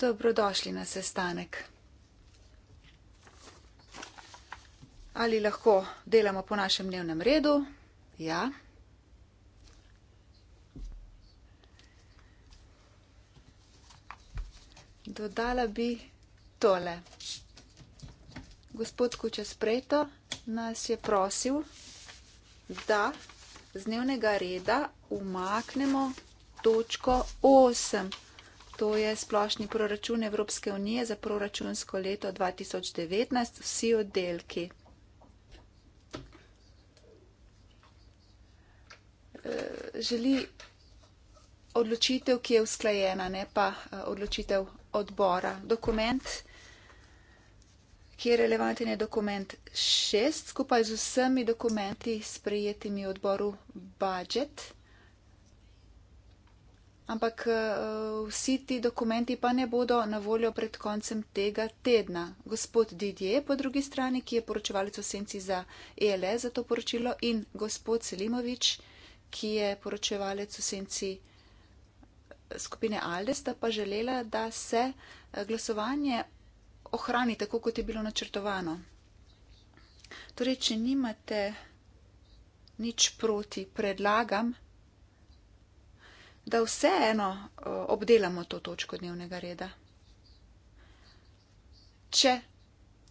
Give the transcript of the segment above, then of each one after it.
Dobrodošli na sestanek. Ali lahko delamo po našem dnevnem redu? Ja. Dodala bi tole. Gospod Kučas Preto nas je prosil, da z dnevnega reda umaknemo točko 8. To je splošni proračun Evropske unije za proračunsko leto 2019, vsi oddelki. E, želi odločitev, ki je usklajena, ne pa e, odločitev odbora. Dokument ki je relevanten, je dokument 6 skupaj z vsemi dokumenti sprejetimi odboru budžet. Ampak eh, vsi ti dokumenti pa ne bodo na voljo pred koncem tega tedna. Gospod Didje, po drugi strani, ki je poročevalec v senci za ELS za to poročilo, in gospod Selimovič, ki je poročevalec v senci eh, skupine Aldesta, pa želela, da se eh, glasovanje ohrani tako, kot je bilo načrtovano. Torej, če nimate nič proti, predlagam, da vseeno obdelamo to točko dnevnega reda. Če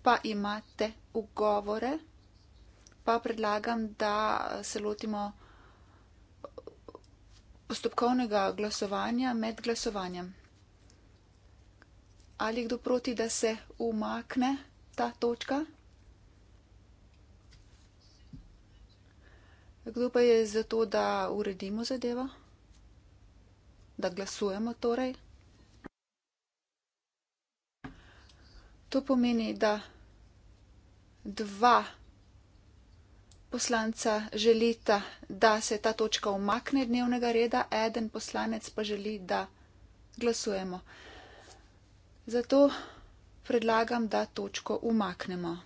pa imate ugovore, pa predlagam, da se lotimo postopkovnega glasovanja med glasovanjem ali kdo proti, da se umakne ta točka? Kdo pa je za to, da uredimo zadevo? Da glasujemo torej? To pomeni, da dva poslanca želita, da se ta točka umakne dnevnega reda, eden poslanec pa želi, da glasujemo. Zato predlagam, da točko umaknemo.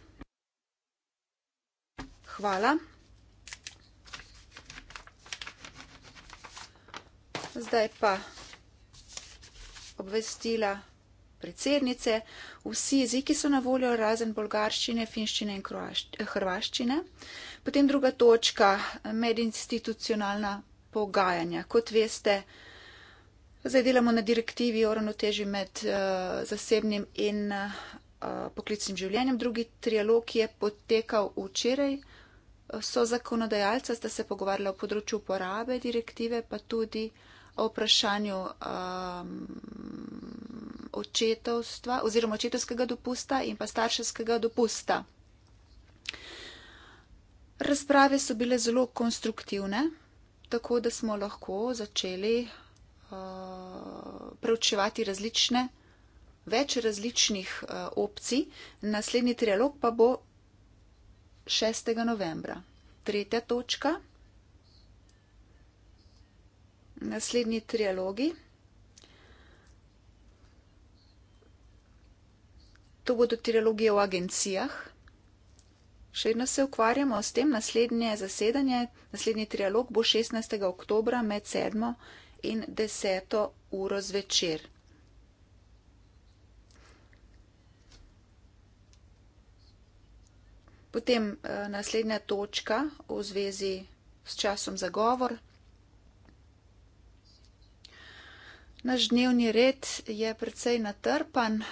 Hvala. Zdaj pa obvestila predsednice. Vsi jeziki so na voljo razen bolgarščine, finščine in eh, hrvaščine. Potem druga točka, medinstitucionalna pogajanja. Kot veste, Zdaj delamo na direktivi o ravnotežju med uh, zasebnim in uh, poklicnim življenjem. Drugi trialog je potekal včeraj. So zakonodajalca, sta se pogovarjala o področju uporabe direktive, pa tudi o vprašanju um, očetovstva oziroma očetovskega dopusta in pa starševskega dopusta. Razprave so bile zelo konstruktivne, tako da smo lahko začeli uh, Eh, preučevati različne, več različnih uh, opcij. Naslednji trialog pa bo 6. novembra. Tretja točka. Naslednji trialogi. To bodo trialogije v agencijah. Še vedno se ukvarjamo s tem. Naslednje zasedanje, naslednji trialog bo 16. oktobra med 7. in in deseto uro zvečer. Potem eh, naslednja točka v zvezi s časom za govor. Naš dnevni red je precej natrpan.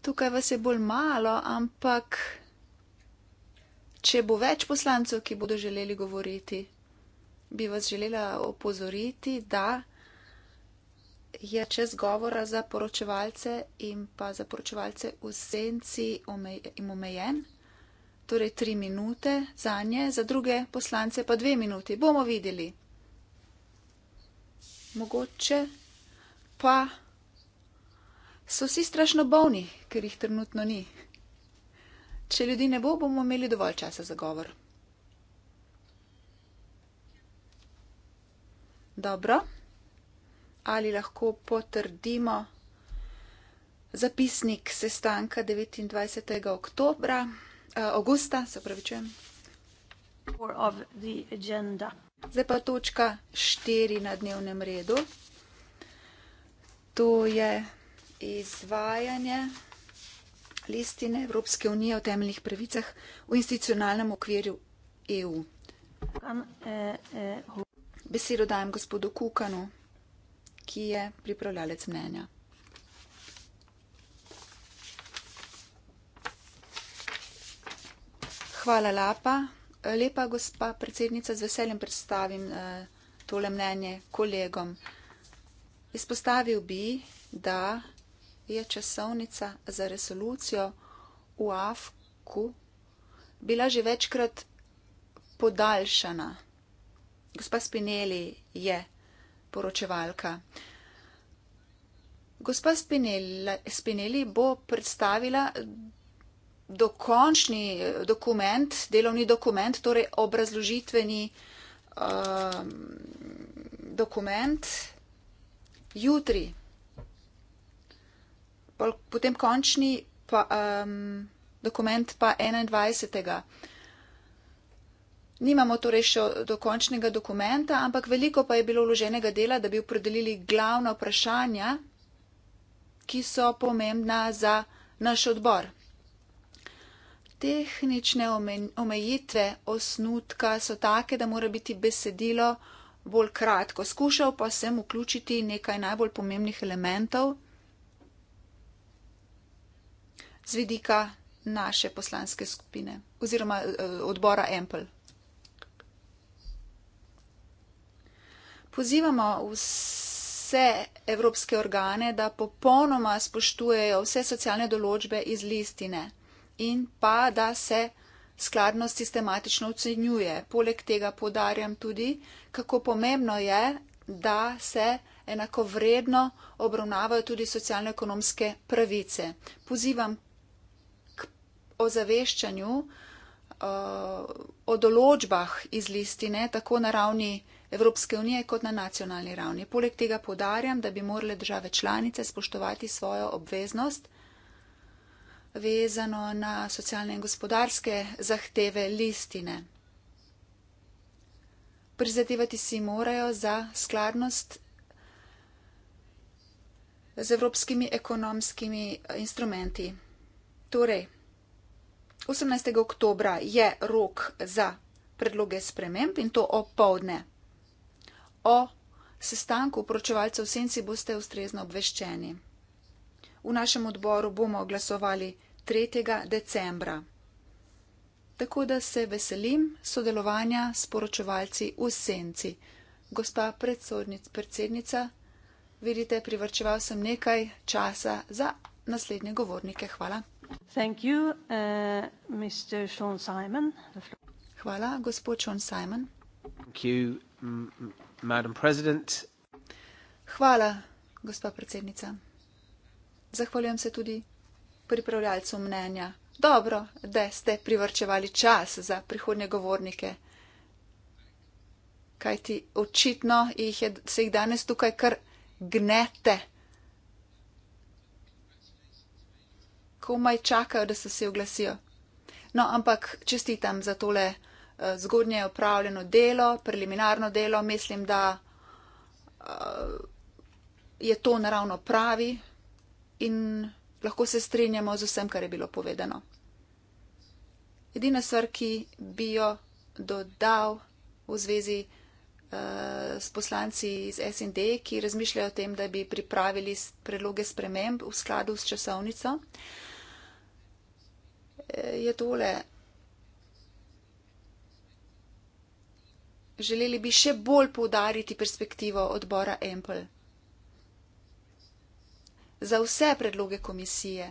Tukaj vas je bolj malo, ampak Če bo več poslancev, ki bodo želeli govoriti, bi vas želela opozoriti, da je čez govora za poročevalce in pa za poročevalce v senci omej, omejen, torej tri minute za nje, za druge poslance pa dve minuti. Bomo videli. Mogoče pa so vsi strašno bolni, ker jih trenutno ni. Če ljudi ne bo, bomo imeli dovolj časa za govor. Dobro. Ali lahko potrdimo zapisnik sestanka 29. oktobra, eh, augusta, se pravi, če. Zdaj pa točka 4 na dnevnem redu. To je izvajanje listine Evropske unije o temeljnih pravicah v institucionalnem okvirju EU. Besedo dajem gospodu Kukanu, ki je pripravljalec mnenja. Hvala lepa. Lepa gospa predsednica, z veseljem predstavim eh, tole mnenje kolegom. Izpostavil bi, da je časovnica za resolucijo v Afku bila že večkrat podaljšana. Gospa Spinelli je poročevalka. Gospa Spinelli, Spinelli bo predstavila dokončni dokument, delovni dokument, torej obrazložitveni um, dokument jutri potem končni pa, um, dokument pa 21. Nimamo torej še dokončnega dokumenta, ampak veliko pa je bilo vloženega dela, da bi opredelili glavna vprašanja, ki so pomembna za naš odbor. Tehnične omejitve osnutka so take, da mora biti besedilo bolj kratko. Skušal pa sem vključiti nekaj najbolj pomembnih elementov z vidika naše poslanske skupine oziroma eh, odbora Ample. Pozivamo vse evropske organe, da popolnoma spoštujejo vse socialne določbe iz listine in pa da se skladnost sistematično ocenjuje. Poleg tega podarjam tudi, kako pomembno je, da se enako vredno obravnavajo tudi socialno-ekonomske pravice. Pozivam o zaveščanju, eh, o določbah iz listine, tako na ravni Evropske unije, kot na nacionalni ravni. Poleg tega podarjam, da bi morale države članice spoštovati svojo obveznost vezano na socialne in gospodarske zahteve listine. Prizadevati si morajo za skladnost z evropskimi ekonomskimi instrumenti. Torej, 18. oktobra je rok za predloge sprememb in to opovdne. O sestanku upročevalcev senci boste ustrezno obveščeni. V našem odboru bomo glasovali 3. decembra. Tako da se veselim sodelovanja s poročevalci v senci. Gospa predsednica, vidite, privrčeval sem nekaj časa za naslednje govornike. Hvala. Thank you, uh, Mr. Sean Simon. Hvala, gospod Sean Simon. Thank you, Madam President. Hvala, gospa predsednica. Zahvaljujem se tudi pripravljalcu mnenja. Dobro, da ste privrčevali čas za prihodnje govornike, kajti očitno jih je, se jih danes tukaj kar gnete. komaj čakajo, da se vsi oglasijo. No, ampak čestitam za tole uh, zgodnje opravljeno delo, preliminarno delo. Mislim, da uh, je to naravno pravi in lahko se strinjamo z vsem, kar je bilo povedano. Edina stvar, ki bi jo dodal v zvezi uh, s poslanci iz SND, ki razmišljajo o tem, da bi pripravili predloge sprememb v skladu s časovnico. Uh, je tole. Želeli bi še bolj poudariti perspektivo odbora Empel. Za vse predloge komisije,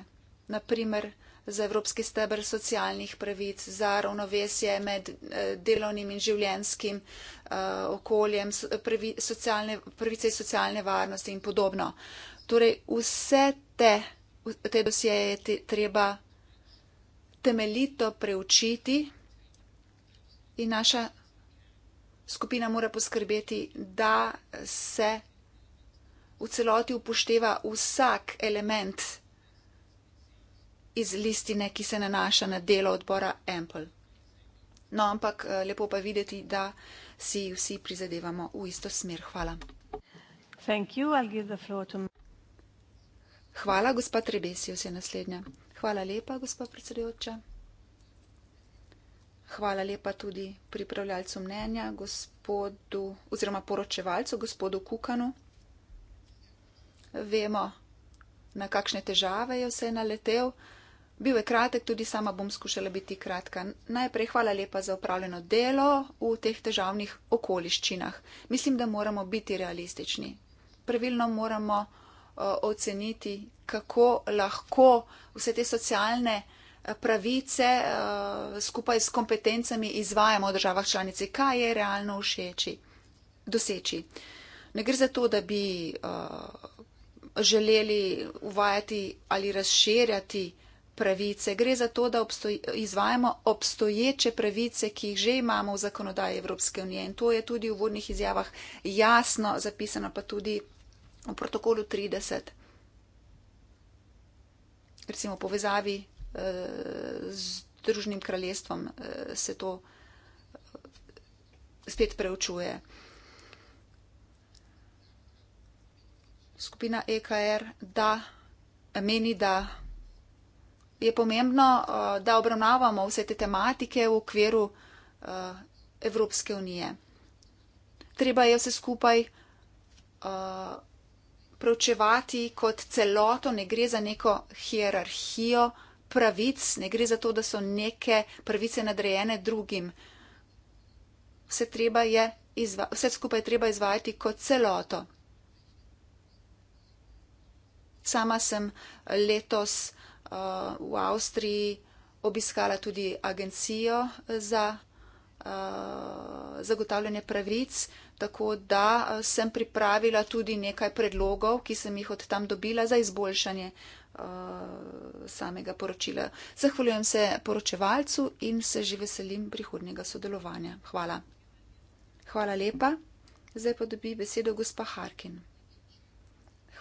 naprimer za Evropski stebr socialnih pravic, za ravnovesje med eh, delovnim in življenskim eh, okoljem, socialne, pravice iz socialne varnosti in podobno. Torej vse te, te dosjeje je treba temeljito preučiti in naša skupina mora poskrbeti, da se v celoti upošteva vsak element iz listine, ki se nanaša na delo odbora Ample. No, ampak eh, lepo pa videti, da si vsi prizadevamo v isto smer. Hvala. Hvala, gospa Trebesi, vse naslednje. Hvala lepa, gospod predsedujoča. Hvala lepa tudi pripravljalcu mnenja, gospodu oziroma poročevalcu, gospodu Kukanu. Vemo, na kakšne težave je vse naletel. Bil je kratek, tudi sama bom skušala biti kratka. Najprej hvala lepa za upravljeno delo v teh težavnih okoliščinah. Mislim, da moramo biti realistični. Pravilno moramo Eh, oceniti, kako lahko vse te socialne eh, pravice eh, skupaj s kompetencami izvajamo v državah članici, kaj je realno všeči, doseči. Ne gre za to, da bi želeli uvajati ali razširjati pravice, gre za to, da obstoj, izvajamo obstoječe pravice, ki jih že imamo v zakonodaji Evropske unije. In to je tudi v vodnih izjavah jasno zapisano, pa tudi v protokolu 30, recimo v povezavi eh, z Združenim kraljestvom, eh, se to eh, spet preučuje. Skupina EKR da, meni, da je pomembno, da obravnavamo vse te tematike v okviru Evropske unije. Treba je vse skupaj proučevati kot celoto, ne gre za neko hierarhijo pravic, ne gre za to, da so neke pravice nadrejene drugim. Vse, je izva, vse skupaj treba izvajati kot celoto. Sama sem letos uh, v Avstriji obiskala tudi agencijo za Eh, zagotavljanje pravic, tako da eh, sem pripravila tudi nekaj predlogov, ki sem jih od tam dobila za izboljšanje eh, samega poročila. Zahvaljujem se poročevalcu in se že veselim prihodnjega sodelovanja. Hvala. Hvala lepa. Zdaj pa dobi besedo gospa Harkin.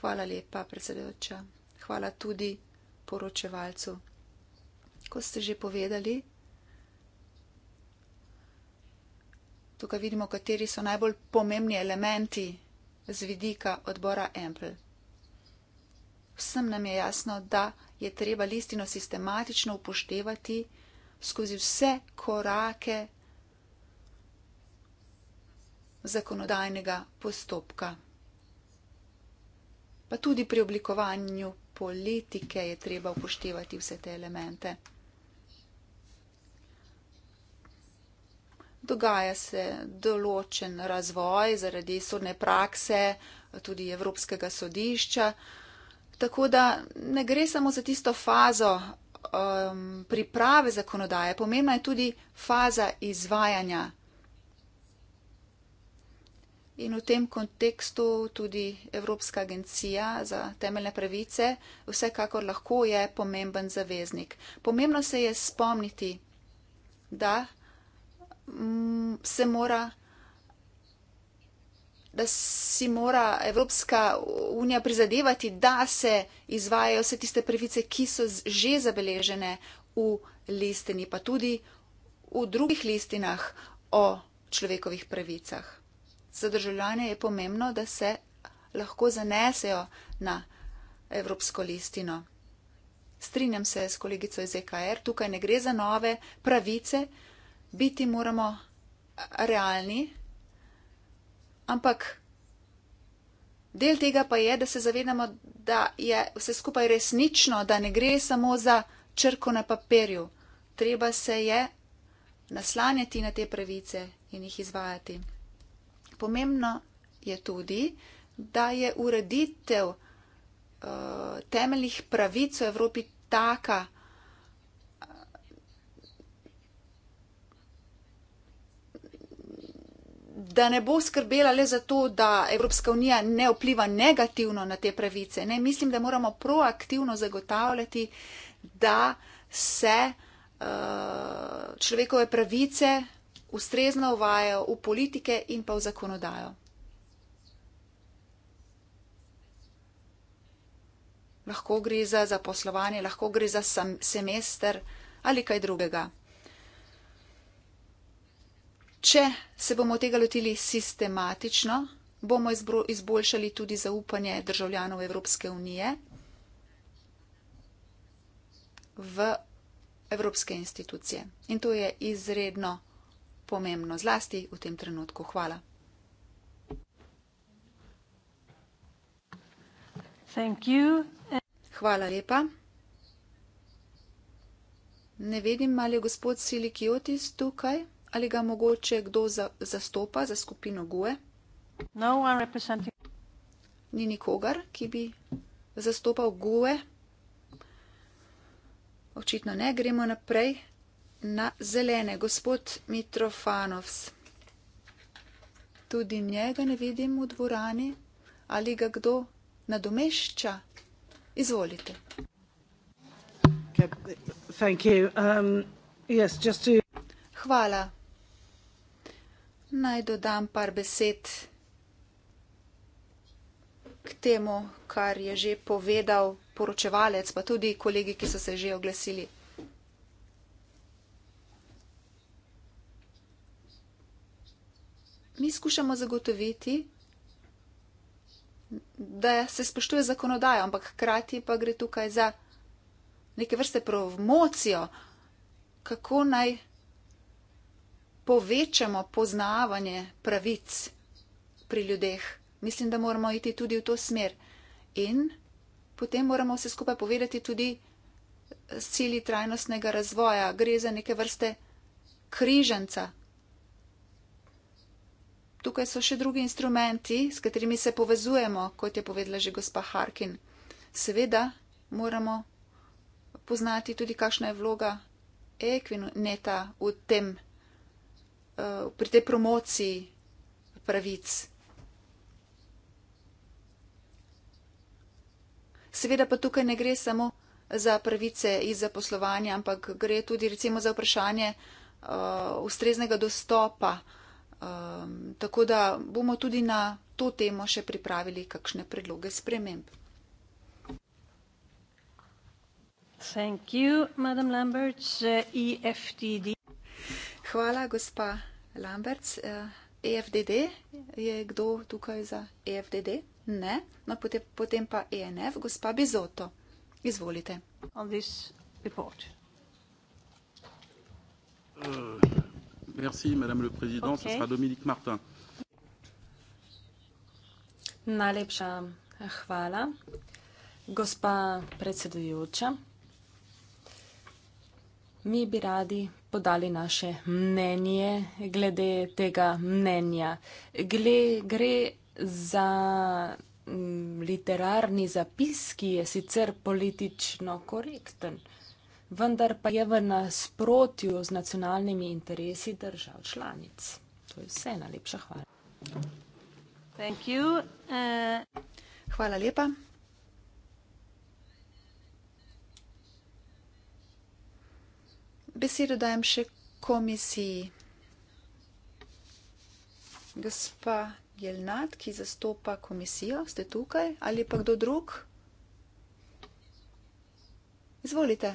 Hvala lepa, predsedujoča. Hvala tudi poročevalcu. Ko ste že povedali, Tukaj vidimo, kateri so najbolj pomembni elementi z vidika odbora Ample. Vsem nam je jasno, da je treba listino sistematično upoštevati skozi vse korake zakonodajnega postopka. Pa tudi pri oblikovanju politike je treba upoštevati vse te elemente. dogaja se določen razvoj zaradi sodne prakse, tudi Evropskega sodišča. Tako da ne gre samo za tisto fazo um, priprave zakonodaje, pomembna je tudi faza izvajanja. In v tem kontekstu tudi Evropska agencija za temeljne pravice vsekakor lahko je pomemben zaveznik. Pomembno se je spomniti, da Mm, se mora, da si mora Evropska unija prizadevati, da se izvajajo vse tiste pravice, ki so že zabeležene v listini, pa tudi v drugih listinah o človekovih pravicah. Za državljane je pomembno, da se lahko zanesejo na Evropsko listino. Strinjam se s kolegico iz EKR, tukaj ne gre za nove pravice, biti moramo realni, ampak del tega pa je, da se zavedamo, da je vse skupaj resnično, da ne gre samo za črko na papirju. Treba se je naslanjati na te pravice in jih izvajati. Pomembno je tudi, da je ureditev uh, temeljnih pravic v Evropi taka, da ne bo skrbela le za to, da Evropska unija ne vpliva negativno na te pravice. Ne, mislim, da moramo proaktivno zagotavljati, da se uh, človekove pravice ustrezno uvajajo v politike in pa v zakonodajo. Lahko gre za zaposlovanje, lahko gre za sem, semester ali kaj drugega. Če se bomo tega lotili sistematično, bomo izboljšali tudi zaupanje državljanov Evropske unije v evropske institucije. In to je izredno pomembno, zlasti v tem trenutku. Hvala. Hvala lepa. Ne vidim, ali je gospod Silikiotis tukaj ali ga mogoče kdo za, zastopa za skupino GUE? No Ni nikogar, ki bi zastopal GUE. Očitno ne, gremo naprej na zelene. Gospod Mitrofanovs, tudi njega ne vidim v dvorani, ali ga kdo nadomešča. Izvolite. Um, Hvala. Naj dodam par besed k temu, kar je že povedal poročevalec, pa tudi kolegi, ki so se že oglasili. Mi skušamo zagotoviti, da se spoštuje zakonodajo, ampak hkrati pa gre tukaj za neke vrste promocijo, kako naj povečamo poznavanje pravic pri ljudeh. Mislim, da moramo iti tudi v to smer. In potem moramo vse skupaj povedati tudi cilji trajnostnega razvoja. Gre za neke vrste križanca. Tukaj so še drugi instrumenti, s katerimi se povezujemo, kot je povedala že gospa Harkin. Seveda moramo poznati tudi, kakšna je vloga Equineta v tem. Eh, pri tej promociji pravic. Seveda pa tukaj ne gre samo za pravice iz zaposlovanja, ampak gre tudi recimo za vprašanje uh, ustreznega dostopa. Um, tako da bomo tudi na to temo še pripravili kakšne predloge sprememb. Thank you, Madam Lambert, EFTD. Hvala, gospa Lambert. EFDD, eh, e je kdo tukaj za EFDD? Ne, no potem, potem pa ENF, gospa Bizoto. Izvolite. Euh, Najlepša hvala, gospa predsedujoča. Mi bi radi podali naše mnenje glede tega mnenja. Gle, gre za mm, literarni zapis, ki je sicer politično korekten, vendar pa je v nasprotju z nacionalnimi interesi držav članic. To je vse, najlepša hvala. Uh... Hvala lepa. besedo dajem še komisiji. Gospa Jelnat, ki zastopa komisijo, ste tukaj ali pa kdo drug? Izvolite.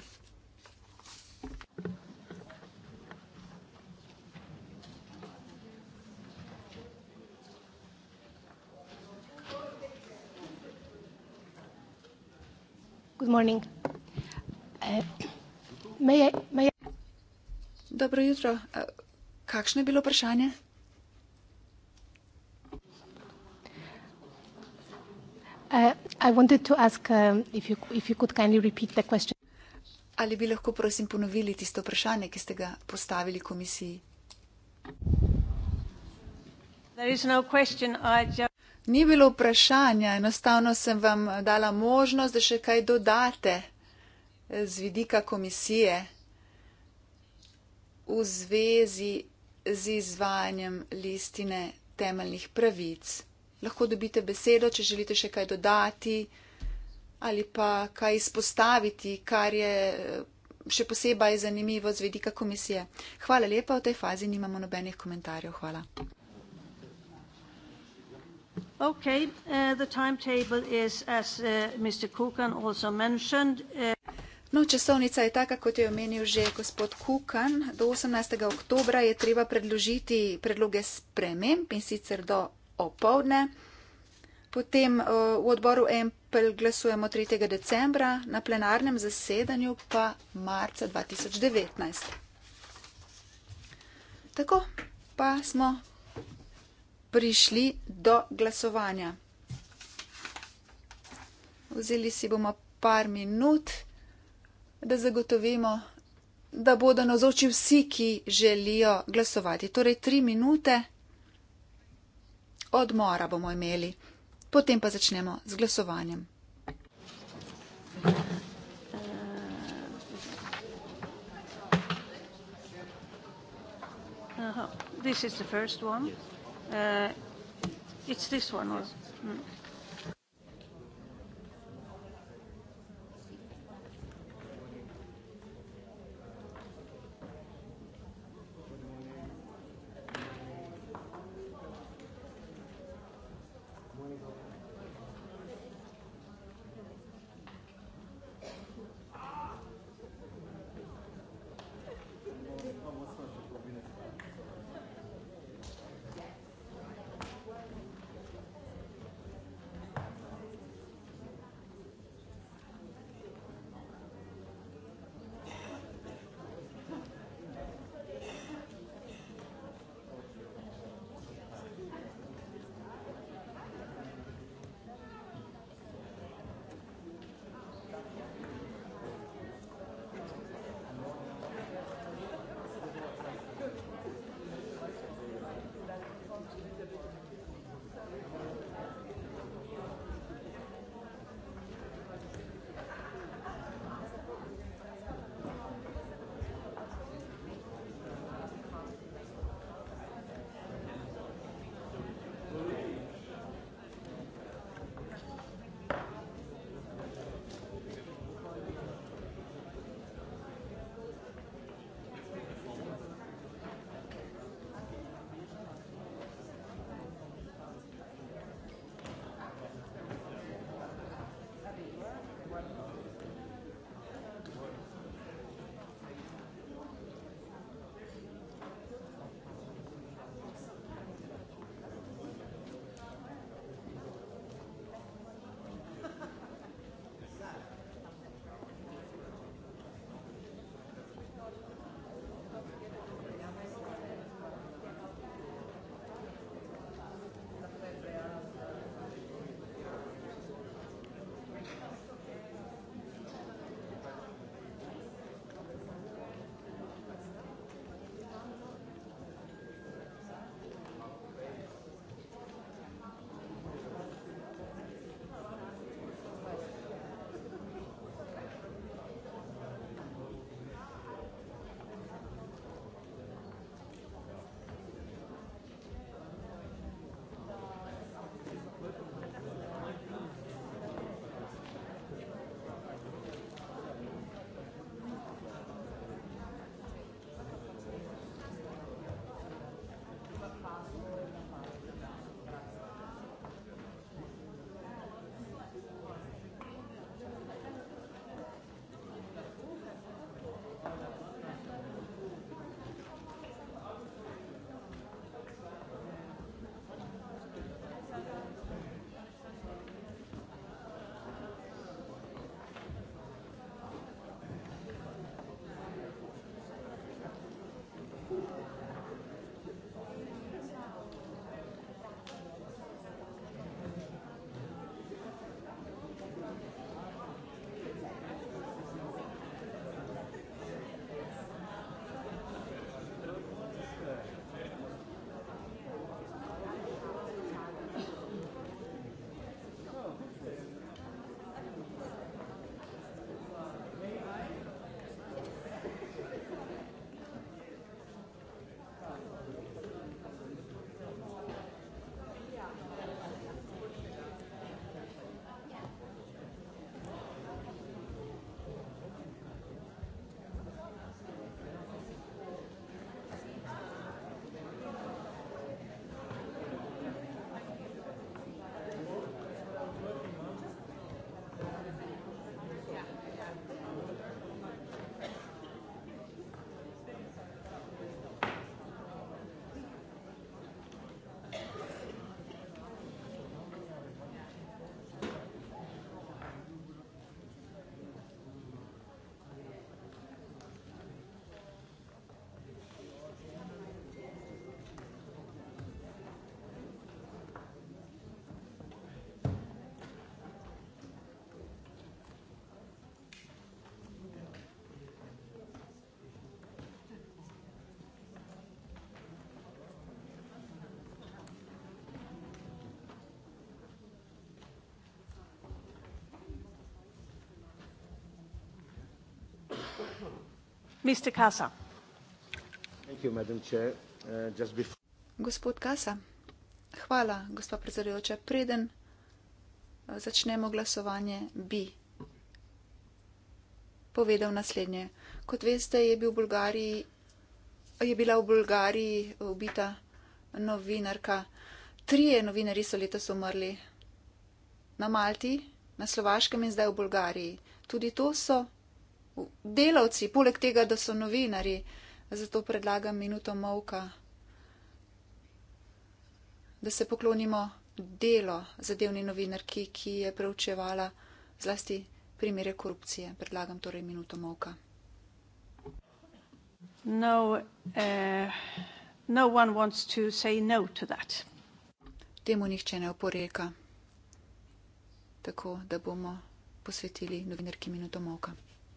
Good morning. Uh, may I, may I? Dobro jutro. Eh, kakšno je bilo vprašanje? Eh, eh, Ali bi lahko, prosim, ponovili tisto vprašanje, ki ste ga postavili komisiji? No Ni bilo vprašanja, enostavno sem vam dala možnost, da še kaj dodate z vidika komisije v zvezi z izvajanjem listine temeljnih pravic. Lahko dobite besedo, če želite še kaj dodati ali pa kaj izpostaviti, kar je eh, še posebej zanimivo z vedika komisije. Hvala lepa, v tej fazi nimamo nobenih komentarjev. Hvala. Okay, uh, the timetable is, as uh, eh, Mr. Kukan also mentioned. Uh No, časovnica je taka, kot je omenil že gospod Kukan. Do 18. oktobra je treba predložiti predloge sprememb in sicer do opovdne. Potem eh, v odboru Empel glasujemo 3. decembra, na plenarnem zasedanju pa marca 2019. Tako pa smo prišli do glasovanja. Vzeli si bomo par minut da zagotovimo, da bodo nazoči vsi, ki želijo glasovati. Torej, tri minute odmora bomo imeli, potem pa začnemo z glasovanjem. Uh, this is the first one. Uh, it's this one. Or, mm. mr casa thank you madam chair uh, just before gospod casa hvala gospa predsedujoča preden uh, začnemo glasovanje bi povedal naslednje kot veste je bil v bulgariji je bila v bulgariji uh, ubita novinarka trije novinarji so letos umrli na malti na slovaškem in zdaj v bulgariji tudi to so delavci, poleg tega, da so novinari. Zato predlagam minuto molka, da se poklonimo delo zadevni novinarki, ki je preučevala zlasti primere korupcije. Predlagam torej minuto molka. No, uh, no one wants to say no to that. Temu nihče ne oporeka. Tako da bomo posvetili novinarki minuto molka.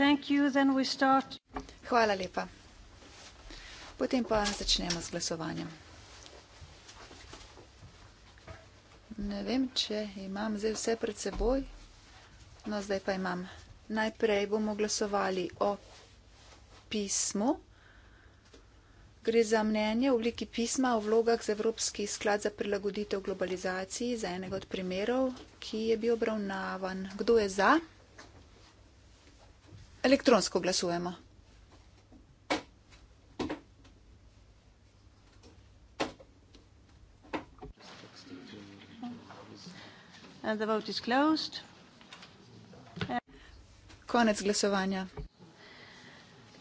Hvala lepa. Potem pa začnemo z glasovanjem. Ne vem, če imam zdaj vse pred seboj. No, zdaj pa imam. Najprej bomo glasovali o pismu. Gre za mnenje v obliki pisma o vlogah za Evropski sklad za prilagoditev globalizaciji, za enega od primerov, ki je bil obravnavan. Kdo je za? Elektronsko glasujemo. The vote is closed. Konec glasovanja.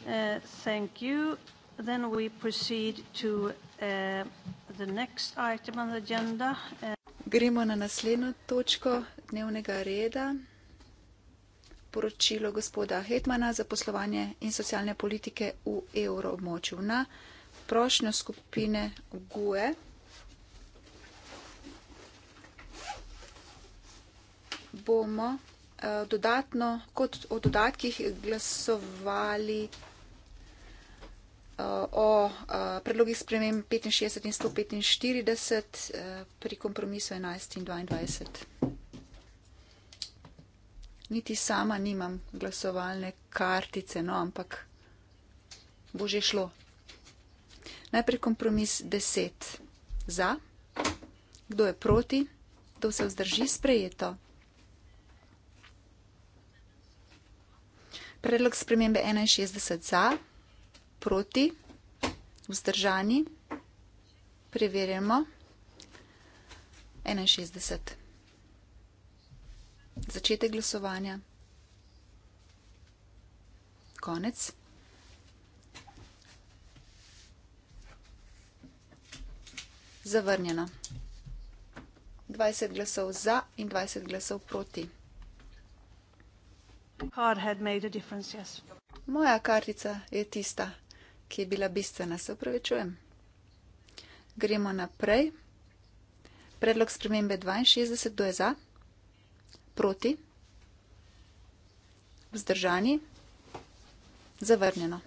Uh, thank you. Then we proceed to uh, the next item on the agenda. Uh, Gremo na naslednjo točko dnevnega reda poročilo gospoda Hetmana za poslovanje in socialne politike v evroobmočju. Na prošnjo skupine GUE bomo eh, dodatno kot o dodatkih glasovali eh, o eh, predlogih spremem 65 in 145 pri kompromisu 11 in 22 niti sama nimam glasovalne kartice, no, ampak bo že šlo. Najprej kompromis 10 za, kdo je proti, kdo se vzdrži sprejeto. Predlog spremembe 61 za, proti, vzdržani, preverjamo 61 začetek glasovanja, konec. Zavrnjeno. 20 glasov za in 20 glasov proti. Yes. Moja kartica je tista, ki je bila bistvena, se upravičujem. Gremo naprej. Predlog spremembe 62, kdo je za? proti, vzdržani, zavrnjeno.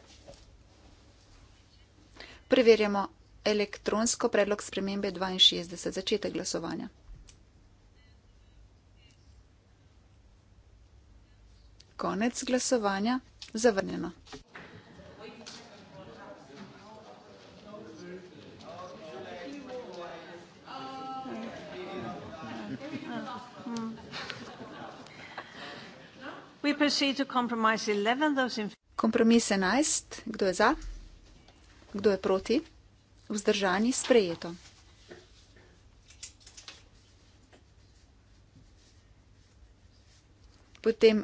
Preverjamo elektronsko predlog spremembe 62, začetek glasovanja. Konec glasovanja, zavrnjeno. Mm-hmm. Kompromis 11. Kdo je za? Kdo je proti? Vzdržani sprejeto. Potem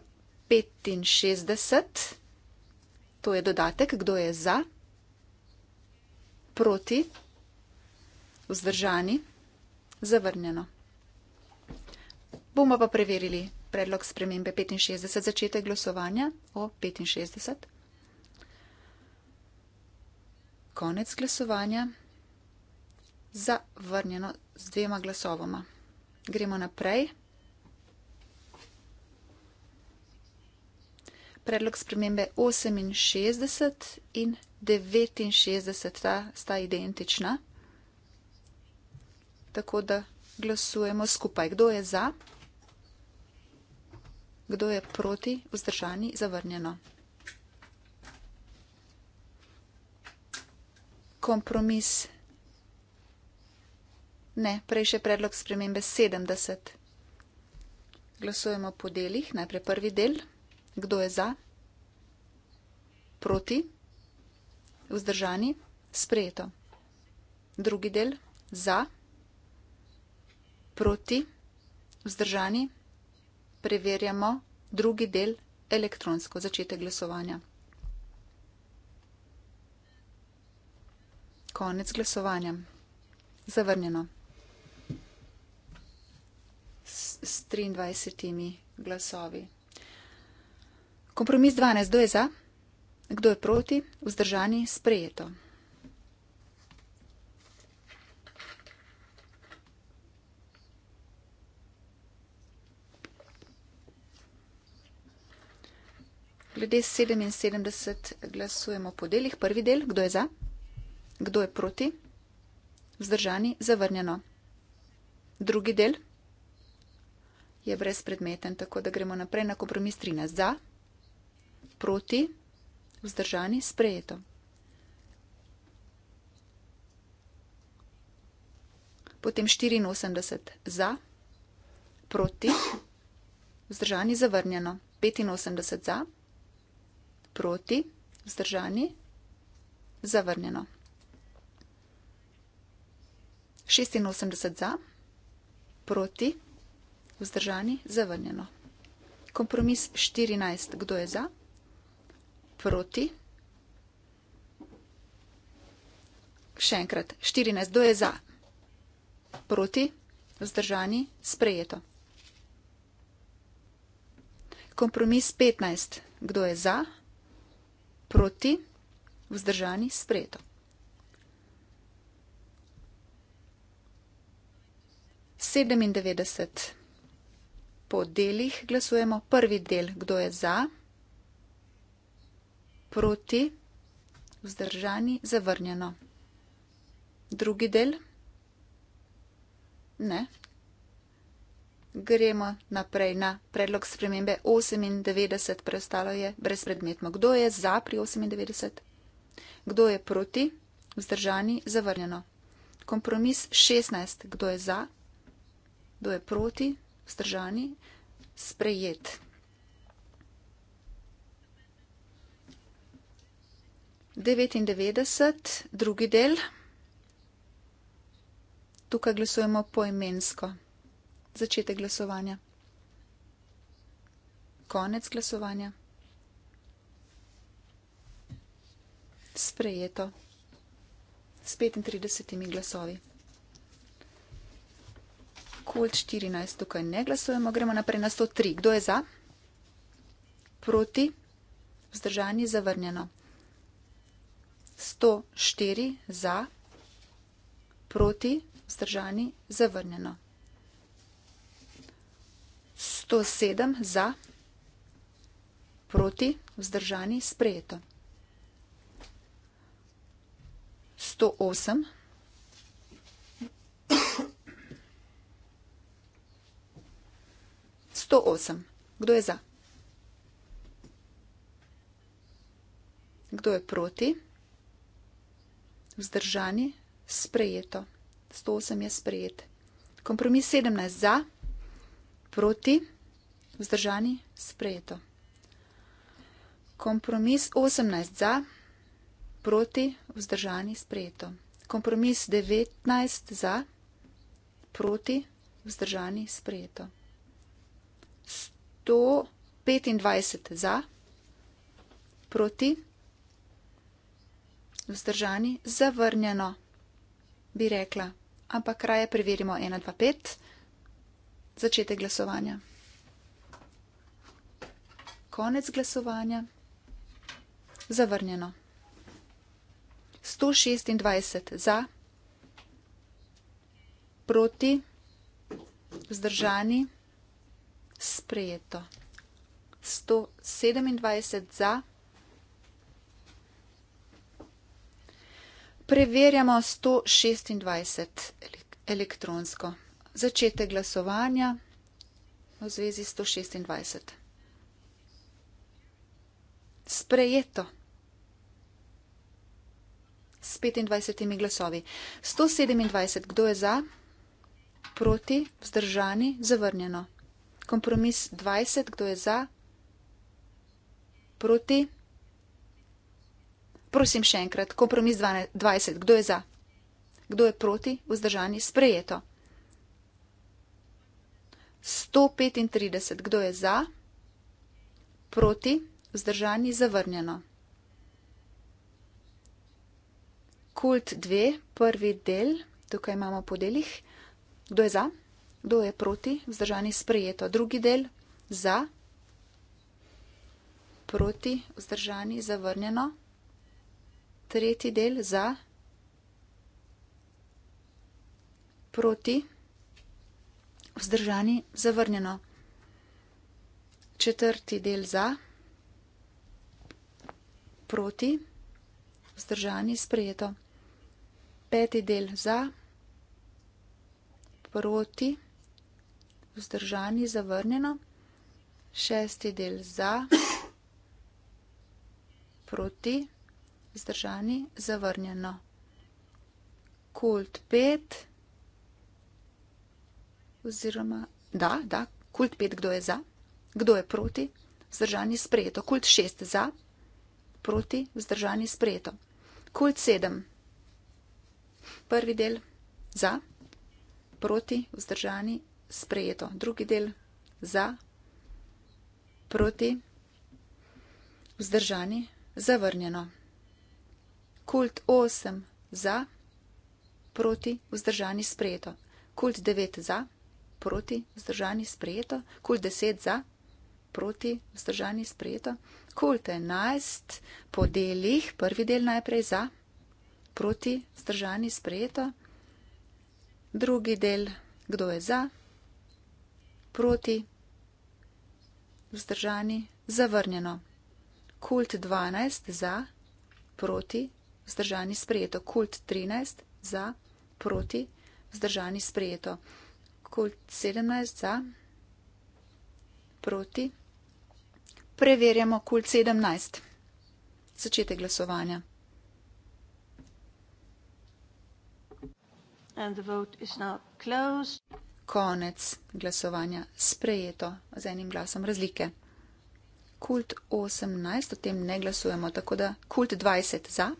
65. To je dodatek. Kdo je za? Proti? Vzdržani? Zavrnjeno. Bomo pa preverili predlog spremembe 65, začetek glasovanja o 65. Konec glasovanja zavrnjeno z dvema glasovoma. Gremo naprej. Predlog spremembe 68 in 69 ta, sta identična. Tako da glasujemo skupaj. Kdo je za? Kdo je proti? Vzdržani? Zavrnjeno. Kompromis. Ne, prej še predlog spremembe 70. Glasujemo po delih. Najprej prvi del. Kdo je za? Proti? Vzdržani? Sprejeto. Drugi del. Za? Proti? Vzdržani? preverjamo drugi del elektronsko začetek glasovanja. Konec glasovanja. Zavrnjeno. S 23 glasovi. Kompromis 12. Kdo je za? Kdo je proti? Vzdržani? Sprejeto. Glede 77 glasujemo po delih. Prvi del, kdo je za, kdo je proti, vzdržani, zavrnjeno. Drugi del je brezpredmeten, tako da gremo naprej na kompromis 13. Za, proti, vzdržani, sprejeto. Potem 84 za, proti, vzdržani, zavrnjeno. 85 za, proti, vzdržani, zavrnjeno. 86 za, proti, vzdržani, zavrnjeno. Kompromis 14, kdo je za, proti. Še enkrat, 14, kdo je za, proti, vzdržani, sprejeto. Kompromis 15, kdo je za, proti, vzdržani, sprejeto. Sedemindevetdeset po delih glasujemo. Prvi del, kdo je za, proti, vzdržani, zavrnjeno. Drugi del, ne, gremo naprej na predlog spremembe 98, preostalo je brezpredmetno. Kdo je za pri 98? Kdo je proti? Vzdržani, zavrnjeno. Kompromis 16. Kdo je za? Kdo je proti? Vzdržani, sprejet. Devetindevetdeset, drugi del. Tukaj glasujemo poimensko začetek glasovanja. Konec glasovanja. Sprejeto. S 35 glasovi. Kult 14, tukaj ne glasujemo, gremo naprej na 103. Kdo je za? Proti? Vzdržani, zavrnjeno. 104 za, proti, vzdržani, zavrnjeno. 107 za, proti, vzdržani, sprejeto. 108. Sto osem. Kdo je za? Kdo je proti? Vzdržani? Sprejeto. Sto osem je sprejet. Kompromis sedemnaest za, proti. Vzdržani, sprejeto. Kompromis 18 za, proti, vzdržani, sprejeto. Kompromis 19 za, proti, vzdržani, sprejeto. 125 za, proti, vzdržani, zavrnjeno, bi rekla. Ampak raje preverimo 1, 2, 5, začetek glasovanja konec glasovanja. Zavrnjeno. 126 za, proti, zdržani, sprejeto. 127 za. Preverjamo 126 elektronsko. Začete glasovanja v zvezi 126 sprejeto. S 25 glasovi. 127, kdo je za, proti, vzdržani, zavrnjeno. Kompromis 20, kdo je za, proti. Prosim še enkrat, kompromis 20, kdo je za, kdo je proti, vzdržani, sprejeto. 135, kdo je za, proti. Vzdržani zavrnjeno. Kult 2, prvi del, tukaj imamo po delih. Kdo je za? Kdo je proti? Vzdržani sprejeto. Drugi del, za. Proti, vzdržani, zavrnjeno. Tretji del, za. Proti, vzdržani, zavrnjeno. Četrti del, za proti, vzdržani, sprejeto. Peti del za, proti, vzdržani, zavrnjeno. Šesti del za, proti, vzdržani, zavrnjeno. Kult 5, oziroma, da, da, kult 5, kdo je za, kdo je proti, vzdržani, sprejeto. Kult 6 za proti, vzdržani sprejeto. Kult 7. Prvi del za, proti, vzdržani sprejeto. Drugi del za, proti, vzdržani zavrnjeno. Kult 8 za, proti, vzdržani sprejeto. Kult 9 za, proti, vzdržani sprejeto. Kult 10 za, proti, vzdržani sprejeto kult 11 po delih, prvi del najprej za, proti, zdržani, sprejeto, drugi del, kdo je za, proti, vzdržani, zavrnjeno. Kult 12 za, proti, vzdržani, sprejeto. Kult 13 za, proti, vzdržani, sprejeto. Kult 17 za, proti, preverjamo kult 17. Začete glasovanja. Konec glasovanja. Sprejeto z enim glasom razlike. Kult 18, o tem ne glasujemo, tako da kult 20 za,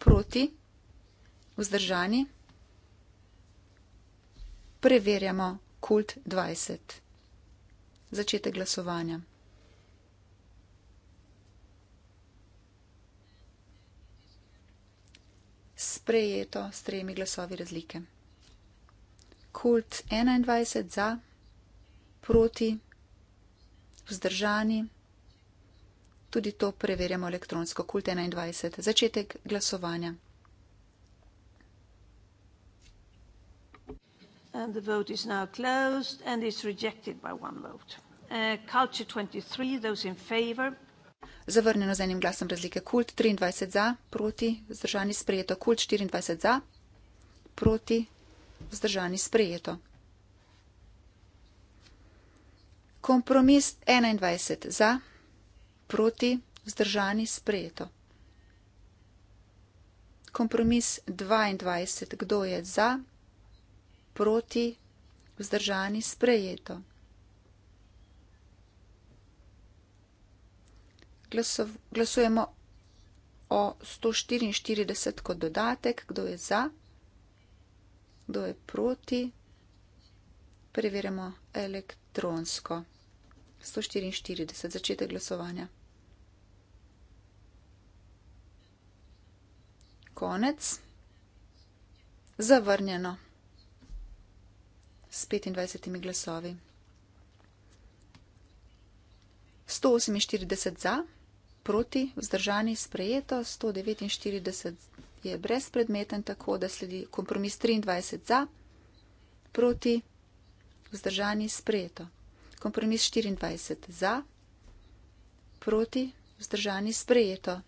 proti, vzdržani. Preverjamo kult 20. Začete glasovanja. sprejeto s tremi glasovi razlike. Kult 21 za, proti, vzdržani, tudi to preverjamo elektronsko. Kult 21, začetek glasovanja. And the vote is now closed and is rejected by one vote. Uh, culture 23, those in favor, Zavrnjeno z enim glasom razlike kult 23 za, proti vzdržani sprejeto. Kult 24 za, proti vzdržani sprejeto. Kompromis 21 za, proti vzdržani sprejeto. Kompromis 22, kdo je za, proti vzdržani sprejeto. glasov, glasujemo o 144 kot dodatek, kdo je za, kdo je proti. Preverjamo elektronsko. 144, začetek glasovanja. Konec. Zavrnjeno. S 25 glasovi. 148 za proti, vzdržani sprejeto, 149 je brezpredmeten, tako da sledi kompromis 23 za, proti, vzdržani sprejeto. Kompromis 24 za, proti, vzdržani sprejeto.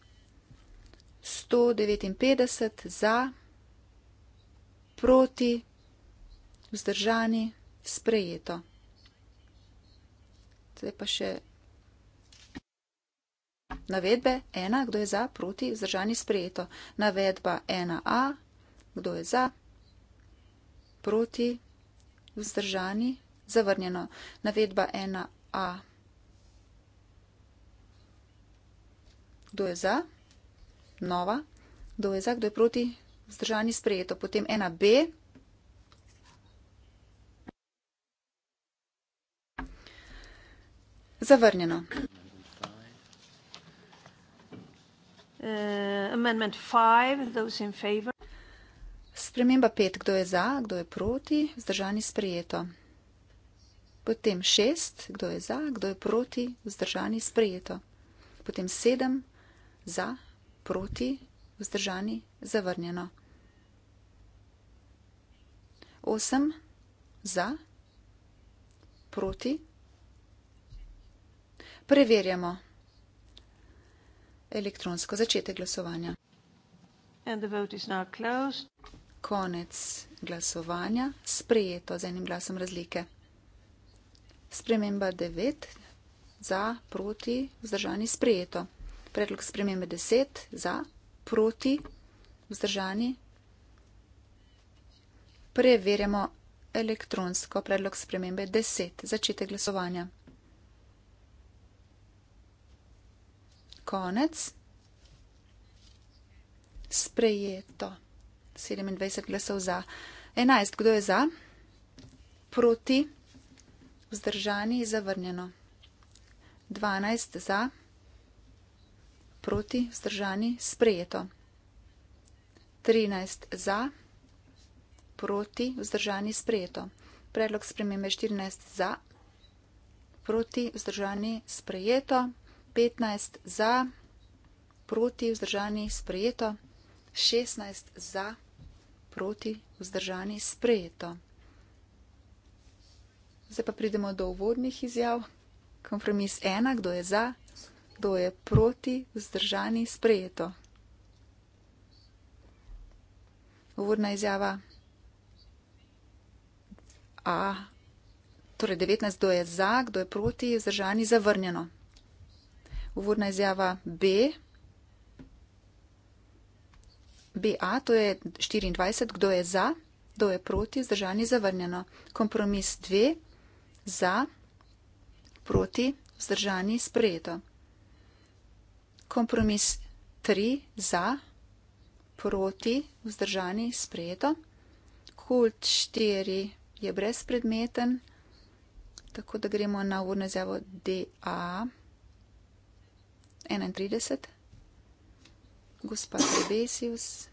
159 za, proti, vzdržani sprejeto. Zdaj pa še Navedbe ena, kdo je za, proti, vzdržani sprejeto. Navedba ena a, kdo je za, proti, vzdržani, zavrnjeno. Navedba ena a, kdo je za, nova, kdo je za, kdo je proti, vzdržani sprejeto. Potem ena b. Zavrnjeno. Eh, amendment 5, those in favor. Sprememba 5, kdo je za, kdo je proti, vzdržani sprejeto. Potem 6, kdo je za, kdo je proti, vzdržani sprejeto. Potem 7, za, proti, vzdržani, zavrnjeno. 8, za, proti. Preverjamo elektronsko začetek glasovanja. Konec glasovanja, sprejeto z enim glasom razlike. Sprememba 9, za, proti, vzdržani, sprejeto. Predlog spremembe 10, za, proti, vzdržani. Preverjamo elektronsko predlog spremembe 10, začetek glasovanja. konec. Sprejeto. 27 glasov za. 11. Kdo je za? Proti. Vzdržani. Zavrnjeno. 12. Za. Proti. Vzdržani. Sprejeto. 13. Za. Proti. Vzdržani. Sprejeto. Predlog spremembe 14. Za. Proti. Vzdržani. Sprejeto. 15 za, proti vzdržani sprejeto, 16 za, proti vzdržani sprejeto. Zdaj pa pridemo do uvodnih izjav. Kompromis ena, kdo je za, kdo je proti vzdržani sprejeto. Uvodna izjava A. Torej 19, kdo je za, kdo je proti, je zdržani zavrnjeno. Uvodna izjava B. BA, to je 24, kdo je za, kdo je proti, zdržani zavrnjeno. Kompromis 2, za, proti, zdržani sprejeto. Kompromis 3, za, proti, vzdržani sprejeto. Kult 4 je brezpredmeten, tako da gremo na urno izjavo DA. 31, gospa Trebesius,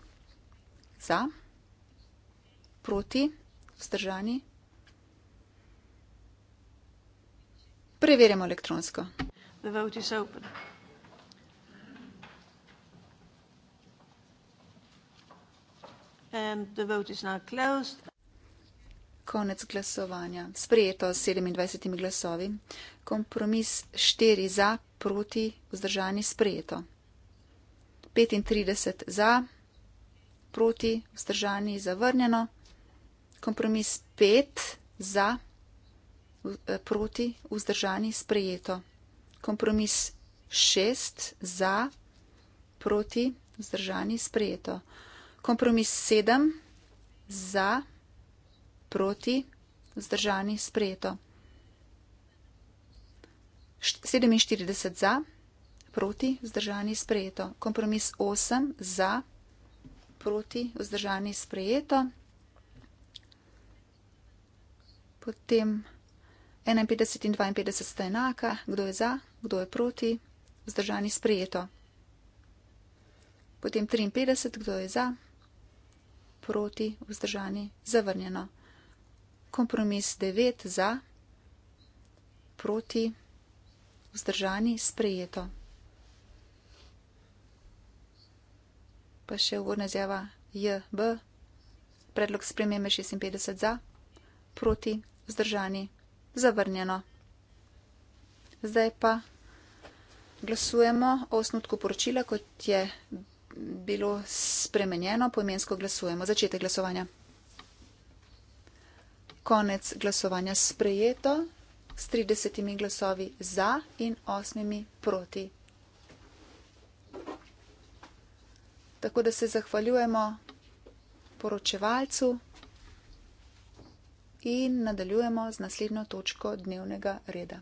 za, proti, vzdržani. Preverimo elektronsko. The vote is open. And the vote is now closed konec glasovanja. Sprejeto s 27 glasovi. Kompromis 4 za, proti, vzdržani sprejeto. 35 za, proti, vzdržani zavrnjeno. Kompromis 5 eh, za, proti, vzdržani sprejeto. Kompromis 6 za, proti, vzdržani sprejeto. Kompromis 7 za, proti, vzdržani sprejeto proti, vzdržani, sprejeto. 47 za, proti, vzdržani, sprejeto. Kompromis 8 za, proti, vzdržani, sprejeto. Potem 51 in 52 sta enaka, kdo je za, kdo je proti, vzdržani, sprejeto. Potem 53, kdo je za, proti, vzdržani, zavrnjeno kompromis 9 za, proti, vzdržani, sprejeto. Pa še uvodna zjava JB, predlog spremembe 56 za, proti, vzdržani, zavrnjeno. Zdaj pa glasujemo o osnutku poročila, kot je bilo spremenjeno, poimensko glasujemo. Začetek glasovanja konec glasovanja sprejeto s 30 glasovi za in 8 proti. Tako da se zahvaljujemo poročevalcu in nadaljujemo z naslednjo točko dnevnega reda.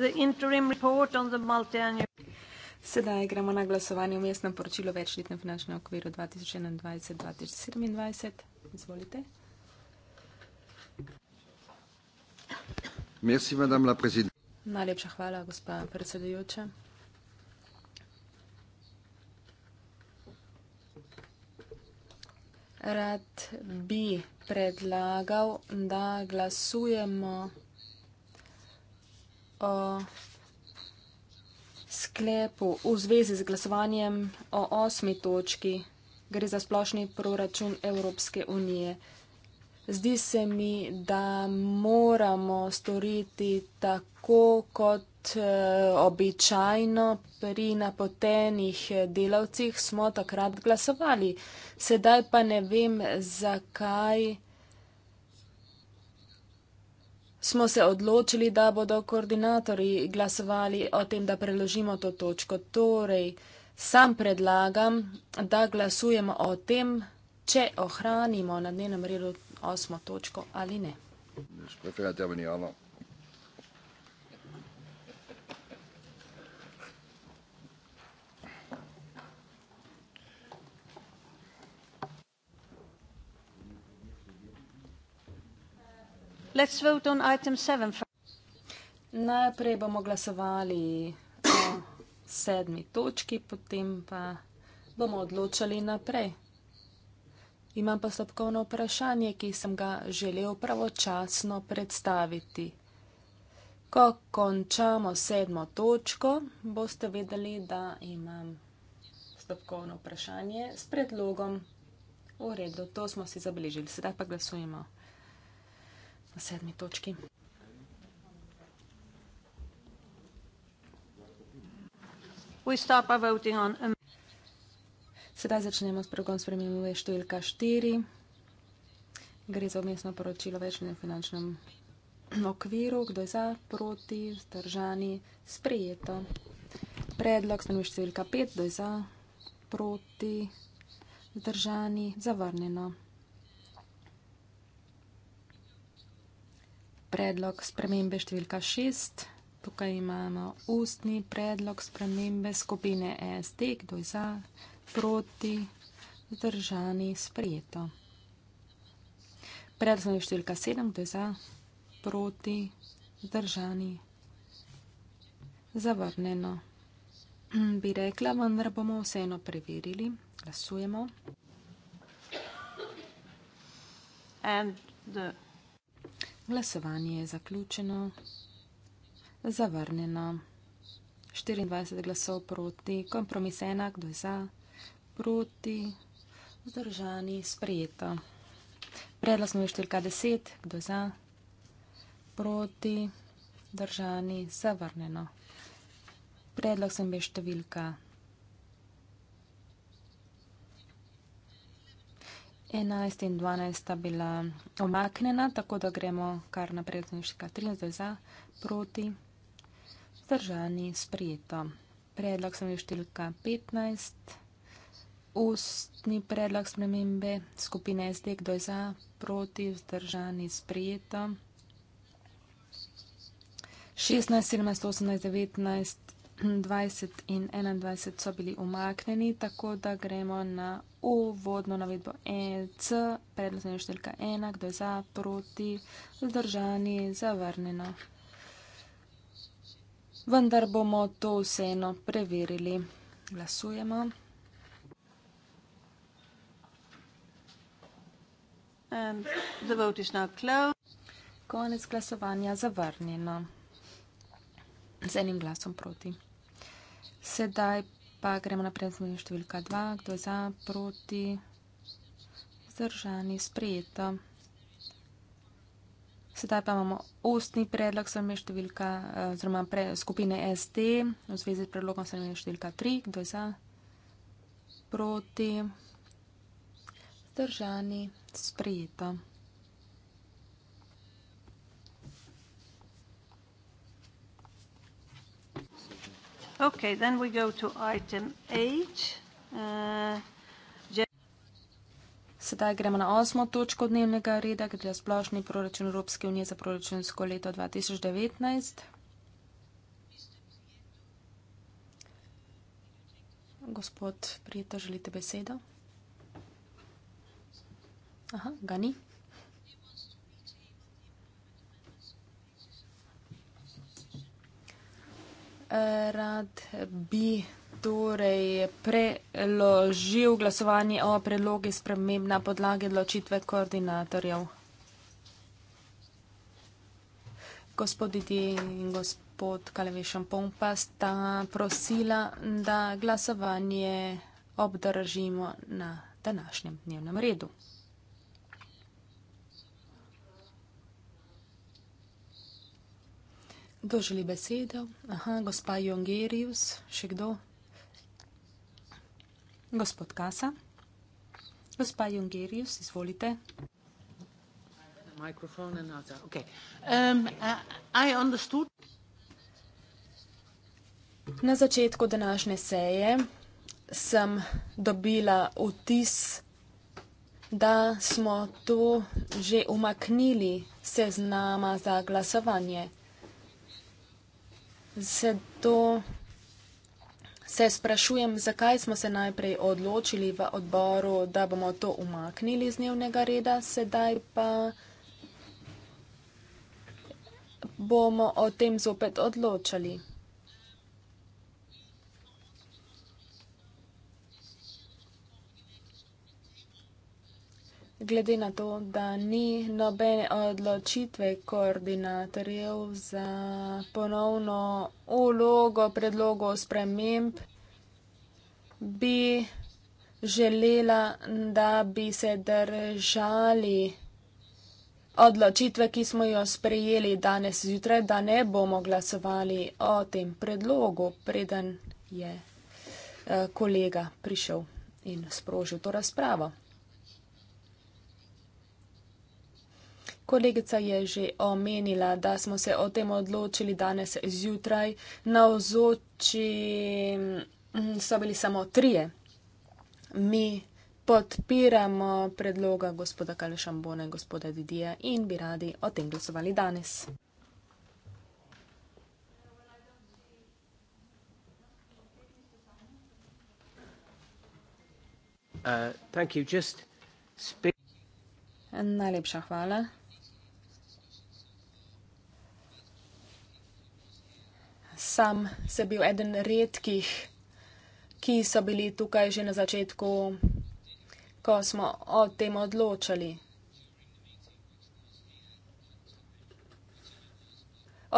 The interim report on the multi-annual. Sedaj gremo na glasovanje o mestnem poročilu večletnem finančnem okviru 2021-2027. Izvolite. Merci, madame la présidente. Najlepša hvala, gospa predsedujoča. Rad bi predlagal, da glasujemo o sklepu v zvezi z glasovanjem o osmi točki, gre za splošni proračun Evropske unije. Zdi se mi, da moramo storiti tako kot eh, običajno pri napotenih eh, delavcih smo takrat glasovali. Sedaj pa ne vem, zakaj smo se odločili, da bodo koordinatorji glasovali o tem, da preložimo to točko. Torej, sam predlagam, da glasujemo o tem, če ohranimo na dnevnem redu osmo točko ali ne. Gospod Fegat, ja, meni javno. Let's vote on item seven. Najprej bomo glasovali o sedmi točki, potem pa bomo odločali naprej. Imam postopkovno vprašanje, ki sem ga želel pravočasno predstaviti. Ko končamo sedmo točko, boste vedeli, da imam postopkovno vprašanje s predlogom. V redu, to smo si zabeležili. Sedaj pa glasujemo na sedmi točki. Sedaj začnemo s pregon spremenljive številka 4. Gre za obmestno poročilo večnem finančnem okviru, kdo je za, proti, zdržani, sprejeto. Predlog spremenljiv številka 5, kdo je za, proti, zdržani, zavrnjeno. predlog spremembe številka 6. Tukaj imamo ustni predlog spremembe skupine e SD, kdo je za, proti, zdržani, sprijeto. Predlog spremembe številka 7, kdo je za, proti, zdržani, zavrnjeno. Bi rekla, vendar bomo vseeno preverili. Glasujemo. And the Glasovanje je zaključeno, zavrnjeno. 24 glasov proti, kompromis enak, kdo je za, proti, vzdržani, sprejeto. Predlog smo imeli številka 10, kdo je za, proti, vzdržani, zavrnjeno. Predlog sem imel številka 10. 11 in 12 sta bila omaknjena, tako da gremo kar na predsedniška 13 za, proti, zdržani, sprijeto. Predlog sem je številka 15, ustni predlog spremembe, skupina SD, kdo je za, proti, zdržani, sprijeto. 16, 17, 18, 19 20 in 21 so bili umaknjeni, tako da gremo na uvodno navedbo EC, predlazanje številka 1, kdo je za, proti, zdržani, zavrnjeno. Vendar bomo to vseeno preverili. Glasujemo. Konec glasovanja zavrnjeno. Z enim glasom proti. Sedaj pa gremo naprej z mojim številka 2, kdo za, proti, zdržani, sprejeto. Sedaj pa imamo ustni predlog s mojim številka, eh, oziroma pre, skupine SD, v zvezi s predlogom s mojim številka 3, kdo za, proti, zdržani, sprejeto. Okay, then we go to item 8. Uh, Sedaj gremo na osmo točko dnevnega reda, kjer je splošni proračun Evropske unije za proračunsko leto 2019. Gospod Prijeta, želite besedo? Aha, ga ni. rad bi torej preložil glasovanje o predlogi sprememb na podlagi odločitve koordinatorjev. Gospoditi in gospod Kalevišan Pompa sta prosila, da glasovanje obdržimo na današnjem dnevnem redu. Kdo želi besedo? Aha, gospa Jongerius, še kdo? Gospod Kasa. Gospa Jongerius, izvolite. Okay. Um, uh, understood... Na začetku današnje seje sem dobila vtis, da smo tu že umaknili seznama za glasovanje zato se sprašujem, zakaj smo se najprej odločili v odboru, da bomo to umaknili z dnevnega reda, sedaj pa bomo o tem zopet odločali. glede na to, da ni nobene odločitve koordinatorjev za ponovno ulogo predlogov sprememb, bi želela, da bi se držali odločitve, ki smo jo sprejeli danes zjutraj, da ne bomo glasovali o tem predlogu, preden je eh, kolega prišel in sprožil to razpravo. Kolegica je že omenila, da smo se o tem odločili danes zjutraj. Na ozoči mm, so bili samo trije. Mi podpiramo predloga gospoda Kalešambone, gospoda Didija in bi radi o tem glasovali danes. Uh, Najlepša hvala. sam sem bil eden redkih, ki so bili tukaj že na začetku, ko smo o tem odločali.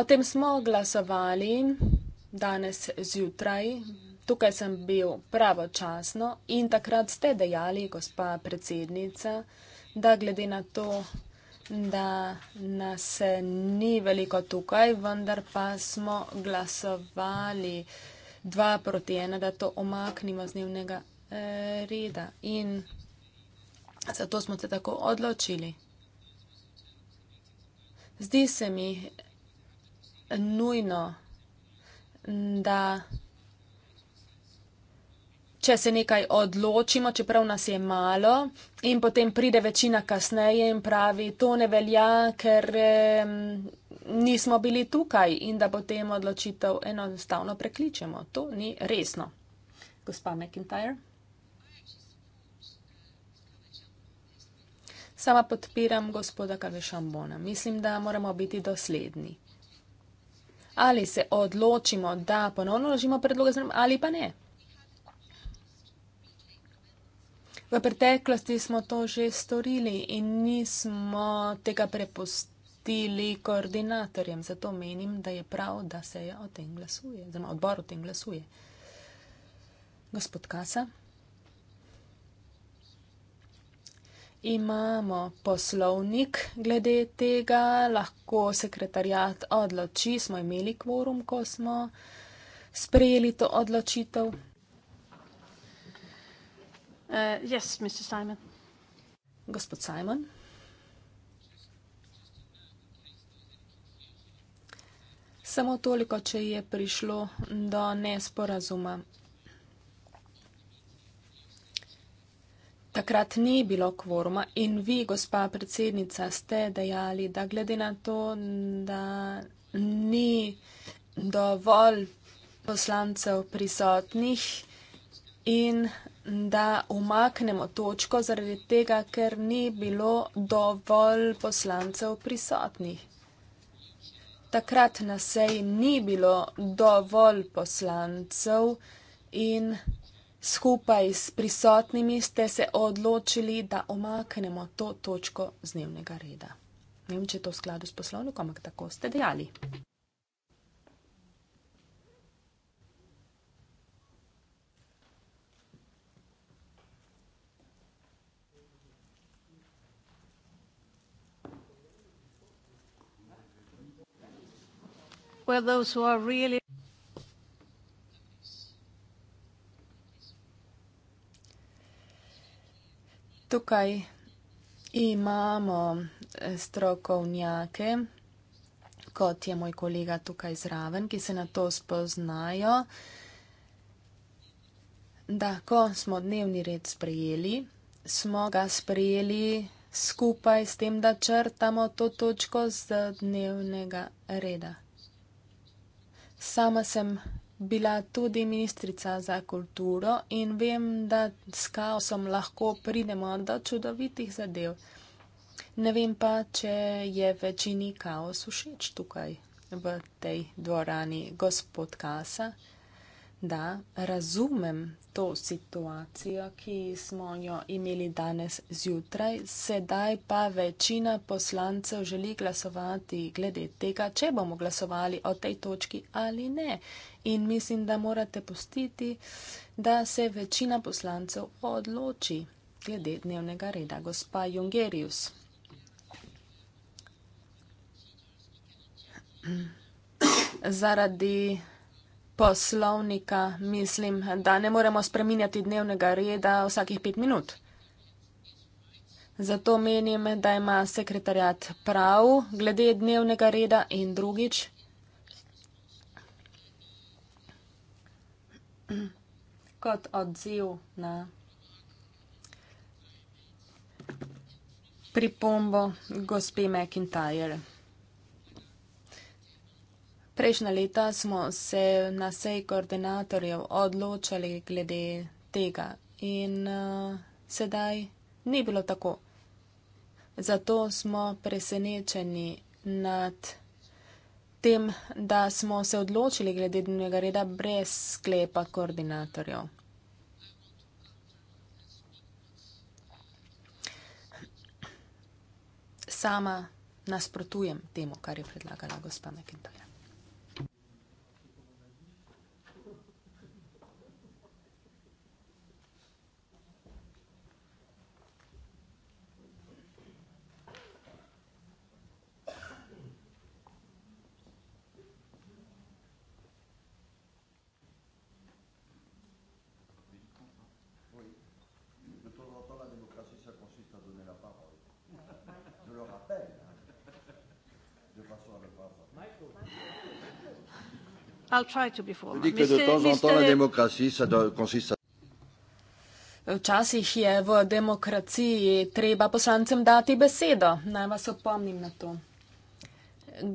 O tem smo glasovali danes zjutraj. Tukaj sem bil pravočasno in takrat ste dejali, gospa predsednica, da glede na to, da nas ni veliko tukaj, vendar pa smo glasovali dva proti ena, da to omaknimo z dnevnega eh, reda. In zato smo se tako odločili. Zdi se mi nujno, da če se nekaj odločimo, čeprav nas je malo, in potem pride večina kasneje in pravi, to ne velja, ker um, nismo bili tukaj in da potem odločitev enostavno prekličemo. To ni resno. Gospa McIntyre. Sama podpiram gospoda Kavešambona. Mislim, da moramo biti dosledni. Ali se odločimo, da ponovno ložimo predloge z njim, ali pa ne. V preteklosti smo to že storili in nismo tega prepustili koordinatorjem, zato menim, da je prav, da se o tem glasuje, zelo odbor o tem glasuje. Gospod Kasa. Imamo poslovnik glede tega, lahko sekretarjat odloči, smo imeli kvorum, ko smo sprejeli to odločitev. Uh, yes, Mr. Simon. Gospod Simon. Samo toliko, če je prišlo do nesporazuma. Takrat ni bilo kvoruma in vi, gospa predsednica, ste dejali, da glede na to, da ni dovolj poslancev prisotnih in da umaknemo točko zaradi tega, ker ni bilo dovolj poslancev prisotnih. Takrat na seji ni bilo dovolj poslancev in skupaj s prisotnimi ste se odločili, da omaknemo to točko z dnevnega reda. Ne vem, če je to v skladu s poslovnikom, ampak tako ste dejali. where those who are really Tukaj imamo eh, strokovnjake, kot je moj kolega tukaj zraven, ki se na to spoznajo, da ko smo dnevni red sprejeli, smo ga sprejeli skupaj s tem, da črtamo to točko z dnevnega reda. Sama sem bila tudi ministrica za kulturo in vem, da s kaosom lahko pridemo do čudovitih zadev. Ne vem pa, če je večini kaos všeč tukaj v tej dvorani gospod Kasa da razumem to situacijo, ki smo jo imeli danes zjutraj, sedaj pa večina poslancev želi glasovati glede tega, če bomo glasovali o tej točki ali ne. In mislim, da morate postiti, da se večina poslancev odloči glede dnevnega reda. Gospa Jungerius. Zaradi poslovnika, mislim, da ne moremo spreminjati dnevnega reda vsakih pet minut. Zato menim, da ima sekretarjat prav glede dnevnega reda in drugič. Kot odziv na pripombo gospe McIntyre. Prejšnja leta smo se na sej koordinatorjev odločali glede tega in uh, sedaj ni bilo tako. Zato smo presenečeni nad tem, da smo se odločili glede dnevnega reda brez sklepa koordinatorjev. Sama nasprotujem temu, kar je predlagala gospa McIntyre. I'll try to be formal. Dit que de temps en temps la démocratie ça consiste à Včasih je v demokraciji treba poslancem dati besedo. Naj vas opomnim na to.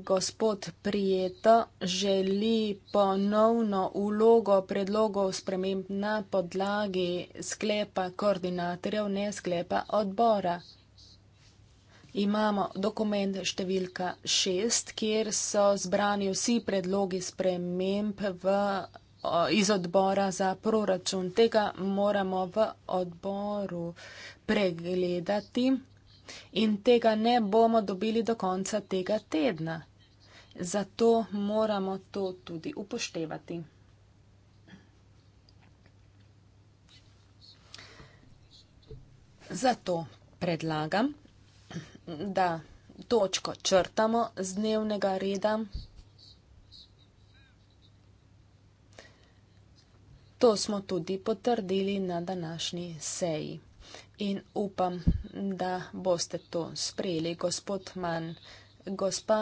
Gospod Prijeta želi ponovno ulogo predlogov sprememb na podlagi sklepa koordinatorjev, ne sklepa odbora imamo dokument številka šest, kjer so zbrani vsi predlogi sprememb v, iz odbora za proračun. Tega moramo v odboru pregledati in tega ne bomo dobili do konca tega tedna. Zato moramo to tudi upoštevati. Zato predlagam, da točko črtamo z dnevnega reda. To smo tudi potrdili na današnji seji in upam, da boste to sprejeli, gospod Mann, gospa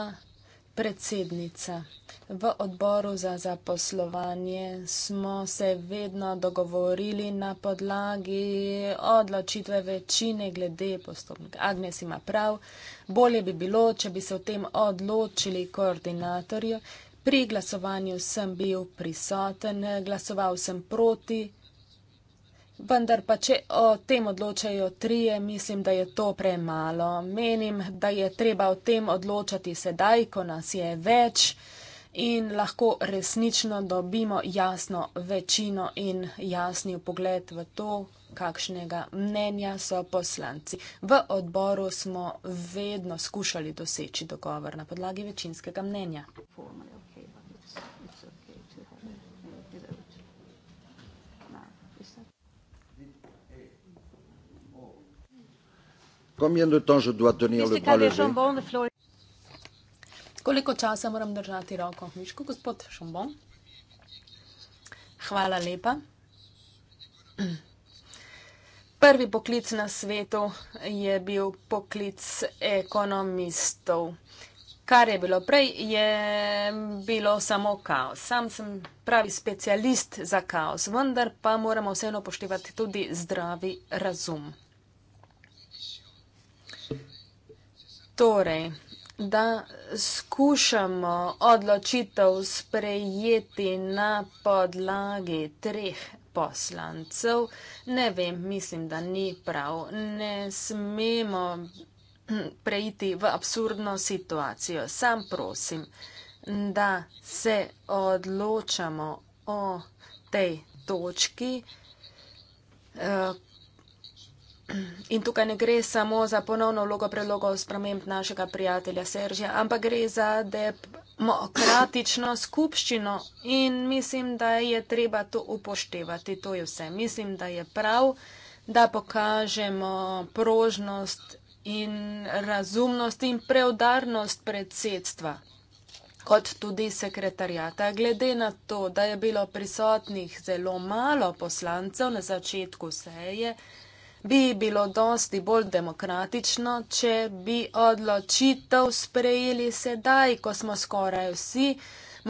predsednica. V odboru za zaposlovanje smo se vedno dogovorili na podlagi odločitve večine glede postopnika. Agnes ima prav, bolje bi bilo, če bi se o tem odločili koordinatorju. Pri glasovanju sem bil prisoten, glasoval sem proti. Vendar pa, če o tem odločajo trije, mislim, da je to premalo. Menim, da je treba o tem odločati sedaj, ko nas je več in lahko resnično dobimo jasno večino in jasni pogled v to, kakšnega mnenja so poslanci. V odboru smo vedno skušali doseči dogovor na podlagi večinskega mnenja. Formalno. combien de temps je dois tenir le bras levé Koliko časa moram držati roko? Miško, gospod Šambon. Hvala lepa. Prvi poklic na svetu je bil poklic ekonomistov. Kar je bilo prej, je bilo samo kaos. Sam sem pravi specialist za kaos, vendar pa moramo vseeno poštevati tudi zdravi razum. Torej, da skušamo odločitev sprejeti na podlagi treh poslancev, ne vem, mislim, da ni prav. Ne smemo hm, prejiti v absurdno situacijo. Sam prosim, da se odločamo o tej točki, eh, In tukaj ne gre samo za ponovno vlogo predlogov sprememb našega prijatelja Serža, ampak gre za demokratično skupščino in mislim, da je treba to upoštevati. To je vse. Mislim, da je prav, da pokažemo prožnost in razumnost in preudarnost predsedstva kot tudi sekretarjata. Glede na to, da je bilo prisotnih zelo malo poslancev na začetku seje, bi bilo dosti bolj demokratično, če bi odločitev sprejeli sedaj, ko smo skoraj vsi,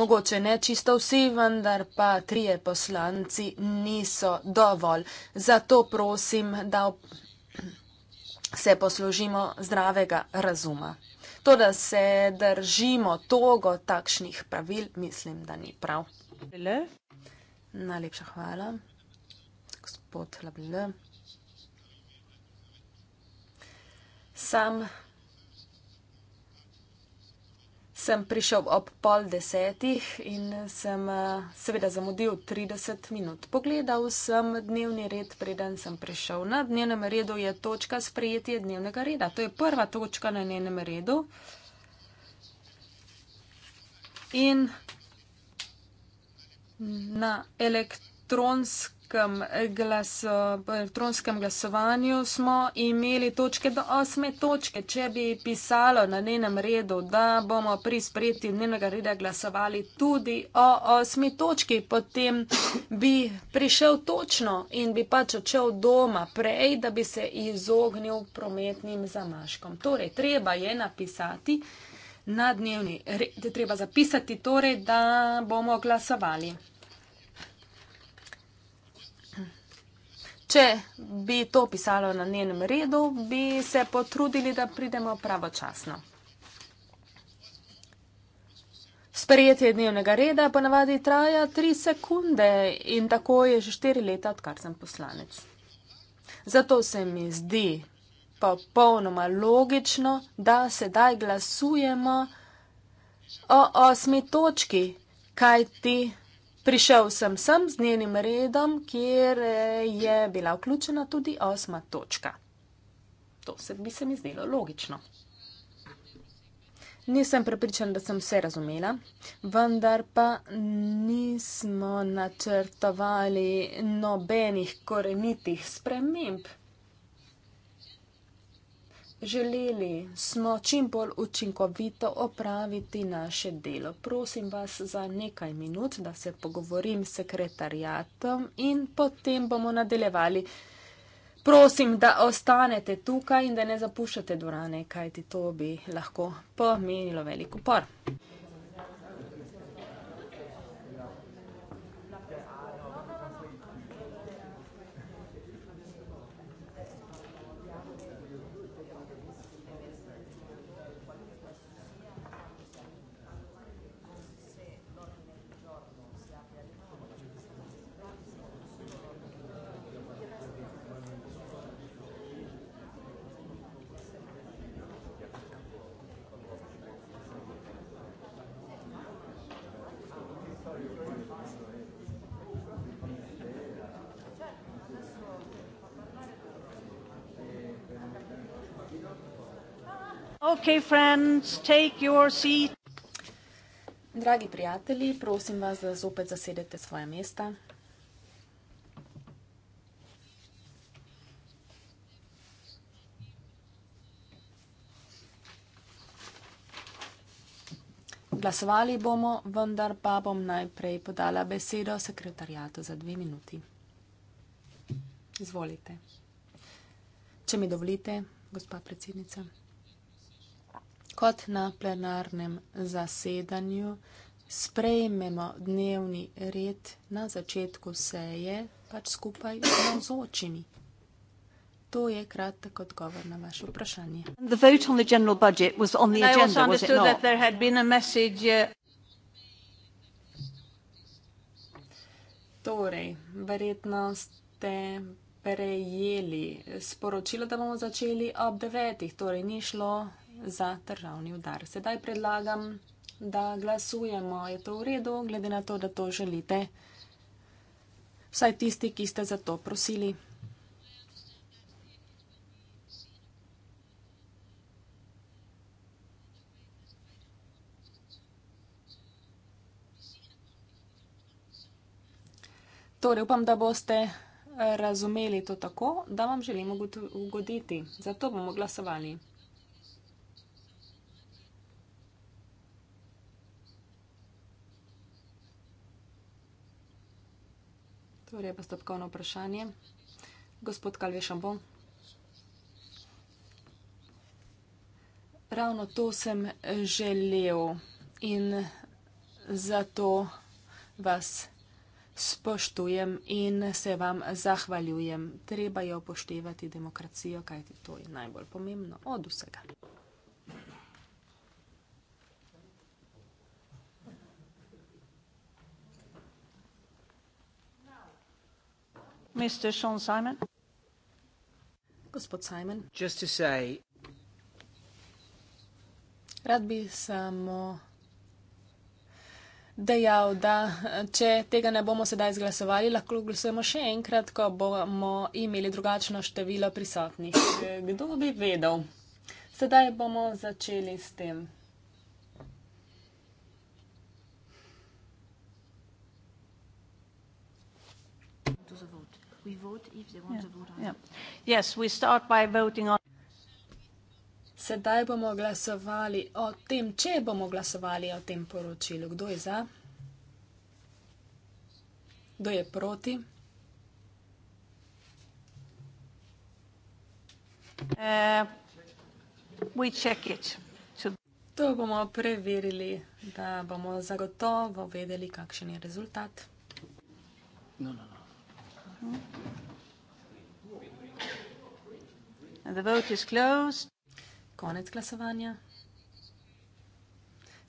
mogoče ne čisto vsi, vendar pa trije poslanci niso dovolj. Zato prosim, da se poslužimo zdravega razuma. To, da se držimo togo takšnih pravil, mislim, da ni prav. Le. Najlepša hvala, gospod Labele. Sam sem prišel ob pol desetih in sem eh, seveda zamudil 30 minut. Pogledal sem dnevni red, preden sem prišel. Na dnevnem redu je točka sprejetje dnevnega reda. To je prva točka na dnevnem redu. In na elektronsko elektronskem, glas, elektronskem glasovanju smo imeli točke do osme točke. Če bi pisalo na njenem redu, da bomo pri spreti dnevnega reda glasovali tudi o osmi točki, potem bi prišel točno in bi pač odšel doma prej, da bi se izognil prometnim zamaškom. Torej, treba je napisati. Na dnevni red je treba zapisati, torej, da bomo glasovali. Če bi to pisalo na njenem redu, bi se potrudili, da pridemo pravočasno. Sprejetje dnevnega reda ponavadi traja tri sekunde in tako je že štiri leta, odkar sem poslanec. Zato se mi zdi popolnoma logično, da sedaj glasujemo o osmi točki, kaj ti Prišel sem sem z njenim redom, kjer je bila vključena tudi osma točka. To se bi se mi zdelo logično. Nisem prepričan, da sem vse razumela, vendar pa nismo načrtovali nobenih korenitih sprememb. Želeli smo čim bolj učinkovito opraviti naše delo. Prosim vas za nekaj minut, da se pogovorim s sekretarjatom in potem bomo nadaljevali. Prosim, da ostanete tukaj in da ne zapuščate dvorane, kajti to bi lahko pomenilo velik upor. Okay, friends, take your seat. Dragi prijatelji, prosim vas, da zopet zasedete svoje mesta. Glasovali bomo, vendar pa bom najprej podala besedo sekretarjatu za dve minuti. Izvolite. Če mi dovolite, gospa predsednica kot na plenarnem zasedanju, sprejmemo dnevni red na začetku seje, pač skupaj z navzočimi. To je kratek odgovor na vaše vprašanje. Torej, verjetno ste prejeli sporočilo, da bomo začeli ob devetih, torej ni šlo za državni udar. Sedaj predlagam, da glasujemo. Je to v redu, glede na to, da to želite? Vsaj tisti, ki ste za to prosili. Torej, upam, da boste eh, razumeli to tako, da vam želimo ugoditi. Zato bomo glasovali. Torej, postopkovno vprašanje. Gospod Kalvešambo. Ravno to sem želel in zato vas spoštujem in se vam zahvaljujem. Treba je upoštevati demokracijo, kajti to je najbolj pomembno od vsega. Mr. Sean Simon. Gospod Simon. Just to say. Rad bi samo dejal, da če tega ne bomo sedaj izglasovali, lahko glasujemo še enkrat, ko bomo imeli drugačno število prisotnih. Kdo bi vedel? Sedaj bomo začeli s tem. we vote if they want yeah. to vote on yeah. it. Yes, we start by voting on. Sedaj bomo glasovali o tem, če bomo glasovali o tem poročilu. Kdo je za? Kdo je proti? Uh, to... to bomo preverili, da bomo zagotovo vedeli, kakšen je rezultat. No, no, no. The vote is closed. Konec glasovanja.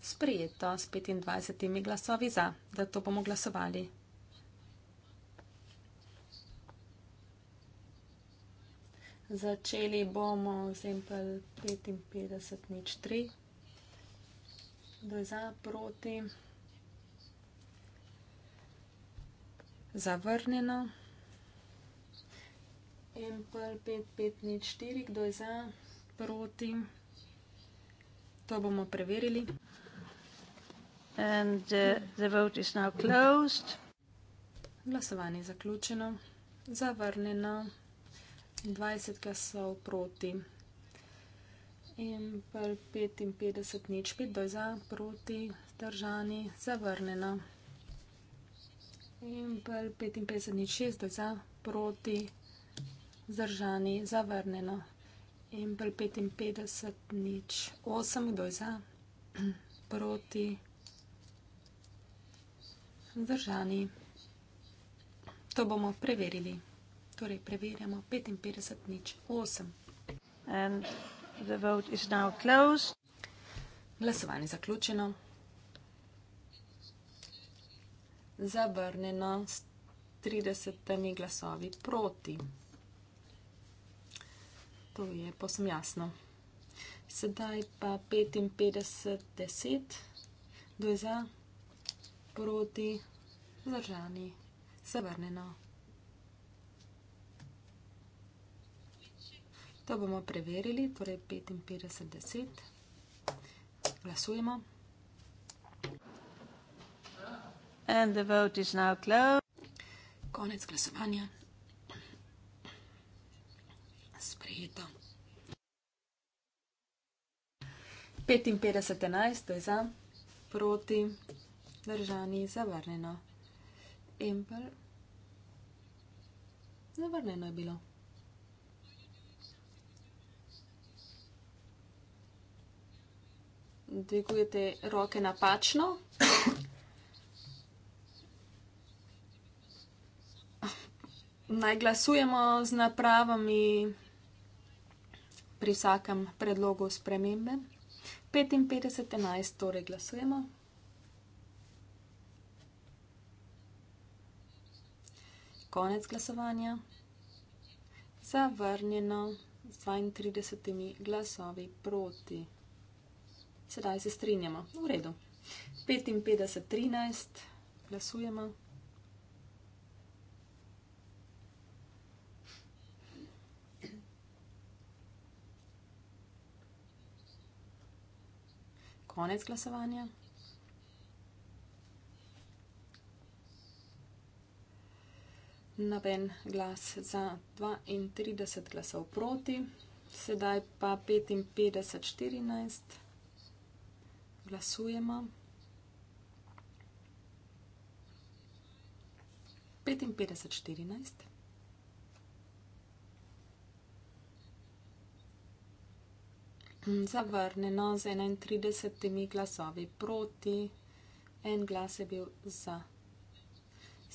Sprejeto s 25 glasovi za, da to bomo glasovali. Začeli bomo z empel 55.03. Kdo je za, proti? Zavrnjeno. En pol, pet, pet, nič, štiri, kdo je za, proti. To bomo preverili. In the vote is now closed. Glasovanje je zaključeno, zavrnjeno. 20 glasov proti. In pol 55 nič, 5 do za, proti, zdržani, zavrnjeno. In pol 55 nič, 6 do za, proti, Zdržani, zavrnjeno. Impel 55, nič. 8, kdo je za? Proti. Zdržani. To bomo preverili. Torej, preverjamo 55, nič. 8. And the vote is now closed. Glasovanje zaključeno. Zavrnjeno s 30 glasovi proti. To je posem jasno. Sedaj pa 55, 10, kdo je za, proti, zdržani, se vrneno. To bomo preverili, torej 55, 10, glasujemo. And the vote is now closed. Konec glasovanja. Sprejeto. 55-11 je za, proti, držani, zavrnjeno. Empel. Zavrnjeno je bilo. Dvigujete roke napačno. Naj glasujemo z napravami pri vsakem predlogu spremembe. 55.11. torej glasujemo. Konec glasovanja. Zavrnjeno z 32 glasovi proti. Sedaj se strinjamo. V redu. 55.13. glasujemo. konec glasovanja. Naben glas za 32 glasov proti, sedaj pa 55-14 glasujemo. 55-14. Zavrnjeno z 31 glasovi proti, en glas je bil za.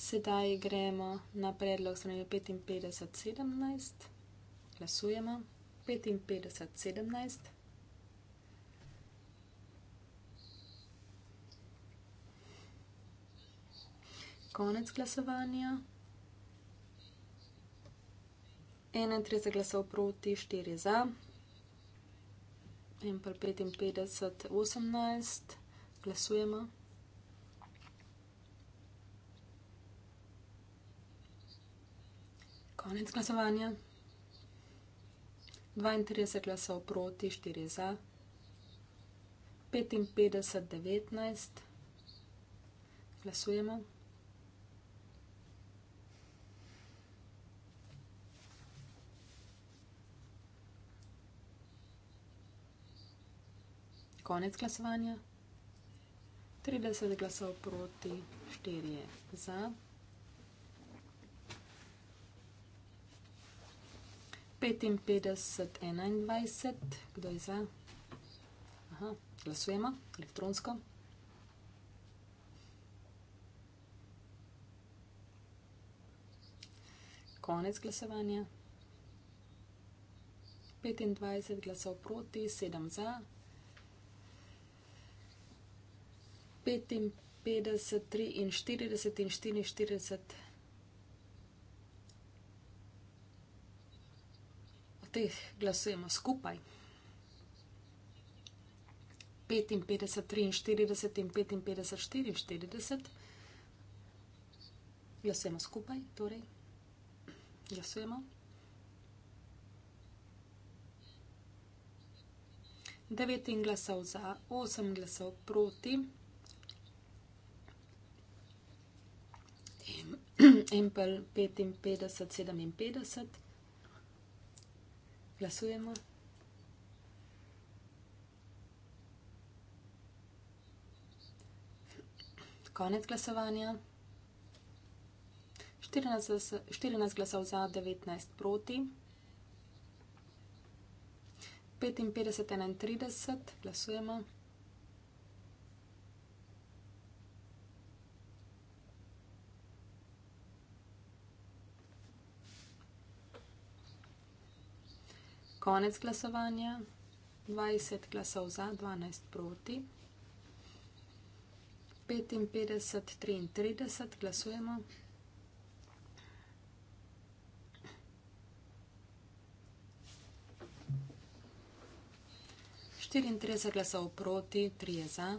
Sedaj gremo na predlog strani 55-17. Glasujemo 55-17. Konec glasovanja. 31 glasov proti, 4 za in pri 55, 18, glasujemo. Konec glasovanja. 32 glasov proti, 4 za, 55, 19, glasujemo. konec glasovanja. 30 glasov proti, 4 za. Petinpetdeset, enaindvajset, kdo je za? Aha, glasujemo elektronsko. Konec glasovanja. Petindvajset glasov proti, sedem za. 55, 43 in 44. O teh glasujemo skupaj. 55, 43 in 55, 44. Glasujemo skupaj, torej. Glasujemo. Devet in glasov za, osem glasov proti. Impel 55, 57, glasujemo. Konec glasovanja. 14, 14 glasov za, 19 proti. 55, 31, glasujemo. Konec glasovanja. 20 glasov za, 12 proti. 55, 33 glasujemo. Štiriintrideset glasov proti, tri je za.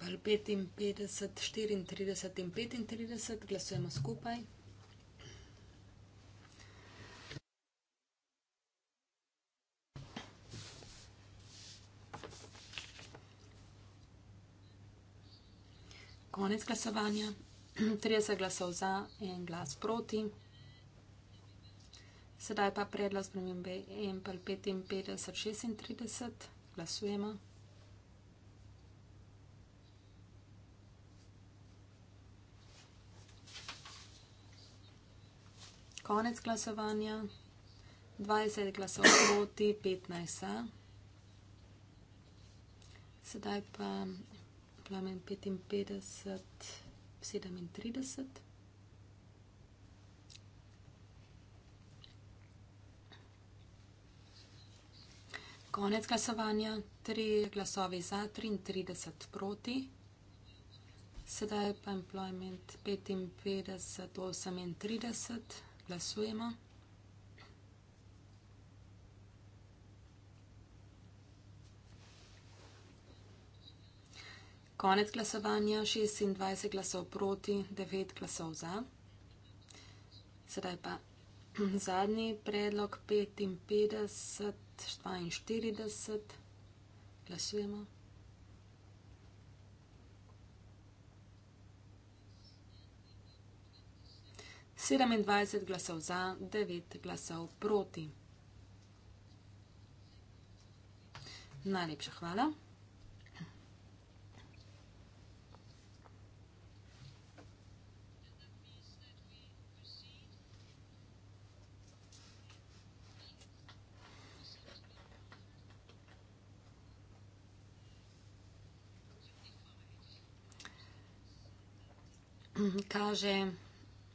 ali 55, 34 in 35, glasujemo skupaj. Konec glasovanja, 30 glasov za, en glas proti. Sedaj pa predlog spremembe MPL 55-36, glasujemo. Konec glasovanja. 20 glasov proti, 15. Sedaj pa plamen 55, 37. Konec glasovanja, 3 glasovi za, 33 proti. Sedaj pa employment 55, 38. Glasujemo. Konec glasovanja, 26 glasov proti, 9 glasov za. Sedaj pa zadnji predlog, 55, 42, glasujemo. 27 glasov za, 9 glasov proti. Najlepša hvala. Kaže.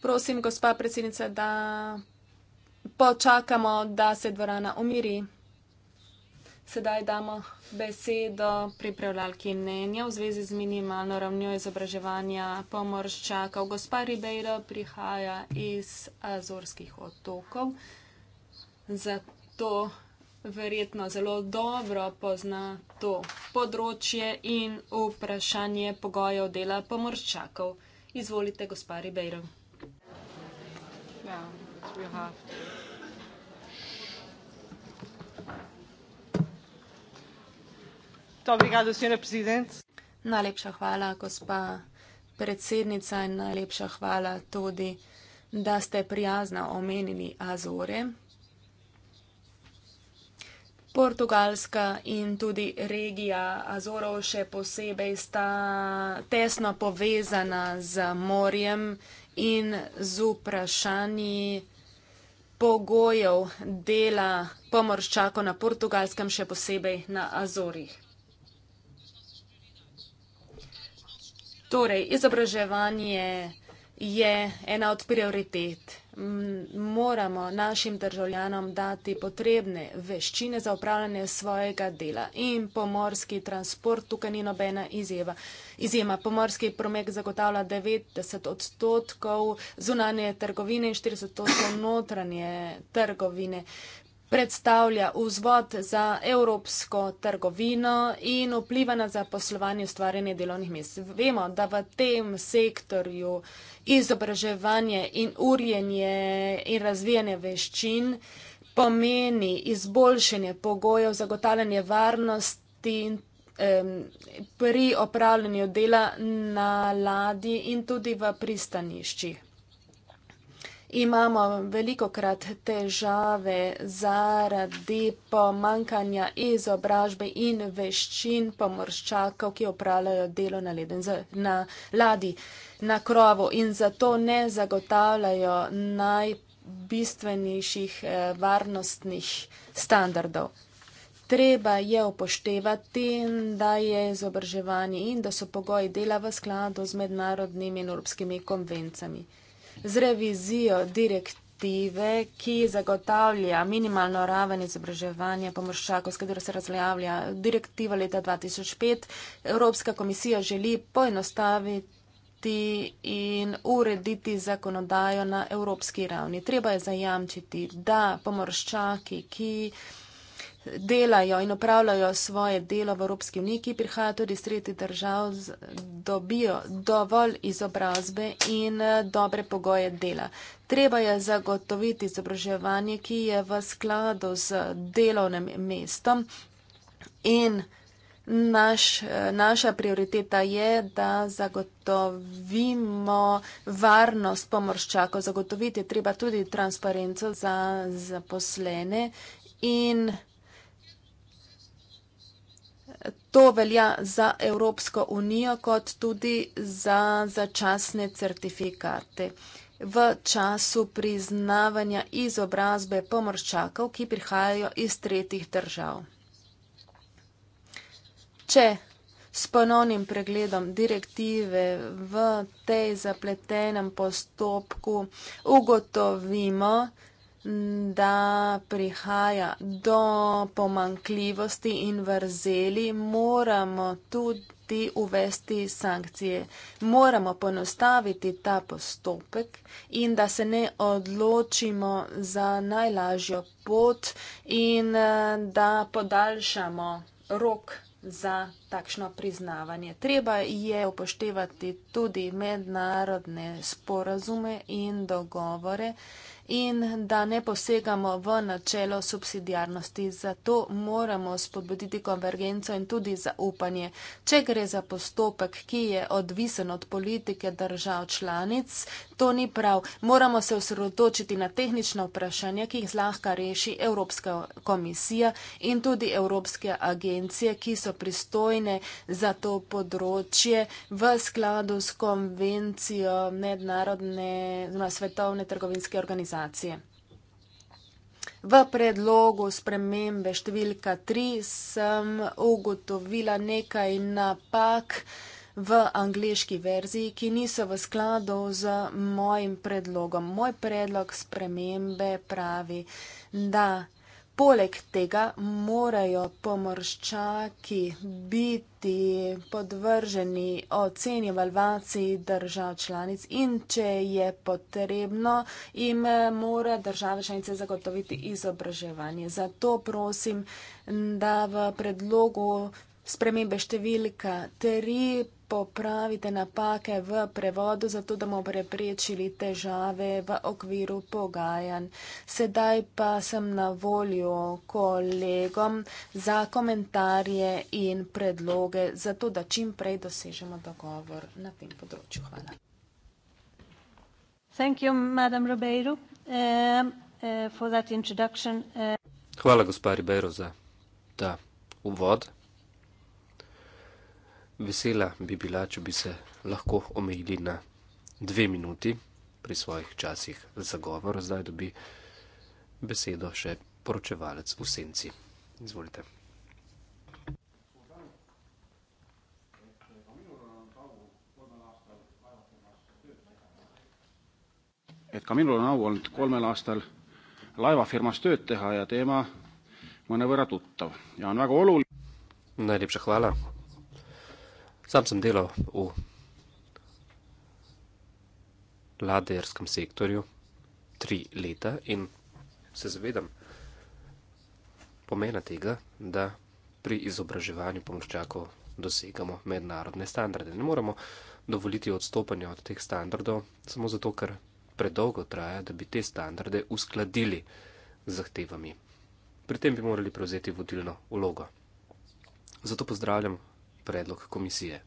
Prosim, gospa predsednica, da počakamo, da se dvorana umiri. Sedaj damo besedo pripravljalki mnenja v zvezi z minimalno ravnjo izobraževanja pomorščakov. Gospa Ribeiro prihaja iz Azorskih otokov, zato verjetno zelo dobro pozna to področje in vprašanje pogojev dela pomorščakov. Izvolite, gospa Ribeiro. Ja, najlepša hvala, gospa predsednica, in najlepša hvala tudi, da ste prijazna omenili Azore. Portugalska in tudi regija Azorov še posebej sta tesno povezana z morjem in z vprašanji pogojev dela pomorščako na Portugalskem, še posebej na Azorih. Torej, izobraževanje je ena od prioritet moramo našim državljanom dati potrebne veščine za upravljanje svojega dela in pomorski transport, tukaj ni nobena izjema. izjema. Pomorski promet zagotavlja 90 odstotkov zunanje trgovine in 40 odstotkov notranje trgovine predstavlja vzvod za evropsko trgovino in vpliva na zaposlovanje ustvarjanje delovnih mest. Vemo, da v tem sektorju izobraževanje in urjenje in razvijanje veščin pomeni izboljšanje pogojev, zagotavljanje varnosti in pri opravljanju dela na ladji in tudi v pristaniščih imamo veliko krat težave zaradi pomankanja izobražbe in veščin pomorščakov, ki opravljajo delo na leden, na ladi, na krovu in zato ne zagotavljajo najbistvenejših eh, varnostnih standardov. Treba je upoštevati, da je izobraževanje in da so pogoji dela v skladu z mednarodnimi in evropskimi konvencami z revizijo direktiv ki zagotavlja minimalno raven izobraževanja pomorščakov, s katero se razlijavlja direktiva leta 2005. Evropska komisija želi poenostaviti in urediti zakonodajo na evropski ravni. Treba je zajamčiti, da pomorščaki, ki delajo in opravljajo svoje delo v Evropski uniji, ki prihajajo tudi iz tretjih držav, dobijo dovolj izobrazbe in eh, dobre pogoje dela. Treba je zagotoviti izobraževanje, ki je v skladu z delovnim mestom in naš, eh, naša prioriteta je, da zagotovimo varnost pomorščakov. Zagotoviti je treba tudi transparenco za zaposlene in To velja za Evropsko unijo, kot tudi za začasne certifikate. V času priznavanja izobrazbe pomorščakov, ki prihajajo iz tretjih držav. Če s ponovnim pregledom direktive v tej zapletenem postopku ugotovimo, da prihaja do pomankljivosti in vrzeli, moramo tudi uvesti sankcije. Moramo ponostaviti ta postopek in da se ne odločimo za najlažjo pot in da podaljšamo rok za takšno priznavanje. Treba je upoštevati tudi mednarodne sporazume in dogovore in da ne posegamo v načelo subsidijarnosti. Zato moramo spodbuditi konvergenco in tudi zaupanje. Če gre za postopek, ki je odvisen od politike držav članic, to ni prav. Moramo se osredotočiti na tehnične vprašanja, ki jih zlahka reši Evropska komisija in tudi Evropske agencije, ki so pristojne za to področje v skladu s konvencijo mednarodne, svetovne trgovinske organizacije organizacije. V predlogu spremembe številka 3 sem ugotovila nekaj napak v angliški verziji, ki niso v skladu z mojim predlogom. Moj predlog spremembe pravi, da Poleg tega morajo pomorščaki biti podvrženi oceni evalvaciji držav članic in če je potrebno, jim mora države članice zagotoviti izobraževanje. Zato prosim, da v predlogu spremembe številka 3 popravite napake v prevodu, zato da bomo preprečili težave v okviru pogajanj. Sedaj pa sem na voljo kolegom za komentarje in predloge, zato da čim prej dosežemo dogovor na tem področju. Hvala. Um, uh, uh, Hvala, gospa Ribeiro, za ta uvod. Vesela bi bila, če bi se lahko omejili na dve minuti pri svojih časih za govor. Zdaj dobi besedo še poročevalec v senci. Izvolite. et ka minul on au olnud kolmel aastal laevafirmas tööd teha ja teema mõnevõrra tuttav ja on väga oluline. Nalja Pšahvala, Sam sem delal v ladjerskem sektorju tri leta in se zavedam pomena tega, da pri izobraževanju pomorščakov dosegamo mednarodne standarde. Ne moremo dovoliti odstopanja od teh standardov, samo zato, ker predolgo traja, da bi te standarde uskladili z zahtevami. Pri tem bi morali prevzeti vodilno vlogo. Zato pozdravljam predlog komisije.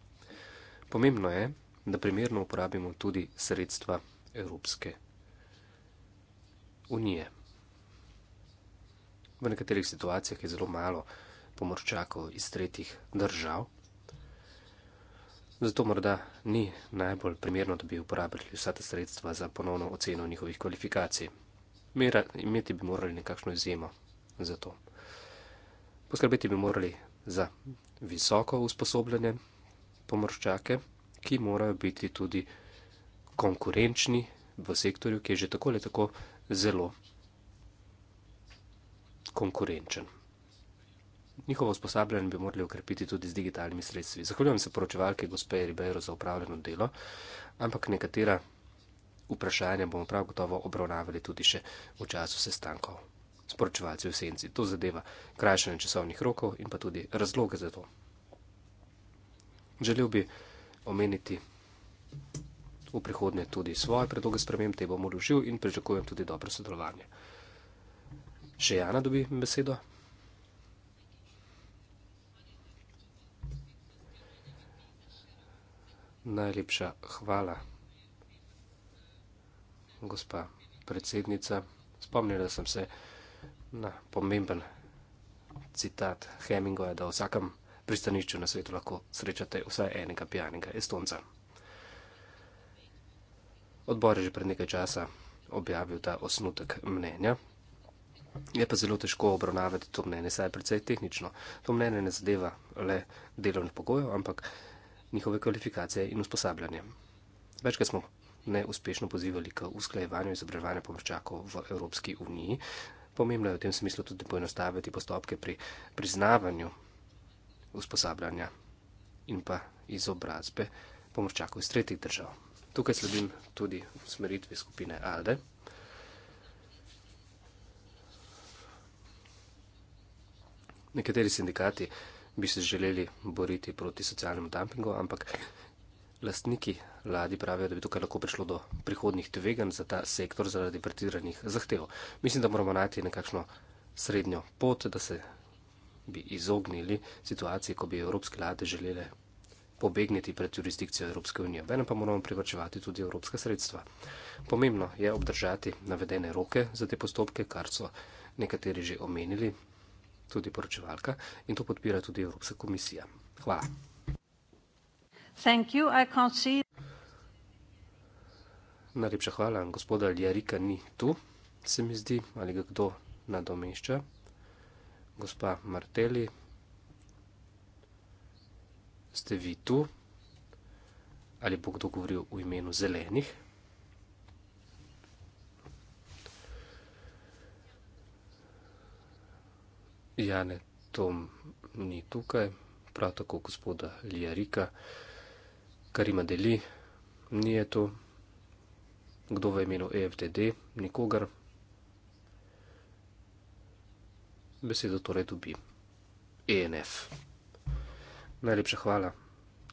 Pomembno je, da primerno uporabimo tudi sredstva Evropske unije. V nekaterih situacijah je zelo malo pomorčakov iz tretjih držav, zato morda ni najbolj primerno, da bi uporabili vsa ta sredstva za ponovno oceno njihovih kvalifikacij. Mera, imeti bi morali nekakšno izjemo za to. Poskrbeti bi morali za visoko usposobljene pomorščake, ki morajo biti tudi konkurenčni v sektorju, ki je že tako ali tako zelo konkurenčen. Njihovo usposabljanje bi morali ukrepiti tudi z digitalnimi sredstvi. Zahvaljujem se poročevalki gospe Ribeiro za upravljeno delo, ampak nekatera vprašanja bomo prav gotovo obravnavali tudi še v času sestankov sporočevalci v senci. To zadeva krajšanje časovnih rokov in pa tudi razloge za to. Želel bi omeniti v prihodnje tudi svoje predloge sprememb, te bom uložil in pričakujem tudi dobro sodelovanje. Še Jana dobi besedo. Najlepša hvala, gospa predsednica. Spomnila sem se, da na pomemben citat Hemingoja, da v vsakem pristanišču na svetu lahko srečate vsaj enega pijanega estonca. Odbor je že pred nekaj časa objavil ta osnutek mnenja. Je pa zelo težko obravnavati to mnenje, saj je precej tehnično. To mnenje ne zadeva le delovnih pogojev, ampak njihove kvalifikacije in usposabljanje. Večkrat smo neuspešno pozivali k usklajevanju izobraževanja pomorčakov v Evropski uniji, pomembno je v tem smislu tudi poenostaviti postopke pri priznavanju usposabljanja in pa izobrazbe pomorčakov iz tretjih držav. Tukaj sledim tudi v smeritvi skupine ALDE. Nekateri sindikati bi se želeli boriti proti socialnemu dumpingu, ampak Lastniki ladi pravijo, da bi tukaj lahko prišlo do prihodnih tveganj za ta sektor zaradi pretiranih zahtev. Mislim, da moramo najti nekakšno srednjo pot, da se bi izognili situaciji, ko bi evropske lade želele pobegniti pred jurisdikcijo Evropske unije. Vene pa moramo privrčevati tudi evropska sredstva. Pomembno je obdržati navedene roke za te postopke, kar so nekateri že omenili, tudi poročevalka, in to podpira tudi Evropska komisija. Hvala. Thank you. I can't see. Najlepša hvala, gospoda Ljarika ni tu, se mi zdi, ali ga kdo nadomešča. Gospa Marteli, ste vi tu? Ali bo kdo govoril v imenu zelenih? Jane, Tom ni tukaj, prav tako gospoda Ljarika. Karima Deli, Nieto, kdo v imenu EFDD, nikogar. Besedo torej dobi ENF. Najlepša hvala,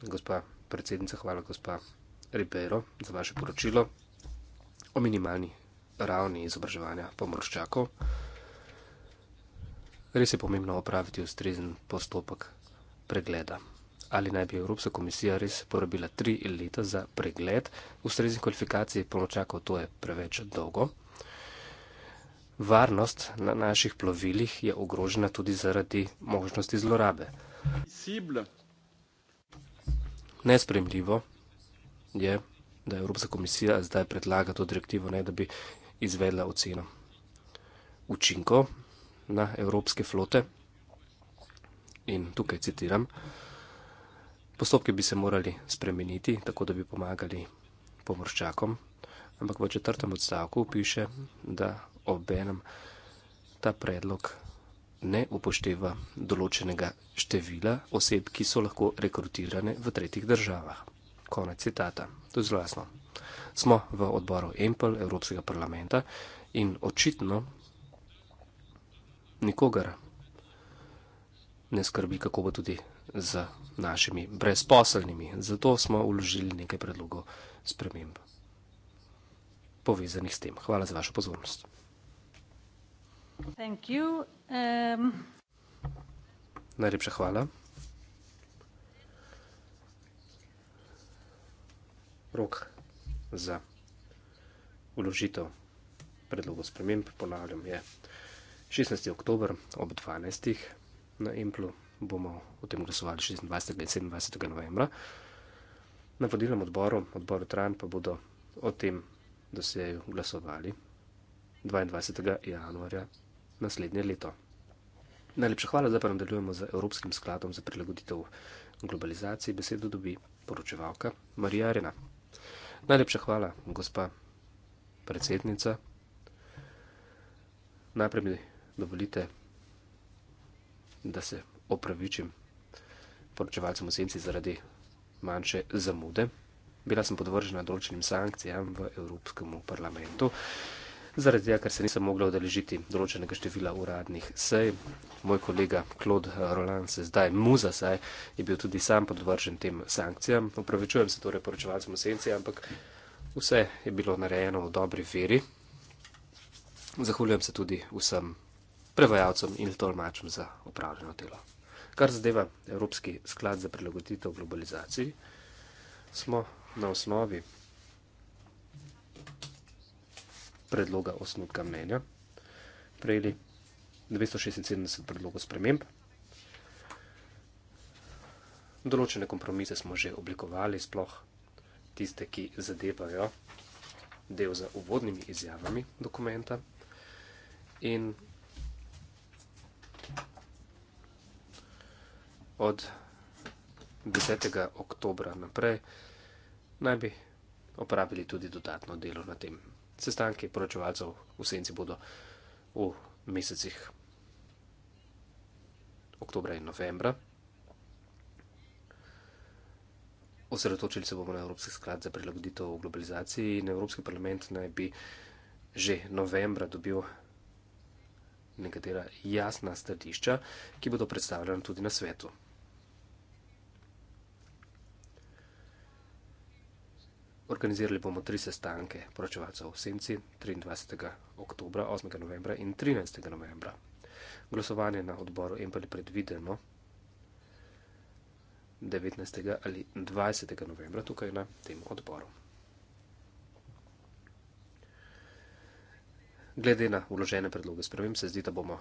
gospa predsednica, hvala gospa Ribeiro za vaše poročilo o minimalni ravni izobraževanja pomorščakov. Res je pomembno opraviti ustrezen postopek pregleda ali naj bi Evropska komisija res porabila tri leta za pregled ustreznih kvalifikacij polnočakov, to je preveč dolgo. Varnost na naših plovilih je ogrožena tudi zaradi možnosti zlorabe. Nespremljivo je, da Evropska komisija zdaj predlaga to direktivo, ne da bi izvedla oceno učinkov na evropske flote. In tukaj citiram. Postopki bi se morali spremeniti, tako da bi pomagali pomorščakom, ampak v četrtem odstavku piše, da obenem ta predlog ne upošteva določenega števila oseb, ki so lahko rekrutirane v tretjih državah. Konec citata. To je zelo jasno. Smo v odboru EMPL Evropskega parlamenta in očitno nikogar ne skrbi, kako bo tudi za našimi brezposelnimi. Zato smo uložili nekaj predlogov sprememb povezanih s tem. Hvala za vašo pozornost. Um... Najlepša hvala. Rok za uložitev predlogov sprememb, ponavljam, je 16. oktober ob 12. na Implu bomo o tem glasovali 26. in 27. novembra. Na vodilnem odboru, odboru Tran, pa bodo o tem dosjeju glasovali 22. januarja naslednje leto. Najlepša hvala, zdaj pa nadaljujemo z Evropskim skladom za prilagoditev globalizaciji. Besedo dobi poročevalka Marija Arena. Najlepša hvala, gospa predsednica. Najprej mi dovolite, da se opravičim poročevalcem v senci zaradi manjše zamude. Bila sem podvržena določenim sankcijam v Evropskem parlamentu, zaradi tega, ker se nisem mogla odeležiti določenega števila uradnih sej. Moj kolega Claude Roland se zdaj muza saj, je bil tudi sam podvržen tem sankcijam. Opravičujem se torej poročevalcem v senci, ampak vse je bilo narejeno v dobri veri. Zahvaljujem se tudi vsem prevajalcem in tolmačem za opravljeno delo. Kar zadeva Evropski sklad za prilagoditev globalizaciji, smo na osnovi predloga osnutka mnenja prejeli 276 predlogov sprememb. Določene kompromise smo že oblikovali, sploh tiste, ki zadevajo del za uvodnimi izjavami dokumenta. In od 10. oktobra naprej naj bi opravili tudi dodatno delo na tem. Sestanki poročevalcev v senci bodo v mesecih oktobra in novembra. Osredotočili se bomo na Evropski sklad za prilagoditev v globalizaciji in Evropski parlament naj bi že novembra dobil nekatera jasna stadišča, ki bodo predstavljena tudi na svetu. Organizirali bomo tri sestanke poročevalcev v Senci 23. oktober, 8. novembra in 13. novembra. Glasovanje na odboru Empel je predvideno 19. ali 20. novembra tukaj na tem odboru. Glede na uložene predloge sprememb, se zdi, da bomo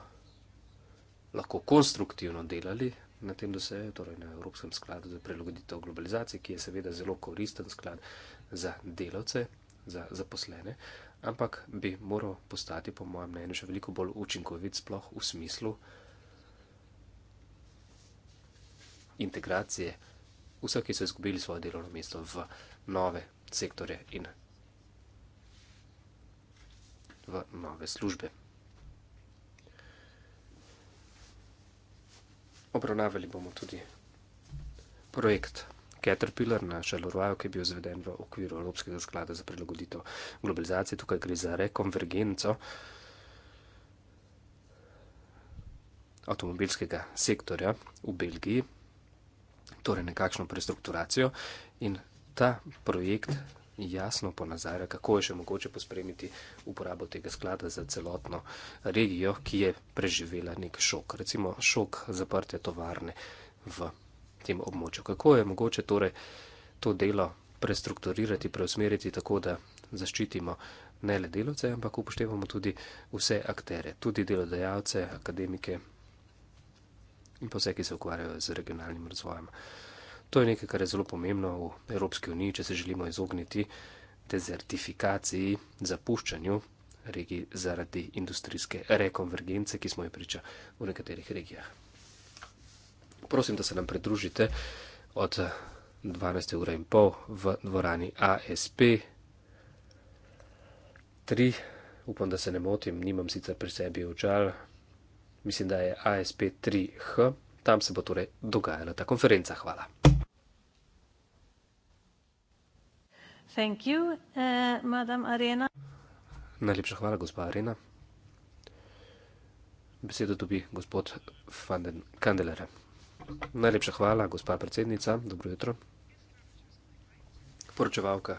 lahko konstruktivno delali na tem, da se je torej na Evropskem skladu za prilagoditev globalizacije, ki je seveda zelo koristen sklad za delavce, za zaposlene, ampak bi moral postati, po mojem mnenju, še veliko bolj učinkovit, sploh v smislu integracije vseh, ki so izgubili svoje delovno mesto v nove sektore in v nove službe. obravnavali bomo tudi projekt Caterpillar na Šalorvaju, ki je bil izveden v okviru Evropskega sklada za prilagoditev globalizacije. Tukaj gre za rekonvergenco avtomobilskega sektorja v Belgiji, torej nekakšno prestrukturacijo in ta projekt jasno ponazarja, kako je še mogoče pospremiti uporabo tega sklada za celotno regijo, ki je preživela nek šok, recimo šok zaprte tovarne v tem območju. Kako je mogoče torej to delo prestrukturirati, preusmeriti tako, da zaščitimo ne le delovce, ampak upoštevamo tudi vse aktere, tudi delodajalce, akademike in pa vse, ki se ukvarjajo z regionalnim razvojem. To je nekaj, kar je zelo pomembno v Evropski uniji, če se želimo izogniti dezertifikaciji, zapuščanju regij zaradi industrijske rekonvergence, ki smo jo priča v nekaterih regijah. Prosim, da se nam pridružite od 12. ure in pol v dvorani ASP 3. Upam, da se ne motim, nimam sicer pri sebi očal. Mislim, da je ASP 3H. Tam se bo torej dogajala ta konferenca. Hvala. Thank you, uh, Madam Arena. Najlepša hvala, gospa Arena. Besedo dobi gospod Kandelare. Najlepša hvala, gospa predsednica. Dobro jutro. Poročevalka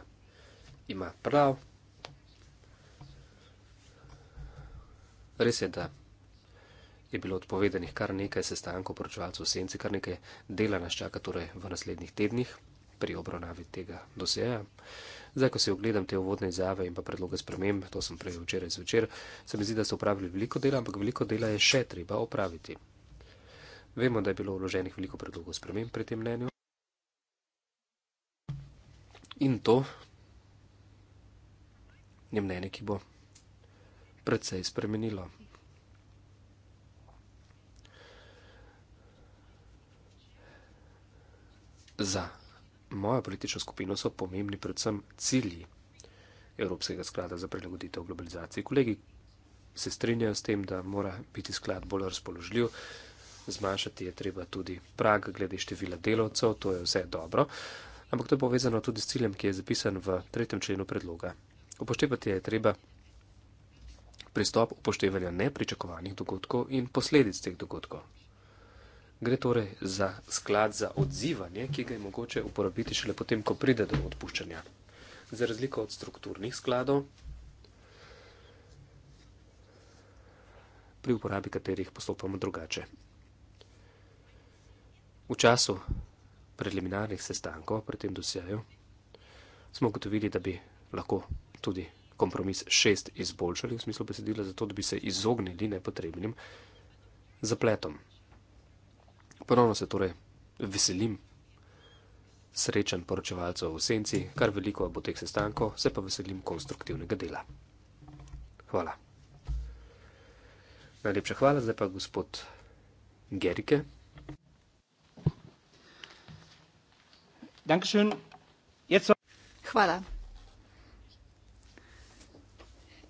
ima prav. Res je, da je bilo odpovedanih kar nekaj sestankov poročevalcev v senci, kar nekaj dela nas čaka torej v naslednjih tednih pri obravnavi tega doseja. Zdaj, ko si ogledam te uvodne izjave in pa predloge sprememb, to sem prej včeraj zvečer, se mi zdi, da so upravili veliko dela, ampak veliko dela je še treba opraviti. Vemo, da je bilo vloženih veliko predlogov sprememb pri tem mnenju. In to je mnenje, ki bo predvsej spremenilo. za mojo politično skupino so pomembni predvsem cilji Evropskega sklada za prilagoditev globalizaciji. Kolegi se strinjajo s tem, da mora biti sklad bolj razpoložljiv, zmanjšati je treba tudi prag glede števila delovcev, to je vse dobro, ampak to je povezano tudi s ciljem, ki je zapisan v tretjem členu predloga. Upoštevati je treba pristop upoštevanja nepričakovanih dogodkov in posledic teh dogodkov. Gre torej za sklad za odzivanje, ki ga je mogoče uporabiti šele potem, ko pride do odpuščanja. Za razliko od strukturnih skladov, pri uporabi katerih postopamo drugače. V času preliminarnih sestankov pri tem dosjeju smo ugotovili, da bi lahko tudi kompromis 6 izboljšali v smislu besedila, zato da bi se izognili nepotrebnim zapletom. Ponovno se torej veselim srečen poročevalcev v senci, kar veliko bo teh sestankov, se pa veselim konstruktivnega dela. Hvala. Najlepša hvala, zdaj pa gospod Gerike. Hvala.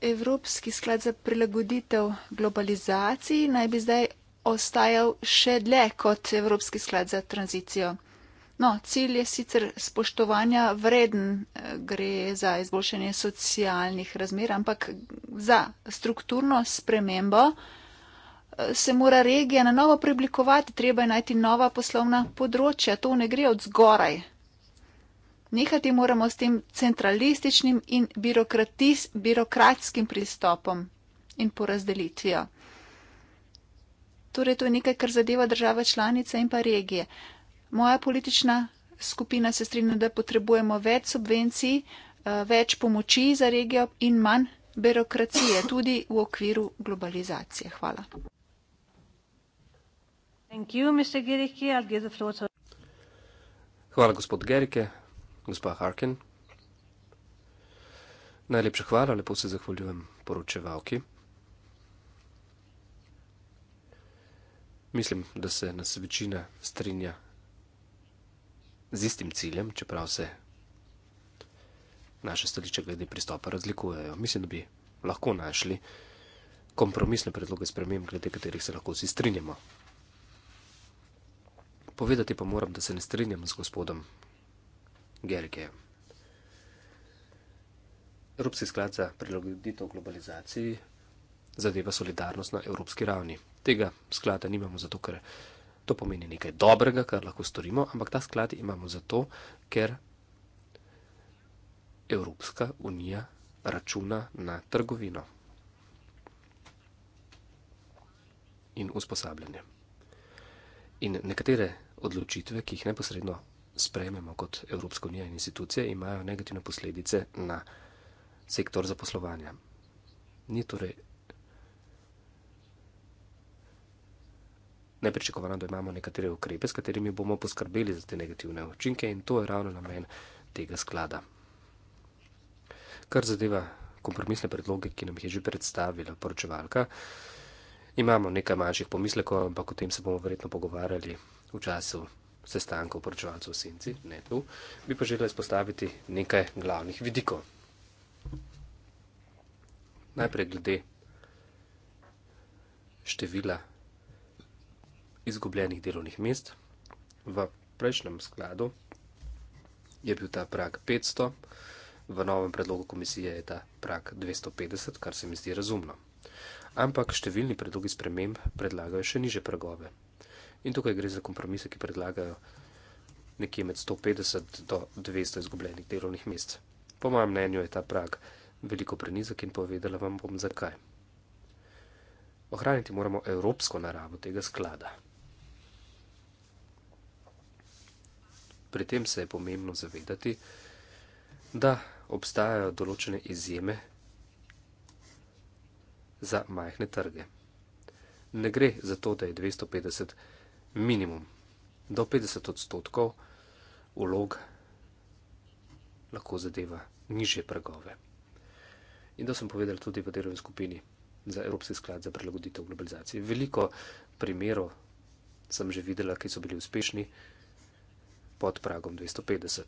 Evropski sklad za prilagoditev globalizaciji naj bi zdaj ostajal še dlje kot Evropski sklad za tranzicijo. No, cilj je sicer spoštovanja vreden, eh, gre za izboljšanje socialnih razmer, ampak za strukturno spremembo eh, se mora regija na novo preoblikovati, treba je najti nova poslovna področja, to ne gre od zgoraj. Nehati moramo s tem centralističnim in birokratskim pristopom in porazdelitvijo. Torej, to je nekaj, kar zadeva države članice in pa regije. Moja politična skupina se strinja, da potrebujemo več subvencij, eh, več pomoči za regijo in manj birokracije, tudi v okviru globalizacije. Hvala. You, to... Hvala, gospod Gerike, gospa Harkin. Najlepša hvala, lepo se zahvaljujem poročevalki. Mislim, da se nas večina strinja z istim ciljem, čeprav se naše stališče glede pristopa razlikujejo. Mislim, da bi lahko našli kompromisne predloge sprememb, glede katerih se lahko vsi strinjamo. Povedati pa moram, da se ne strinjam z gospodom Gergejem. Evropski sklad za prilagoditev globalizaciji zadeva solidarnost na evropski ravni. Tega sklada nimamo zato, ker to pomeni nekaj dobrega, kar lahko storimo, ampak ta sklad imamo zato, ker Evropska unija računa na trgovino in usposabljanje. In nekatere odločitve, ki jih neposredno sprejmemo kot Evropska unija in institucije, imajo negativne posledice na sektor zaposlovanja. Ni torej nepričakovano, da imamo nekatere ukrepe, s katerimi bomo poskrbeli za te negativne učinke in to je ravno namen tega sklada. Kar zadeva kompromisne predloge, ki nam jih je že predstavila poročevalka, imamo nekaj manjših pomislekov, ampak o tem se bomo verjetno pogovarjali v času sestankov poročevalcev v Sinci, ne tu, bi pa želela izpostaviti nekaj glavnih vidikov. Najprej glede števila izgubljenih delovnih mest. V prejšnjem skladu je bil ta prag 500, v novem predlogu komisije je ta prag 250, kar se mi zdi razumno. Ampak številni predlogi sprememb predlagajo še niže pragove. In tukaj gre za kompromise, ki predlagajo nekje med 150 do 200 izgubljenih delovnih mest. Po mojem mnenju je ta prag veliko prenizek in povedala vam bom zakaj. Ohraniti moramo evropsko naravo tega sklada. Pri tem se je pomembno zavedati, da obstajajo določene izjeme za majhne trge. Ne gre za to, da je 250 minimum. Do 50 odstotkov ulog lahko zadeva nižje pragove. In to sem povedal tudi v delovni skupini za Evropski sklad za prilagoditev globalizacije. Veliko primerov sem že videla, ki so bili uspešni pod pragom 250.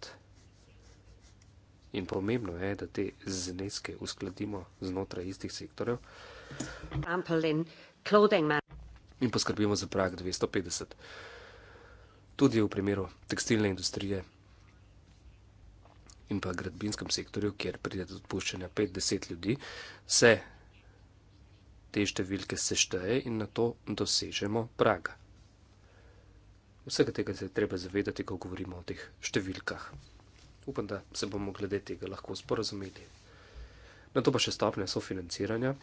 In pomembno je, da te zneske uskladimo znotraj istih sektorjev in poskrbimo za prag 250. Tudi v primeru tekstilne industrije in pa gradbinskem sektorju, kjer pride do odpuščanja 5-10 ljudi, se te številke sešteje in na to dosežemo praga. Vsega tega se je treba zavedati, ko govorimo o teh številkah. Upam, da se bomo glede tega lahko sporazumeli. Na to pa še stopnja sofinanciranja.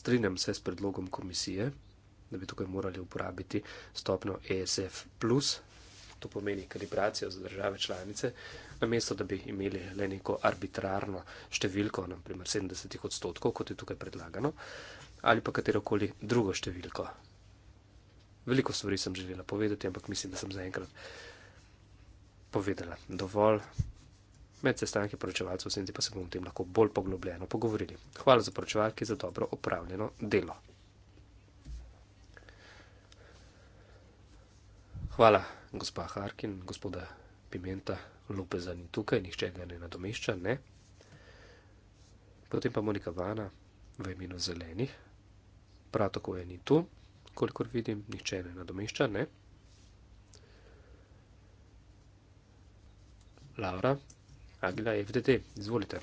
Strinjam se s predlogom komisije, da bi tukaj morali uporabiti stopno ESF. To pomeni kalibracijo za države članice, namesto da bi imeli le neko arbitrarno številko, naprimer 70 odstotkov, kot je tukaj predlagano, ali pa katerokoli drugo številko, Veliko stvari sem želela povedati, ampak mislim, da sem zaenkrat povedala dovolj. Med sestanki poročevalcev v Senci pa se bomo o tem lahko bolj poglobljeno pogovorili. Hvala za poročevalke za dobro opravljeno delo. Hvala, gospa Harkin, gospoda Pimenta, Lopeza ni tukaj, nihče ga ne nadomešča, ne. Potem pa Monika Vana v imenu zelenih, prav tako je ni tu kolikor vidim, nihče ne nadomešča, ne? Laura, Agila, FDD, izvolite.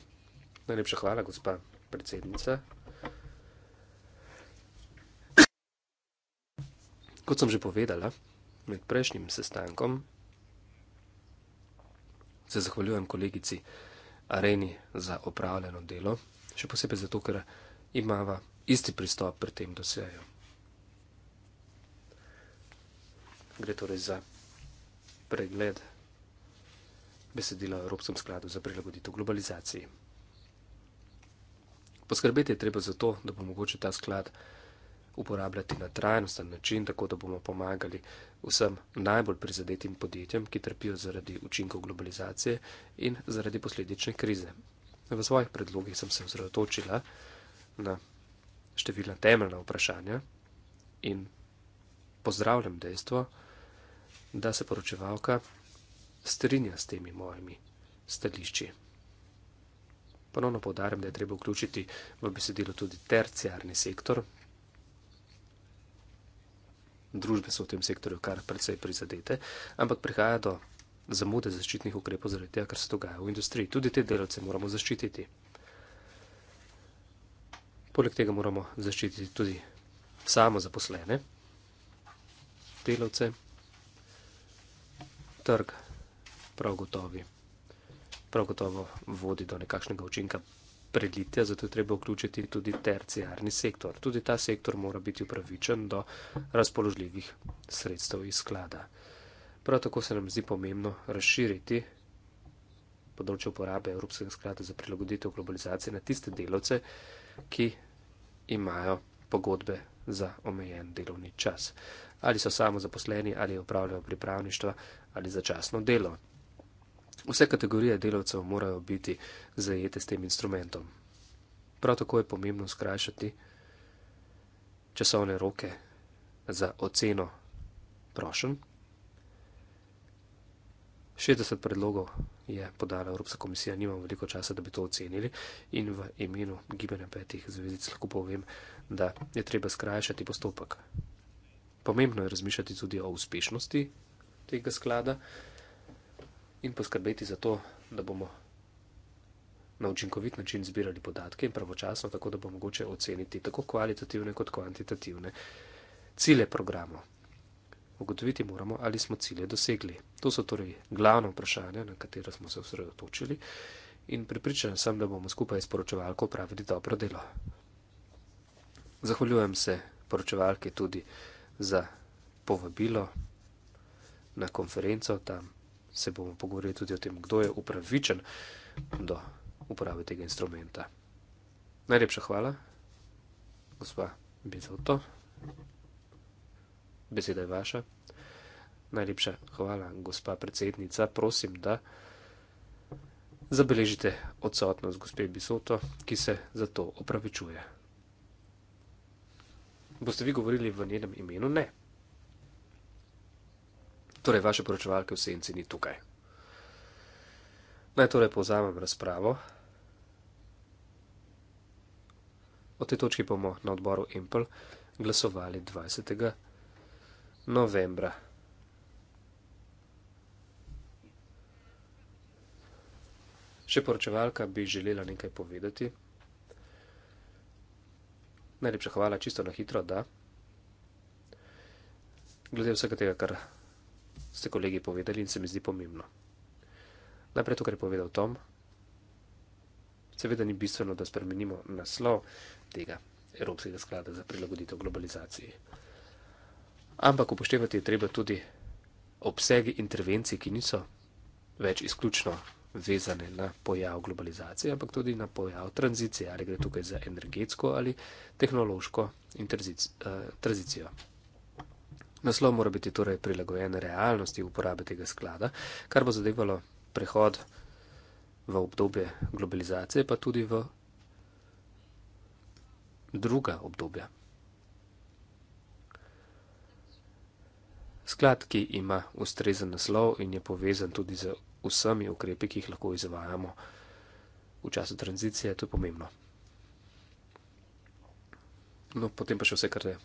Najlepša hvala, gospa predsednica. Kot sem že povedala, med prejšnjim sestankom se zahvaljujem kolegici Areni za opravljeno delo, še posebej zato, ker imava isti pristop pri tem dosejo. gre torej za pregled besedila o Evropskem skladu za prilagoditev globalizaciji. Poskrbeti je treba za to, da bo mogoče ta sklad uporabljati na trajnosten način, tako da bomo pomagali vsem najbolj prizadetim podjetjem, ki trpijo zaradi učinkov globalizacije in zaradi posledične krize. V svojih predlogih sem se ozrotočila na številna temeljna vprašanja in pozdravljam dejstvo, da da se poročevalka strinja s temi mojimi stališči. Ponovno povdarjam, da je treba vključiti v besedilo tudi terciarni sektor. Družbe so v tem sektorju kar precej prizadete, ampak prihaja do zamude zaščitnih ukrepov zaradi tega, kar se dogaja v industriji. Tudi te delavce moramo zaščititi. Poleg tega moramo zaščititi tudi samo zaposlene delavce trg, prav gotovi. Prav gotovo vodi do nekakšnega učinka predlitja, zato je treba vključiti tudi terciarni sektor. Tudi ta sektor mora biti upravičen do razpoložljivih sredstev iz sklada. Prav tako se nam zdi pomembno razširiti področje uporabe Evropskega sklada za prilagoditev globalizacije na tiste delavce, ki imajo pogodbe za omejen delovni čas ali so samo zaposleni, ali upravljajo pripravništva, ali začasno delo. Vse kategorije delavcev morajo biti zajete s tem instrumentom. Prav tako je pomembno skrajšati časovne roke za oceno prošen. 60 predlogov je podala Evropska komisija, nimam veliko časa, da bi to ocenili in v imenu gibanja petih zvezdic lahko povem, da je treba skrajšati postopek, Pomembno je razmišljati tudi o uspešnosti tega sklada in poskrbeti za to, da bomo na učinkovit način zbirali podatke in pravočasno, tako da bo mogoče oceniti tako kvalitativne kot kvantitativne cilje programa. Ugotoviti moramo, ali smo cilje dosegli. To so torej glavno vprašanje, na katero smo se osredotočili in pripričan sem, da bomo skupaj s poročevalko upravili dobro delo. Zahvaljujem se poročevalki tudi za povabilo na konferenco. Tam se bomo pogovorili tudi o tem, kdo je upravičen do uporabe tega instrumenta. Najlepša hvala, gospa Bizoto. Beseda je vaša. Najlepša hvala, gospa predsednica. Prosim, da zabeležite odsotnost gospe Bisoto, ki se za to opravičuje. Boste vi govorili v njenem imenu? Ne. Torej, vaše poročevalke v senci ni tukaj. Naj torej povzamem razpravo. O tej točki bomo na odboru Impel glasovali 20. novembra. Še poročevalka bi želela nekaj povedati. Najlepša hvala, čisto na hitro, da. Glede vsega tega, kar ste kolegi povedali in se mi zdi pomembno. Najprej to, kar je povedal Tom. Seveda ni bistveno, da spremenimo naslov tega Evropskega sklada za prilagoditev globalizaciji. Ampak upoštevati je treba tudi obsegi intervencij, ki niso več izključno vezane na pojav globalizacije, ampak tudi na pojav tranzicije, ali gre tukaj za energetsko ali tehnološko eh, tranzicijo. Naslov mora biti torej prilagojen realnosti uporabe tega sklada, kar bo zadevalo prehod v obdobje globalizacije, pa tudi v druga obdobja. Sklad, ki ima ustrezen naslov in je povezan tudi z vsemi ukrepi, ki jih lahko izvajamo v času tranzicije, to je pomembno. No, potem pa še vse, kar je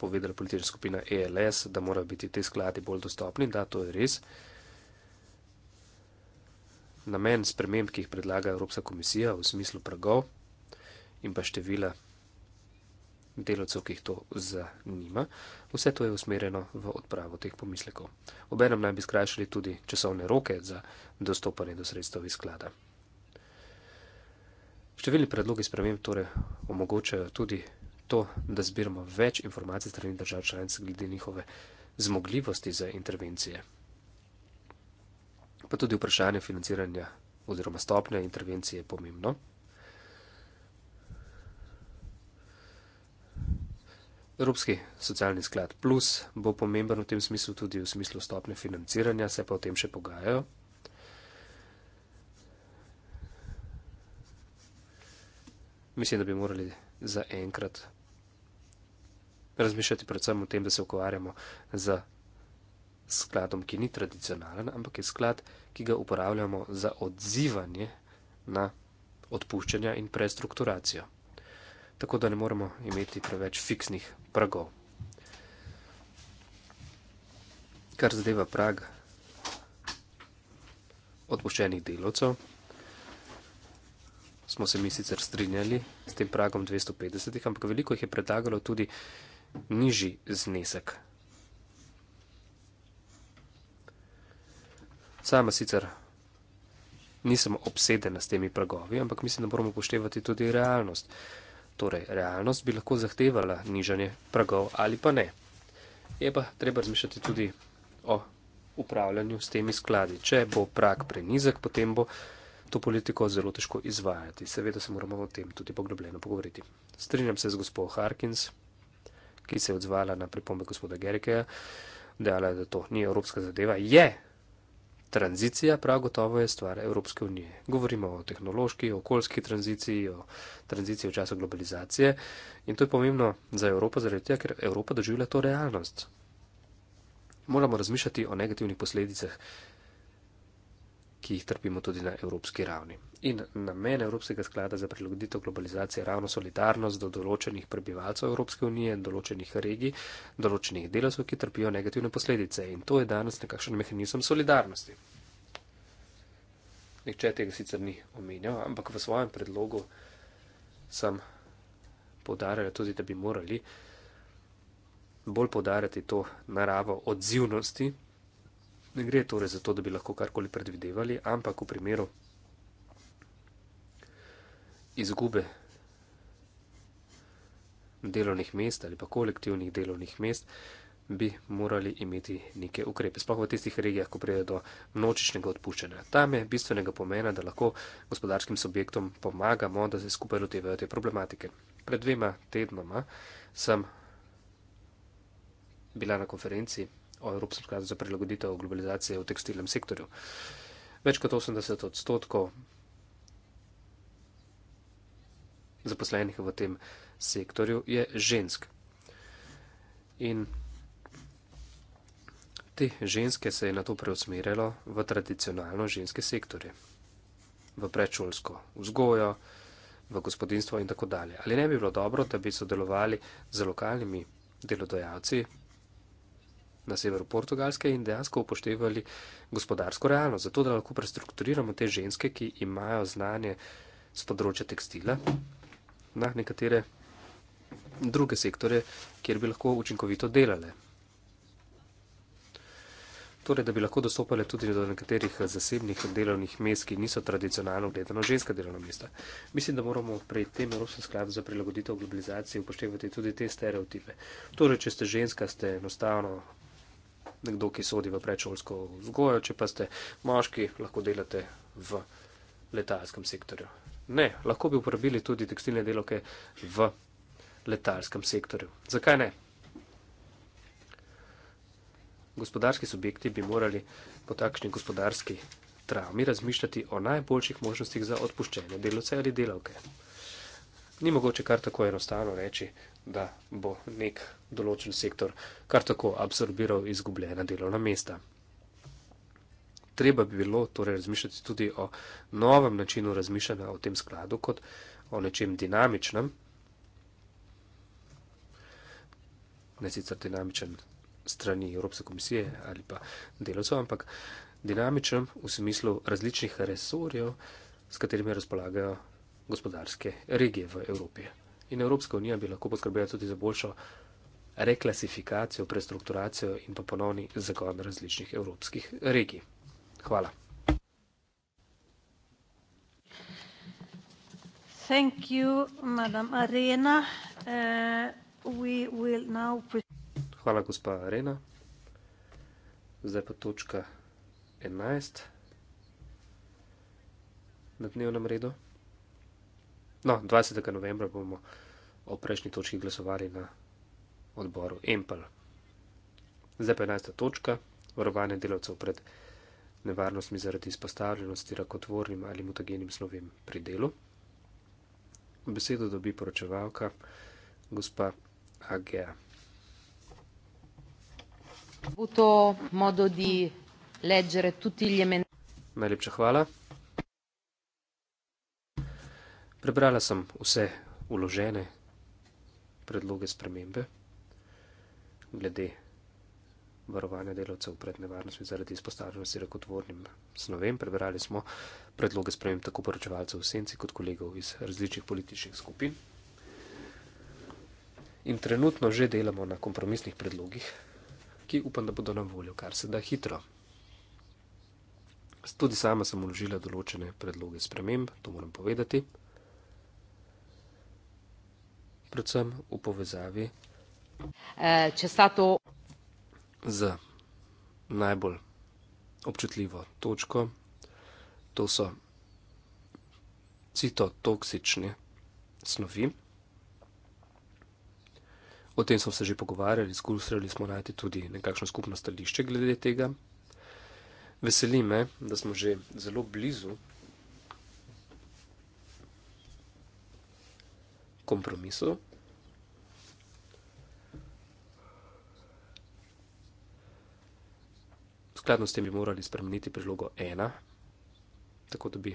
povedala politična skupina ELS, da morajo biti te skladi bolj dostopni, da to je res. Namen sprememb, ki jih predlaga Evropska komisija v smislu pragov in pa števila delavcev, ki jih to zanima. Vse to je usmerjeno v odpravo teh pomislekov. Obenem naj bi skrajšali tudi časovne roke za dostopanje do sredstev iz sklada. Številni predlogi sprememb torej omogočajo tudi to, da zbiramo več informacij strani držav članic glede njihove zmogljivosti za intervencije. Pa tudi vprašanje financiranja oziroma stopnja intervencije je pomembno. Evropski socialni sklad plus bo pomemben v tem smislu tudi v smislu stopne financiranja, se pa o tem še pogajajo. Mislim, da bi morali za enkrat razmišljati predvsem o tem, da se ukvarjamo z skladom, ki ni tradicionalen, ampak je sklad, ki ga uporabljamo za odzivanje na odpuščanja in prestrukturacijo tako da ne moremo imeti preveč fiksnih pragov. Kar zadeva prag odpuščenih delovcev, smo se mi sicer strinjali s tem pragom 250, ampak veliko jih je predlagalo tudi nižji znesek. Sama sicer nisem obsedena s temi pragovi, ampak mislim, da moramo upoštevati tudi realnost. Torej, realnost bi lahko zahtevala nižanje pragov ali pa ne. Je pa treba razmišljati tudi o upravljanju s temi skladi. Če bo prak prenizek, potem bo to politiko zelo težko izvajati. Seveda se moramo o tem tudi poglobljeno pogovoriti. Strinjam se z gospod Harkins, ki se je odzvala na pripombe gospoda Gerikeja, dejala je, da to ni evropska zadeva. Je tranzicija prav gotovo je stvar Evropske unije. Govorimo o tehnološki, o okoljski tranziciji, o tranziciji v času globalizacije in to je pomembno za Evropo, zaradi tega, ker Evropa doživlja to realnost. Moramo razmišljati o negativnih posledicah ki jih trpimo tudi na evropski ravni. In namen Evropskega sklada za prilagoditev globalizacije je ravno solidarnost do določenih prebivalcev Evropske unije in določenih regij, določenih delovcev, ki trpijo negativne posledice. In to je danes nekakšen mehanizem solidarnosti. Nihče tega sicer ni omenjal, ampak v svojem predlogu sem podarjal tudi, da bi morali bolj podarjati to naravo odzivnosti Ne gre torej za to, da bi lahko karkoli predvidevali, ampak v primeru izgube delovnih mest ali pa kolektivnih delovnih mest bi morali imeti neke ukrepe, sploh v tistih regijah, ko pride do množičnega odpuščanja. Tam je bistvenega pomena, da lahko gospodarskim subjektom pomagamo, da se skupaj lotevajo te problematike. Pred dvema tednoma sem bila na konferenci Evropski sklad za prilagoditev globalizacije v tekstilnem sektorju. Več kot 80 odstotkov zaposlenih v tem sektorju je žensk. In te ženske se je na to preusmerjalo v tradicionalno ženske sektorje, v predšolsko vzgojo, v gospodinstvo in tako dalje. Ali ne bi bilo dobro, da bi sodelovali z lokalnimi delodajalci, na severu Portugalske in dejansko upoštevali gospodarsko realnost, zato da lahko prestrukturiramo te ženske, ki imajo znanje z področja tekstila na nekatere druge sektore, kjer bi lahko učinkovito delale. Torej, da bi lahko dostopale tudi do nekaterih zasebnih delovnih mest, ki niso tradicionalno gledano ženska delovna mesta. Mislim, da moramo pri tem Evropskem skladu za prilagoditev globalizacije upoštevati tudi te stereotipe. Torej, če ste ženska, ste enostavno nekdo, ki sodi v predšolsko vzgojo, če pa ste moški, lahko delate v letalskem sektorju. Ne, lahko bi uporabili tudi tekstilne delovke v letalskem sektorju. Zakaj ne? Gospodarski subjekti bi morali po takšni gospodarski travmi razmišljati o najboljših možnostih za odpuščene delovce ali delavke. Ni mogoče kar tako enostavno reči, da bo nek določen sektor kar tako absorbiral izgubljena delovna mesta. Treba bi bilo torej razmišljati tudi o novem načinu razmišljanja o tem skladu kot o nečem dinamičnem, ne sicer dinamičen strani Evropske komisije ali pa delovcev, ampak dinamičnem v smislu različnih resorjev, s katerimi razpolagajo gospodarske regije v Evropi. In Evropska unija bi lahko poskrbela tudi za boljšo reklasifikacijo, prestrukturacijo in pa ponovni zagon različnih evropskih regij. Hvala. Thank you, Madam Arena. Uh, we will now Hvala, gospa Arena. Zdaj pa točka 11 na dnevnem redu. No, 20. novembra bomo o prejšnji točki glasovali na odboru Empel. Zdaj 15. točka, varovanje delavcev pred nevarnostmi zaradi izpostavljenosti rakotvornim ali mutagenim snovim pri delu. Besedo dobi poročevalka gospa Agea. Avuto modo di leggere tutti gli emendamenti. Najlepša hvala. Prebrala sem vse uložene predloge spremembe glede varovanja delavcev pred nevarnostmi zaradi izpostavljenosti rakotvornim snovem. Prebrali smo predloge sprememb tako poročevalcev v senci kot kolegov iz različnih političnih skupin. In trenutno že delamo na kompromisnih predlogih, ki upam, da bodo na voljo kar se da hitro. Tudi sama sem uložila določene predloge sprememb, to moram povedati predvsem v povezavi e, to... z najbolj občutljivo točko, to so citotoksične snovi. O tem smo se že pogovarjali, skušali smo najti tudi nekakšno skupno stališče glede tega. Veseli me, da smo že zelo blizu compromiso. Skladno s tem bi morali spremeniti prilogo 1, tako da bi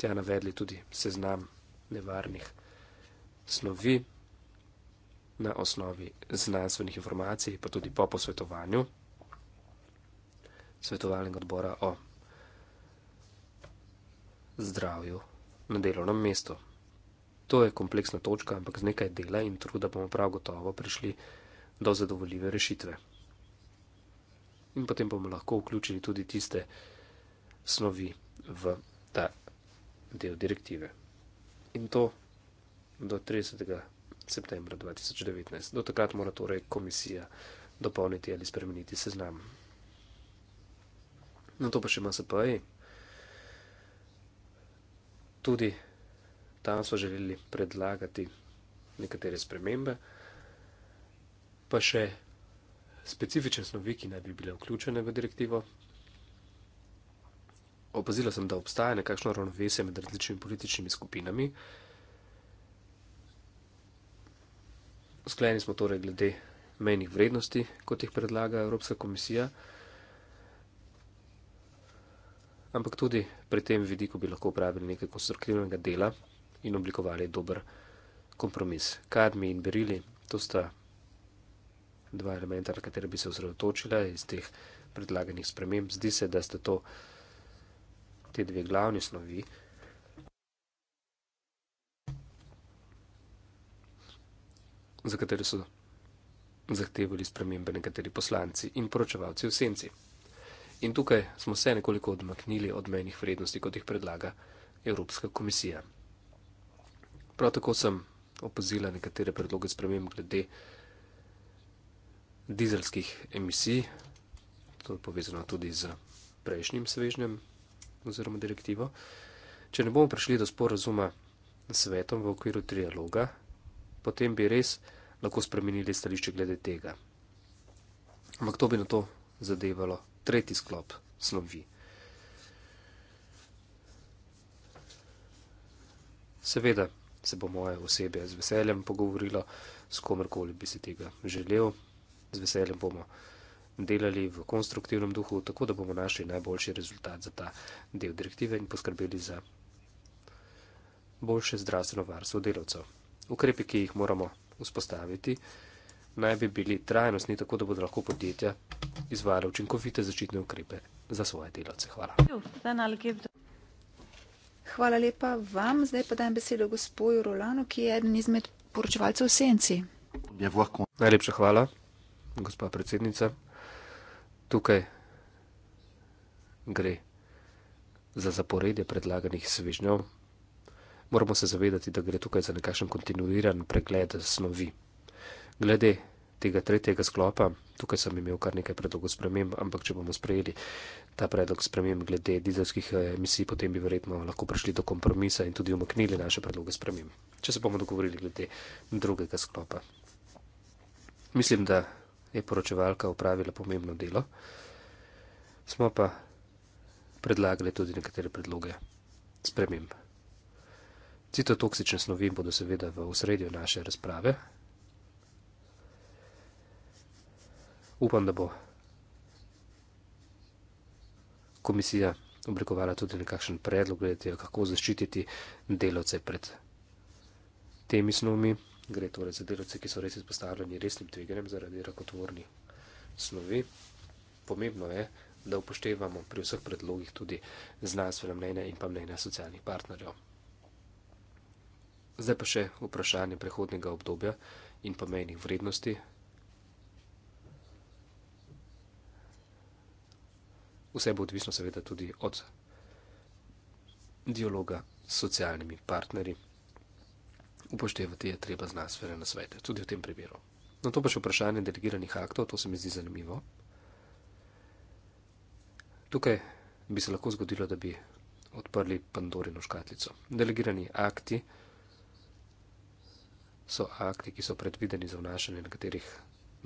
tja navedli tudi seznam nevarnih snovi na osnovi znanstvenih informacij, pa tudi po posvetovanju svetovalnega odbora o zdravju na delovnem mestu to je kompleksna točka, ampak z nekaj dela in truda bomo prav gotovo prišli do zadovoljive rešitve. In potem bomo lahko vključili tudi tiste snovi v ta del direktive. In to do 30. septembra 2019. Do takrat mora torej komisija dopolniti ali spremeniti seznam. No to pa še MSP-ji. Tudi tam so želeli predlagati nekatere spremembe, pa še specifične snovi, ki naj bi bile vključene v direktivo. Opazila sem, da obstaja nekakšno ravnovesje med različnimi političnimi skupinami. Sklenili smo torej glede menjih vrednosti, kot jih predlaga Evropska komisija, ampak tudi pri tem vidiku bi lahko upravili nekaj konstruktivnega dela, in oblikovali dober kompromis. Kadmi in berili, to sta dva elementa, na katera bi se osredotočila iz teh predlaganih sprememb. Zdi se, da sta to te dve glavni snovi. za katere so zahtevali spremembe nekateri poslanci in poročevalci v senci. In tukaj smo se nekoliko odmaknili od menjih vrednosti, kot jih predlaga Evropska komisija. Prav tako sem opazila nekatere predloge sprememb glede dizelskih emisij, to je povezano tudi z prejšnjim svežnjem oziroma direktivo. Če ne bomo prišli do sporazuma s svetom v okviru trialoga, potem bi res lahko spremenili stališče glede tega. Ampak to bi na to zadevalo tretji sklop snovi. Seveda, se bo moje osebje z veseljem pogovorilo, s komerkoli bi si tega želel. Z veseljem bomo delali v konstruktivnem duhu, tako da bomo našli najboljši rezultat za ta del direktive in poskrbeli za boljše zdravstveno varstvo delavcev. Ukrepi, ki jih moramo vzpostaviti, naj bi bili trajnostni, tako da bodo lahko podjetja izvajala učinkovite začitne ukrepe za svoje delavce. Hvala. Hvala lepa vam. Zdaj pa dajem besedo gospodu Rolanu, ki je eden izmed poročevalcev v senci. Najlepša hvala, gospa predsednica. Tukaj gre za zaporedje predlaganih svežnjev. Moramo se zavedati, da gre tukaj za nekakšen kontinuiran pregled snovi. Glede tega tretjega sklopa, tukaj sem imel kar nekaj predlogov sprememb, ampak če bomo sprejeli ta predlog sprememb glede dizelskih eh, emisij, potem bi verjetno lahko prišli do kompromisa in tudi umaknili naše predloge sprememb, če se bomo dogovorili glede drugega sklopa. Mislim, da je poročevalka upravila pomembno delo, smo pa predlagali tudi nekatere predloge sprememb. Citotoksične snovi bodo seveda v osredju naše razprave, upam, da bo komisija oblikovala tudi nekakšen predlog, gledajte, kako zaščititi delovce pred temi snovmi. Gre torej za delovce, ki so res izpostavljeni resnim tveganjem zaradi rakotvorni snovi. Pomembno je, da upoštevamo pri vseh predlogih tudi znanstvene mnenja in pa mnenja socialnih partnerjev. Zdaj pa še vprašanje prehodnega obdobja in pa mejnih vrednosti. Vse bo odvisno, seveda, tudi od dialoga s socialnimi partnerji. Upoštevati je treba znanstvene nasvete, tudi v tem primeru. Na to pa še vprašanje delegiranih aktov, to se mi zdi zanimivo. Tukaj bi se lahko zgodilo, da bi odprli Pandorino škatlico. Delegirani akti so akti, ki so predvideni za vnašanje nekaterih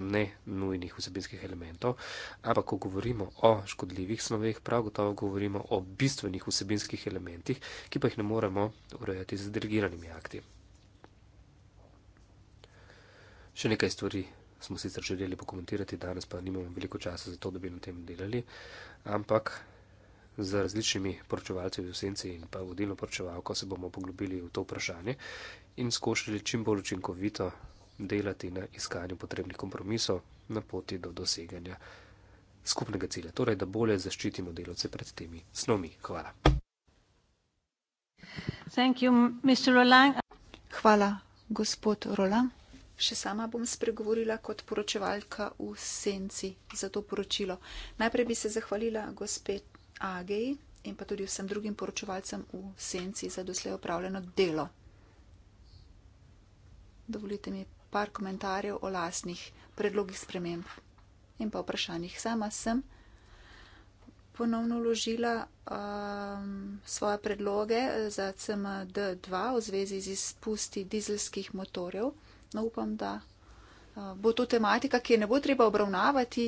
ne nujnih vsebinskih elementov, ampak ko govorimo o škodljivih snoveh, prav gotovo govorimo o bistvenih vsebinskih elementih, ki pa jih ne moremo urejati z delegiranimi akti. Še nekaj stvari smo sicer želeli pokomentirati, danes pa nimamo veliko časa za to, da bi na tem delali, ampak z različnimi poročevalci v Vsenci in pa vodilno poročevalko se bomo poglobili v to vprašanje in skušali čim bolj učinkovito delati na iskanju potrebnih kompromisov na poti do doseganja skupnega cilja, torej da bolje zaščitimo delovce pred temi snovmi. Hvala. You, Hvala, gospod Rola. Še sama bom spregovorila kot poročevalka v senci za to poročilo. Najprej bi se zahvalila gospe Agej in pa tudi vsem drugim poročevalcem v senci za doslej opravljeno delo. Dovolite mi par komentarjev o lasnih predlogih sprememb in pa vprašanjih. Sama sem ponovno vložila um, svoje predloge za CMD2 v zvezi z izpusti dizelskih motorjev. No, upam, da uh, bo to tematika, ki je ne bo treba obravnavati,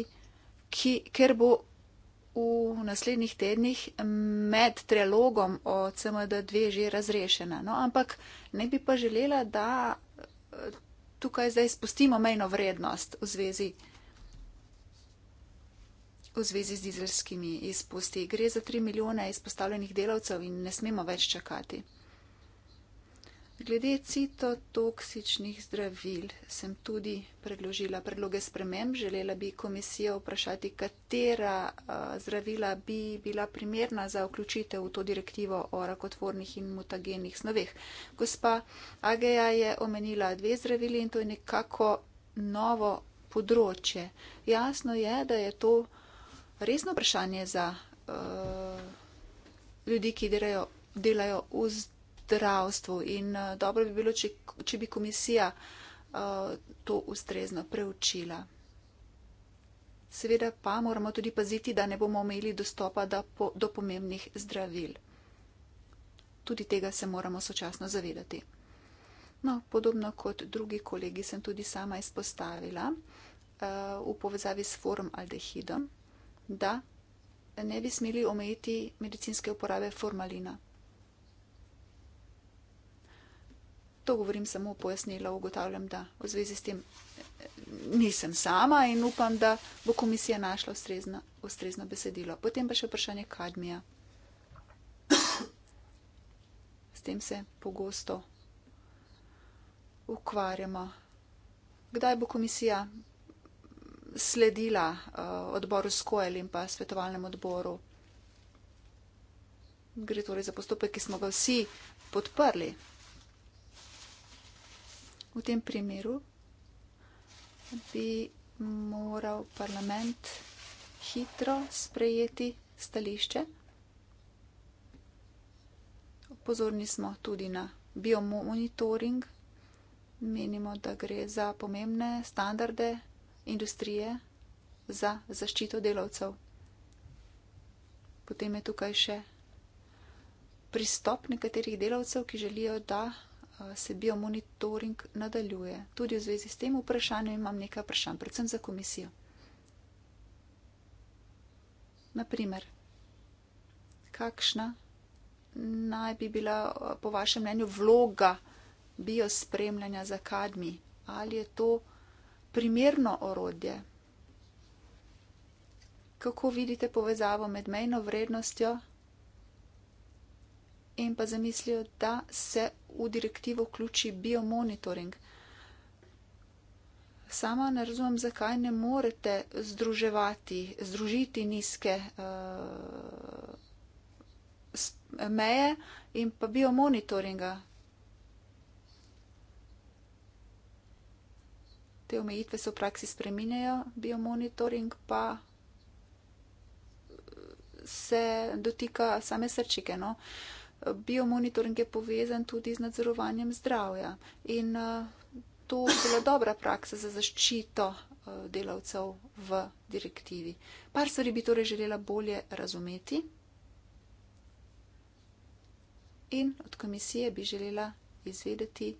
ki, ker bo v naslednjih tednih med trilogom o CMD2 že razrešena. No, ampak ne bi pa želela, da. Uh, tukaj zdaj spustimo mejno vrednost v zvezi, v zvezi z dizelskimi izpusti. Gre za 3 milijone izpostavljenih delavcev in ne smemo več čakati. Glede citotoksičnih zdravil sem tudi predložila predloge sprememb. Želela bi komisijo vprašati, katera zdravila bi bila primerna za vključitev v to direktivo o rakotvornih in mutagenih snoveh. Gospa Ageja je omenila dve zdravili in to je nekako novo področje. Jasno je, da je to resno vprašanje za uh, ljudi, ki delajo, delajo v zdravilih zdravstvu in eh, dobro bi bilo, če, če bi komisija eh, to ustrezno preučila. Seveda pa moramo tudi paziti, da ne bomo imeli dostopa do pomembnih zdravil. Tudi tega se moramo sočasno zavedati. No, podobno kot drugi kolegi sem tudi sama izpostavila eh, v povezavi s formaldehidom, da ne bi smeli omejiti medicinske uporabe formalina. To govorim samo pojasnila, ugotavljam, da v zvezi s tem eh, nisem sama in upam, da bo komisija našla ustrezno, ustrezno besedilo. Potem pa še vprašanje kadmija. S tem se pogosto ukvarjamo. Kdaj bo komisija sledila eh, odboru Skojel in pa svetovalnemu odboru? Gre torej za postopek, ki smo ga vsi podprli. V tem primeru bi moral parlament hitro sprejeti stališče. Pozorni smo tudi na biomonitoring. Menimo, da gre za pomembne standarde industrije za zaščito delavcev. Potem je tukaj še pristop nekaterih delavcev, ki želijo, da Eh, se biomonitoring nadaljuje. Tudi v zvezi s tem vprašanjem imam nekaj vprašanj, predvsem za komisijo. Naprimer, kakšna naj bi bila eh, po vašem mnenju vloga biospremljanja za kadmi? Ali je to primerno orodje? Kako vidite povezavo med mejno vrednostjo? in pa zamislijo, da se v direktivo vključi biomonitoring. Sama ne razumem, zakaj ne morete združevati, združiti nizke uh, meje in pa biomonitoringa. Te omejitve se v praksi spreminjajo, biomonitoring pa eh, se dotika same srčike. No? Uh, biomonitoring je povezan tudi z nadzorovanjem zdravja. In eh, to je zelo dobra praksa za zaščito eh, delavcev v direktivi. Par stvari bi torej želela bolje razumeti. In od komisije bi želela izvedeti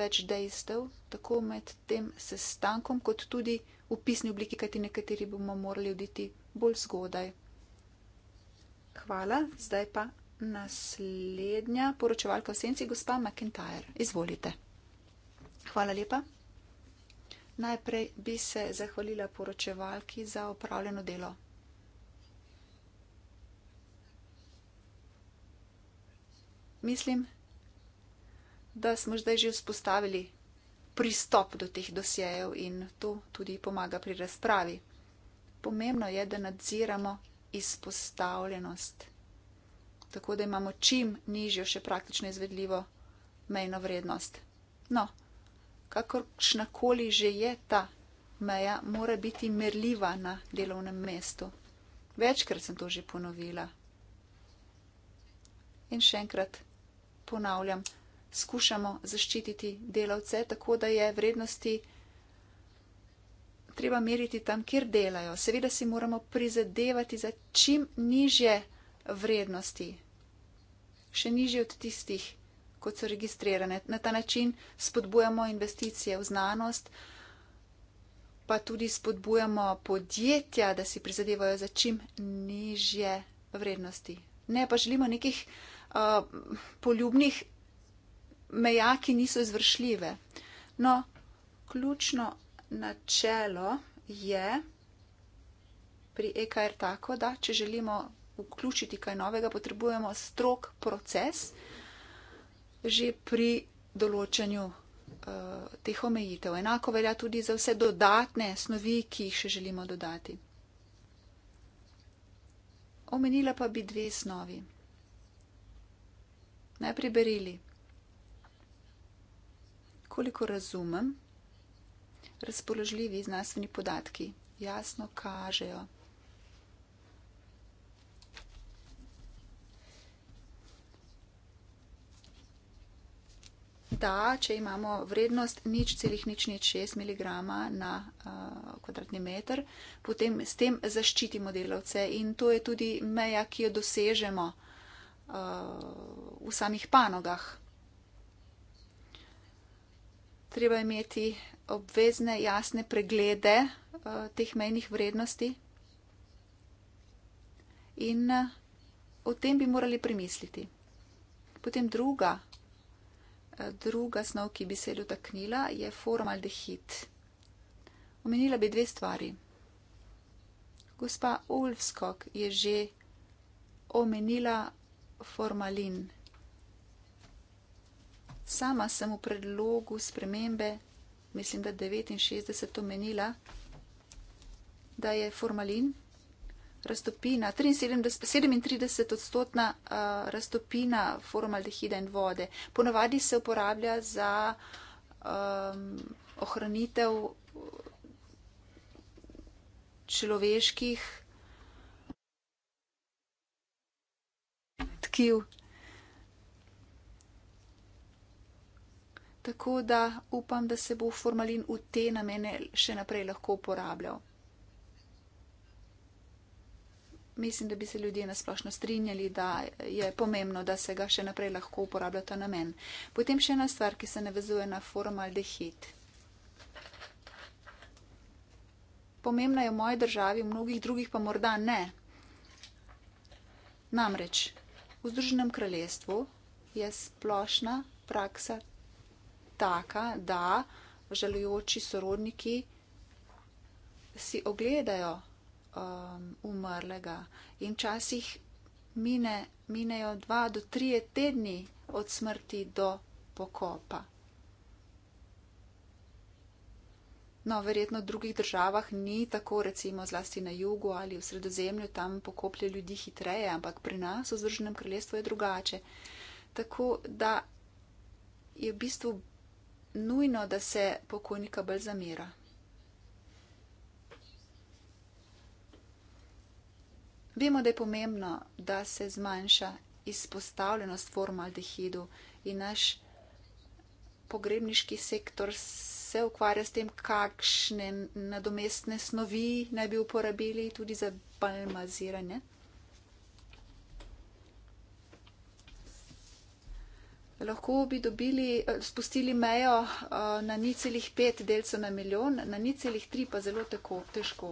več dejstev, tako med tem sestankom, kot tudi v pisni obliki, kajti nekateri bomo morali oditi bolj zgodaj hvala. Zdaj pa naslednja poročevalka v senci, gospa McIntyre. Izvolite. Hvala lepa. Najprej bi se zahvalila poročevalki za opravljeno delo. Mislim, da smo zdaj že vzpostavili pristop do teh dosjejev in to tudi pomaga pri razpravi. Pomembno je, da nadziramo izpostavljenost. Tako da imamo čim nižjo, še praktično izvedljivo mejno vrednost. No, kakorkšnakoli že je ta meja, mora biti merljiva na delovnem mestu. Večkrat sem to že ponovila. In še enkrat ponavljam, skušamo zaščititi delavce tako, da je vrednosti treba meriti tam, kjer delajo. Seveda si moramo prizadevati za čim nižje vrednosti, še nižje od tistih, kot so registrirane. Na ta način spodbujamo investicije v znanost, pa tudi spodbujamo podjetja, da si prizadevajo za čim nižje vrednosti. Ne pa želimo nekih uh, poljubnih meja, ki niso izvršljive. No, ključno načelo je pri EKR tako, da če želimo vključiti kaj novega, potrebujemo strok proces že pri določanju uh, teh omejitev. Enako velja tudi za vse dodatne snovi, ki jih še želimo dodati. Omenila pa bi dve snovi. Najprej berili. Koliko razumem, razpoložljivi znanstveni podatki jasno kažejo. Da, če imamo vrednost nič celih nič nič 6 mg na uh, kvadratni meter, potem s tem zaščitimo delavce in to je tudi meja, ki jo dosežemo uh, v samih panogah. Treba imeti obvezne jasne preglede uh, teh mejnih vrednosti. In uh, o tem bi morali premisliti. Potem druga, uh, druga snov, ki bi se dotaknila, je formaldehid. Omenila bi dve stvari. Gospa Ulfskog je že omenila formalin. Sama sem v predlogu spremembe mislim, da 69 omenila, da je formalin raztopina, 37, 37 odstotna uh, raztopina formaldehida in vode. Ponovadi se uporablja za um, ohranitev človeških tkiv. tako da upam, da se bo formalin v te namene še naprej lahko uporabljal. Mislim, da bi se ljudje nasplošno strinjali, da je pomembno, da se ga še naprej lahko uporablja ta namen. Potem še ena stvar, ki se navezuje na formaldehid. Pomembna je v moji državi, v mnogih drugih pa morda ne. Namreč v Združenem kraljestvu je splošna praksa taka, da želujoči sorodniki si ogledajo um, umrlega in včasih mine, minejo dva do trije tedni od smrti do pokopa. No, verjetno v drugih državah ni tako, recimo zlasti na jugu ali v sredozemlju, tam pokoplje ljudi hitreje, ampak pri nas v Združenem kraljestvu je drugače. Tako da je v bistvu nujno, da se pokojnika balzamira. Vemo, da je pomembno, da se zmanjša izpostavljenost formaldehidu in naš pogrebniški sektor se ukvarja s tem, kakšne nadomestne snovi naj bi uporabili tudi za balmaziranje. lahko bi dobili, eh, spustili mejo eh, na niceljih pet delcev na milijon, na niceljih tri pa zelo tako, težko.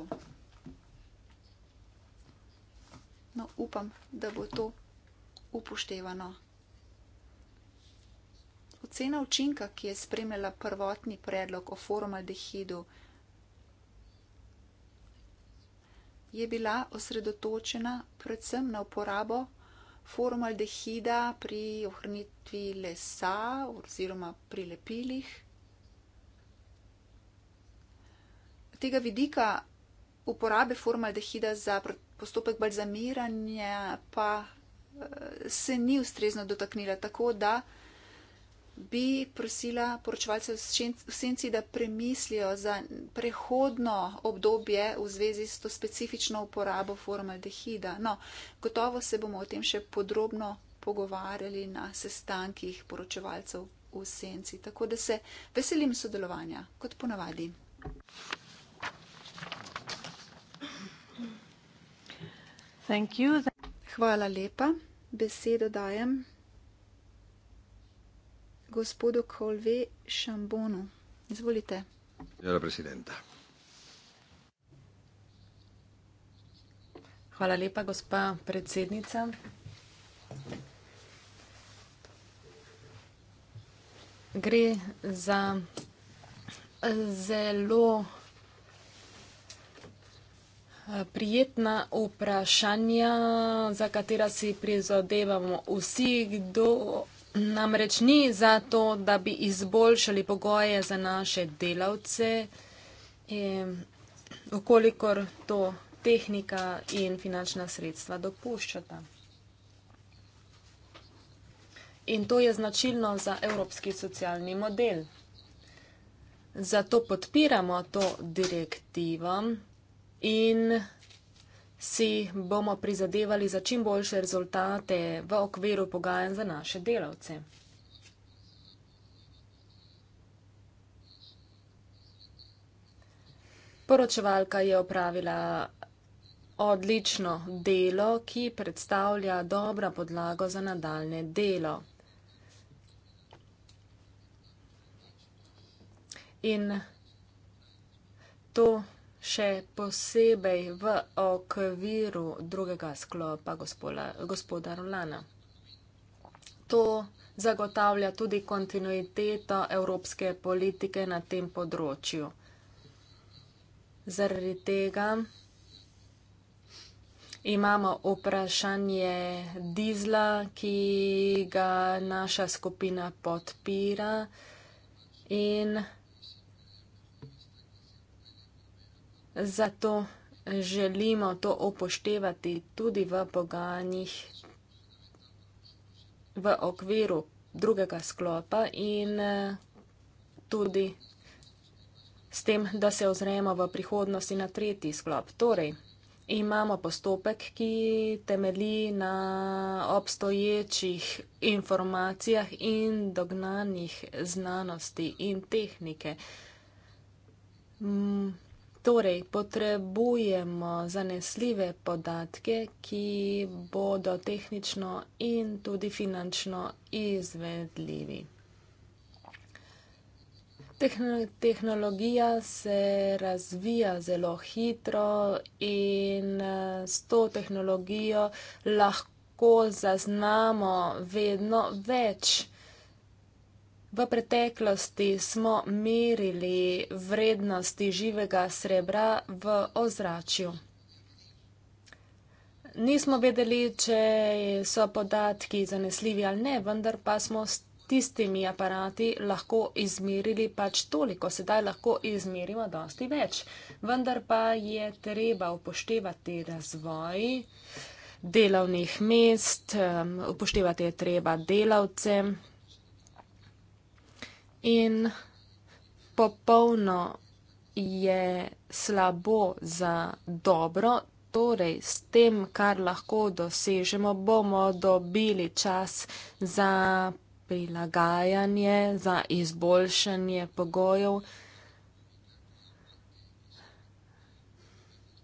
No, upam, da bo to upoštevano. Ocena učinka, ki je spremljala prvotni predlog o formaldehidu, je bila osredotočena predvsem na uporabo formaldehida pri ohranitvi lesa oziroma pri lepilih. Tega vidika uporabe formaldehida za postopek balzamiranja pa eh, se ni ustrezno dotaknila, tako da bi prosila poročevalce v senci, da premislijo za prehodno obdobje v zvezi s to specifično uporabo formaldehida. No, gotovo se bomo o tem še podrobno pogovarjali na sestankih poročevalcev v senci, tako da se veselim sodelovanja, kot ponavadi. Hvala lepa. Besedo dajem gospodu Kolve Šambonu. Izvolite. Hvala, presidenta. Hvala lepa, gospa predsednica. Gre za zelo eh, prijetna vprašanja, za katera si prizadevamo vsi, kdo Namreč ni za to, da bi izboljšali pogoje za naše delavce, okolikor to tehnika in finančna sredstva dopuščata. In to je značilno za evropski socialni model. Zato podpiramo to direktivo in si bomo prizadevali za čim boljše rezultate v okviru pogajanj za naše delavce. Poročevalka je opravila odlično delo, ki predstavlja dobra podlago za nadaljne delo. In to še posebej v okviru drugega sklopa gospoda, gospoda Rolana. To zagotavlja tudi kontinuiteto evropske politike na tem področju. Zaradi tega imamo vprašanje dizla, ki ga naša skupina podpira in Zato želimo to upoštevati tudi v pogajanjih v okviru drugega sklopa in eh, tudi s tem, da se ozremo v prihodnosti na tretji sklop. Torej, imamo postopek, ki temeli na obstoječih informacijah in dognanjih znanosti in tehnike. Torej, potrebujemo zanesljive podatke, ki bodo tehnično in tudi finančno izvedljivi. Tehnologija se razvija zelo hitro in s to tehnologijo lahko zaznamo vedno več. V preteklosti smo merili vrednosti živega srebra v ozračju. Nismo vedeli, če so podatki zanesljivi ali ne, vendar pa smo s tistimi aparati lahko izmerili pač toliko. Sedaj lahko izmerimo dosti več. Vendar pa je treba upoštevati razvoj delovnih mest, um, upoštevati je treba delavce in popolno je slabo za dobro, torej s tem, kar lahko dosežemo, bomo dobili čas za prilagajanje, za izboljšanje pogojev.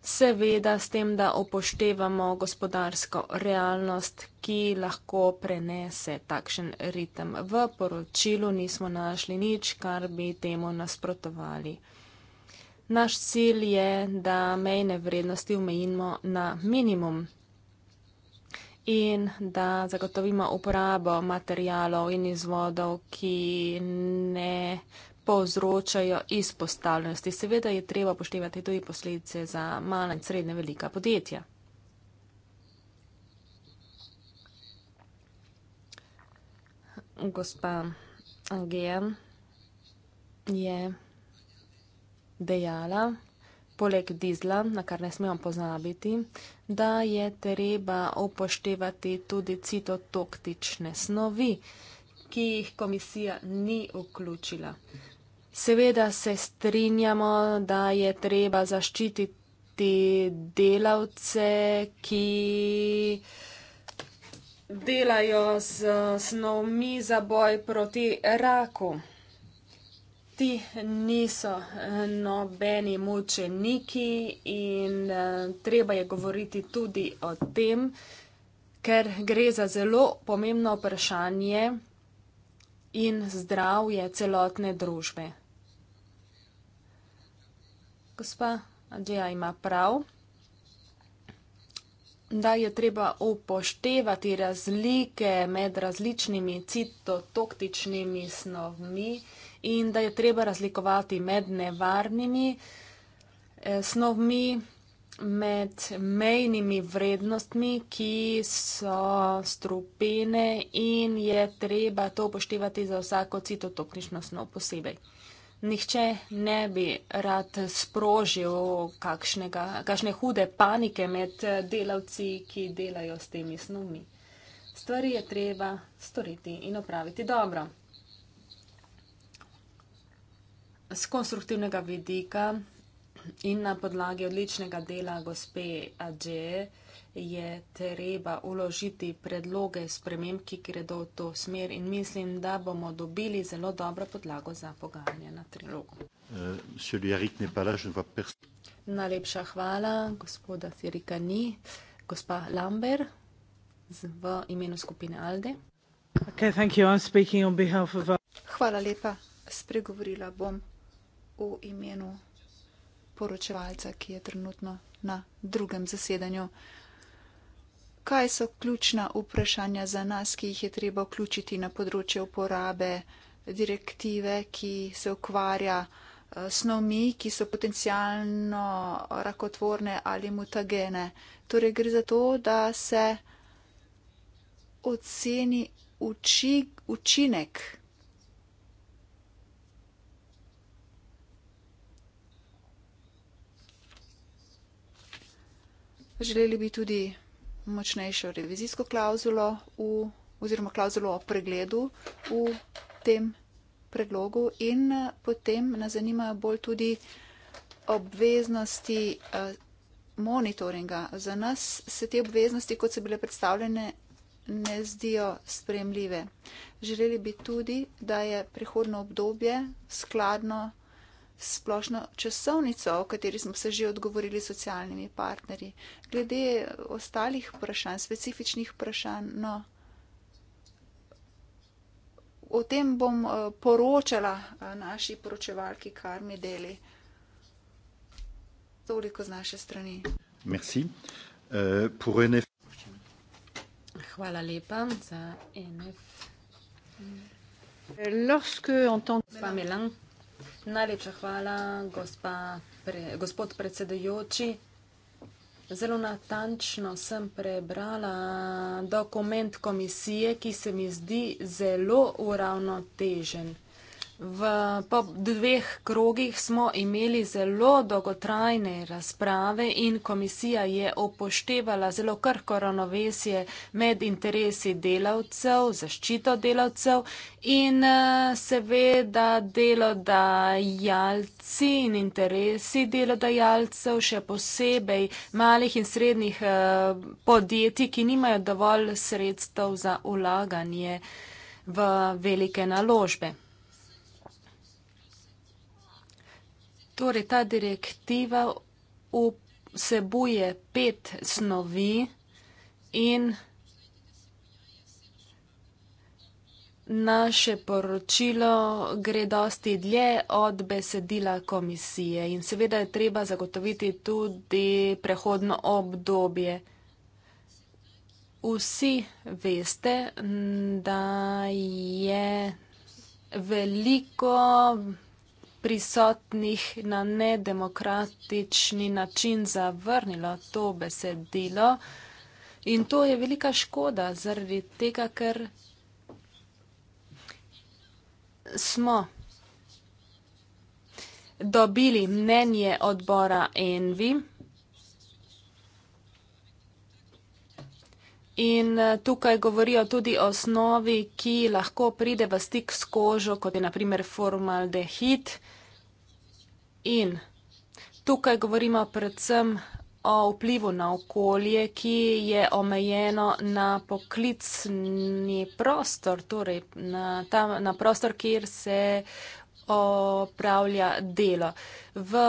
seveda s tem, da upoštevamo gospodarsko realnost, ki lahko prenese takšen ritem. V poročilu nismo našli nič, kar bi temu nasprotovali. Naš cilj je, da mejne vrednosti umejimo na minimum in da zagotovimo uporabo materijalov in izvodov, ki ne povzročajo izpostavljenosti. Seveda je treba poštevati tudi posledice za mala in srednje velika podjetja. Gospa Angeja je dejala, poleg dizla, na kar ne smemo pozabiti, da je treba upoštevati tudi citotoktične snovi, ki jih komisija ni vključila. Seveda se strinjamo, da je treba zaščititi delavce, ki delajo z snovmi za boj proti raku. Ti niso nobeni mučeniki in eh, treba je govoriti tudi o tem, ker gre za zelo pomembno vprašanje in zdravje celotne družbe gospa Adžija ima prav, da je treba upoštevati razlike med različnimi citotoktičnimi snovmi in da je treba razlikovati med nevarnimi eh, snovmi, med mejnimi vrednostmi, ki so strupene in je treba to upoštevati za vsako citotoktično snov posebej nihče ne bi rad sprožil kakšnega, kakšne hude panike med eh, delavci, ki delajo s temi snumi. Stvari je treba storiti in opraviti dobro. Z konstruktivnega vidika in na podlagi odličnega dela gospe Adžeje je treba uložiti predloge sprememb, ki gredo v to smer in mislim, da bomo dobili zelo dobro podlago za pogajanje na trilogu. Najlepša hvala, gospoda Sirika ni. Gospa Lamber v imenu skupine Alde. Hvala lepa. Spregovorila bom v imenu poročevalca, ki je trenutno na drugem zasedanju kaj so ključna vprašanja za nas, ki jih je treba vključiti na področje uporabe direktive, ki se ukvarja eh, s snovmi, ki so potencijalno rakotvorne ali mutagene. Torej gre za to, da se oceni uči, učinek. Želeli bi tudi močnejšo revizijsko klauzulo v, oziroma klauzulo o pregledu v tem predlogu in eh, potem nas zanimajo bolj tudi obveznosti eh, monitoringa. Za nas se te obveznosti, kot so bile predstavljene, ne zdijo spremljive. Želeli bi tudi, da je prihodno obdobje skladno splošno časovnico, o kateri smo se že odgovorili s socialnimi partnerji. Glede ostalih vprašanj, specifičnih vprašanj, no, o tem bom eh, poročala eh, naši poročevalki Karmi Deli. Toliko z naše strani. Merci. Uh, NF... Hvala lepa za NF. Lorsque en tant que femme élan, Najlepša hvala, gospa, pre, gospod predsedajoči. Zelo natančno sem prebrala dokument komisije, ki se mi zdi zelo uravnotežen. V, po dveh krogih smo imeli zelo dolgotrajne razprave in komisija je upoštevala zelo krko ravnovesje med interesi delavcev, zaščito delavcev in eh, seveda delodajalci in interesi delodajalcev, še posebej malih in srednjih eh, podjetij, ki nimajo dovolj sredstev za ulaganje v velike naložbe. Torej, ta direktiva vsebuje pet snovi in naše poročilo gre dosti dlje od besedila komisije in seveda je treba zagotoviti tudi prehodno obdobje. Vsi veste, da je veliko prisotnih na nedemokratični način zavrnilo to besedilo. In to je velika škoda zaradi tega, ker smo dobili mnenje odbora Envi. In eh, tukaj govorijo tudi o snovi, ki lahko pride v stik s kožo, kot je naprimer formaldehid. In tukaj govorimo predvsem o vplivu na okolje, ki je omejeno na poklicni prostor, torej na, ta, na prostor, kjer se opravlja delo. V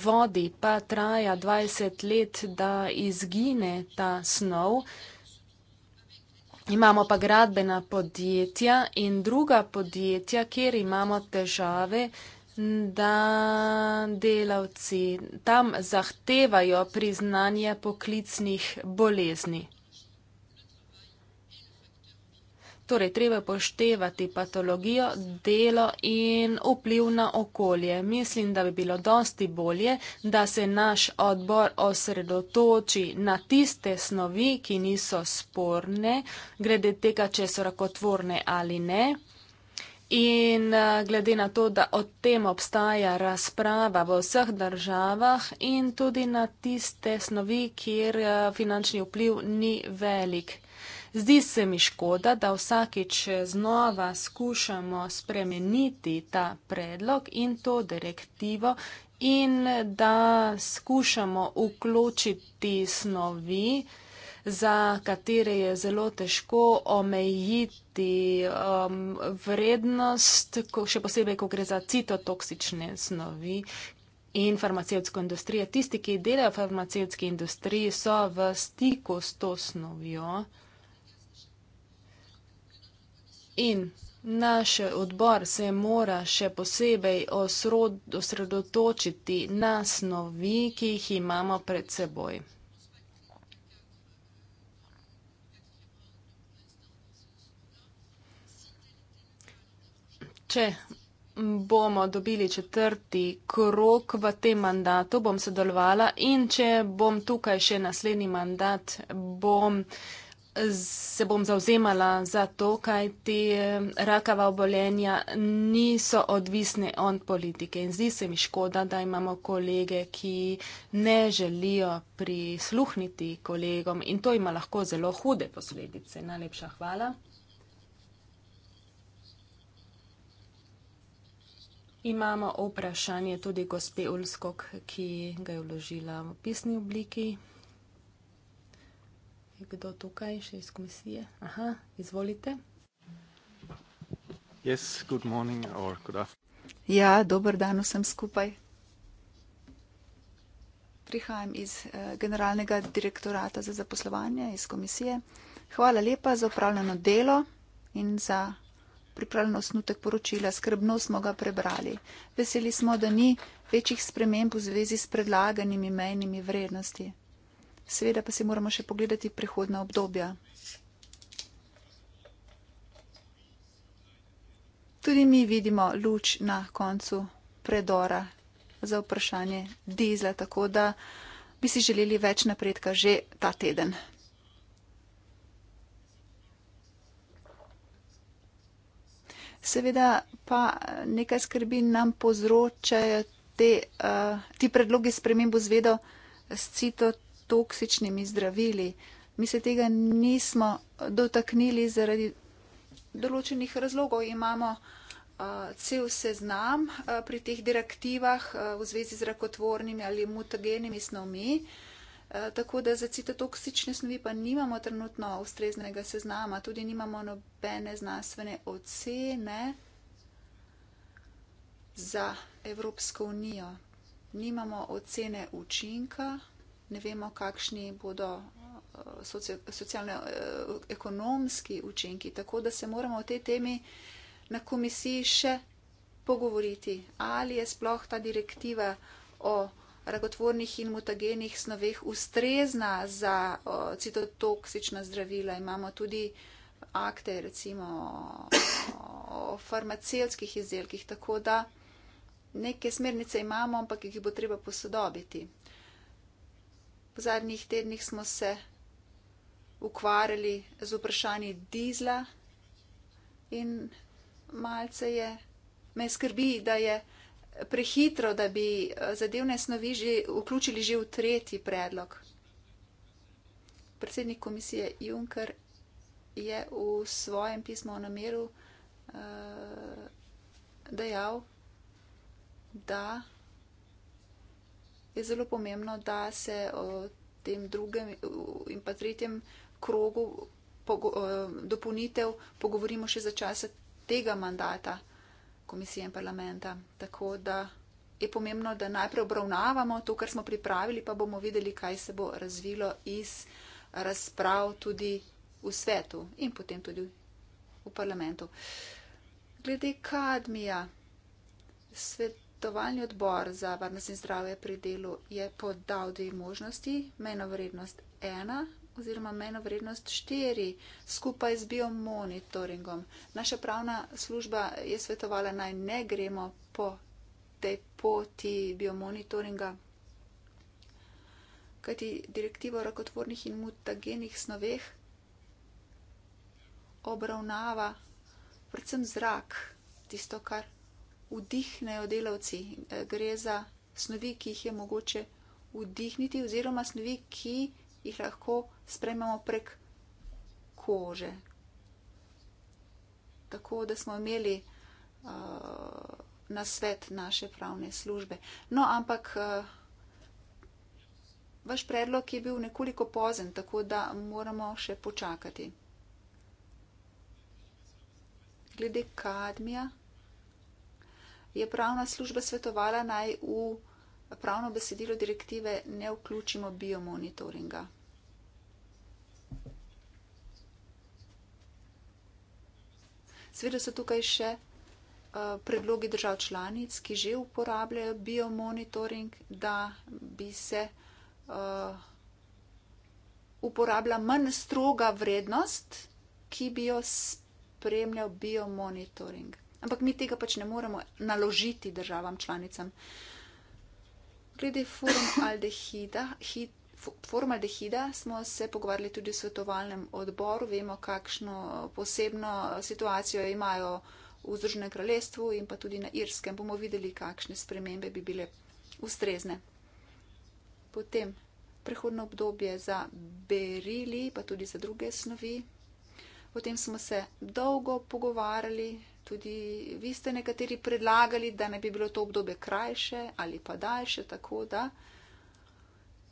vodi pa traja 20 let, da izgine ta snov. Imamo pa gradbena podjetja in druga podjetja, kjer imamo težave, da delavci tam zahtevajo priznanje poklicnih bolezni. Torej, treba je poštevati patologijo, delo in vpliv na okolje. Mislim, da bi bilo dosti bolje, da se naš odbor osredotoči na tiste snovi, ki niso sporne, glede tega, če so rakotvorne ali ne. In eh, glede na to, da o tem obstaja razprava v vseh državah in tudi na tiste snovi, kjer eh, finančni vpliv ni velik. Zdi se mi škoda, da vsakič znova skušamo spremeniti ta predlog in to direktivo in da skušamo vključiti snovi, za katere je zelo težko omejiti um, vrednost, ko, še posebej, ko gre za citotoksične snovi. In farmacevtsko industrijo. Tisti, ki delajo v farmacevtski industriji, so v stiku s to snovjo in naš odbor se mora še posebej osredotočiti na snovi, ki jih imamo pred seboj. Če bomo dobili četrti krok v tem mandatu, bom sodelovala in če bom tukaj še naslednji mandat, bom sodelovala se bom zauzemala za to, kaj ti eh, rakava obolenja niso odvisne od politike. In zdi se mi škoda, da imamo kolege, ki ne želijo prisluhniti kolegom in to ima lahko zelo hude posledice. Najlepša hvala. Imamo vprašanje tudi gospe Ulskog, ki ga je vložila v pisni obliki kdo tukaj, še iz komisije? Aha, izvolite. Yes, good morning or good afternoon. Ja, dober dan vsem skupaj. Prihajam iz eh, Generalnega direktorata za zaposlovanje, iz komisije. Hvala lepa za upravljeno delo in za pripravljeno osnutek poročila. Skrbno smo ga prebrali. Veseli smo, da ni večjih sprememb v zvezi s predlaganimi mejnimi vrednostimi. Seveda pa si moramo še pogledati prihodna obdobja. Tudi mi vidimo luč na koncu predora za vprašanje dizla, tako da bi si želeli več napredka že ta teden. Seveda pa nekaj skrbi nam povzročajo te, uh, ti predlogi spremembo zvedo s citot toksičnimi zdravili. Mi se tega nismo dotaknili zaradi določenih razlogov. Imamo uh, cel seznam uh, pri teh direktivah uh, v zvezi z rakotvornimi ali mutagenimi snovmi. Tako da za citotoksične snovi pa nimamo trenutno ustreznega seznama, tudi nimamo nobene znanstvene ocene za Evropsko unijo. Nimamo ocene učinka ne vemo, kakšni bodo eh, socialno-ekonomski eh, učinki. Tako da se moramo o tej temi na komisiji še pogovoriti, ali je sploh ta direktiva o rakotvornih in mutagenih snoveh ustrezna za eh, citotoksična zdravila. Imamo tudi akte, recimo o farmacevskih izdelkih, tako da neke smernice imamo, ampak jih bo treba posodobiti zadnjih tednih smo se ukvarjali z vprašanji dizla in malce je, me skrbi, da je prehitro, da bi eh, zadevne snovi že vključili že v tretji predlog. Predsednik komisije Juncker je v svojem pismu o nameru uh, eh, dejal, da je zelo pomembno, da se o tem drugem in pa tretjem krogu dopolnitev pogovorimo še za časa tega mandata komisije in parlamenta. Tako da je pomembno, da najprej obravnavamo to, kar smo pripravili, pa bomo videli, kaj se bo razvilo iz razprav tudi v svetu in potem tudi v parlamentu. Glede kadmija, svet svetovalni odbor za varnost in zdravje pri delu je podal dve možnosti, meno vrednost ena oziroma meno vrednost štiri skupaj z biomonitoringom. Naša pravna služba je svetovala naj ne gremo po tej poti biomonitoringa, kajti direktiva o rakotvornih in mutagenih snoveh obravnava predvsem zrak, tisto, kar vdihnejo delavci. E, gre za snovi, ki jih je mogoče vdihniti oziroma snovi, ki jih lahko sprememo prek kože. Tako da smo imeli uh, na svet naše pravne službe. No, ampak uh, vaš predlog je bil nekoliko pozen, tako da moramo še počakati. Glede kadmija je pravna služba svetovala naj v pravno besedilo direktive ne vključimo biomonitoringa. Sveda so tukaj še uh, predlogi držav članic, ki že uporabljajo biomonitoring, da bi se uh, uporabila manj stroga vrednost, ki bi jo spremljal biomonitoring. Ampak mi tega pač ne moremo naložiti državam članicam. Glede formaldehida, hid, formaldehida smo se pogovarjali tudi v svetovalnem odboru. Vemo, kakšno posebno situacijo imajo v Združenem kraljestvu in pa tudi na Irskem. Bomo videli, kakšne spremembe bi bile ustrezne. Potem prehodno obdobje za berili, pa tudi za druge snovi. Potem smo se dolgo pogovarjali, Tudi vi ste nekateri predlagali, da ne bi bilo to obdobje krajše ali pa daljše, tako da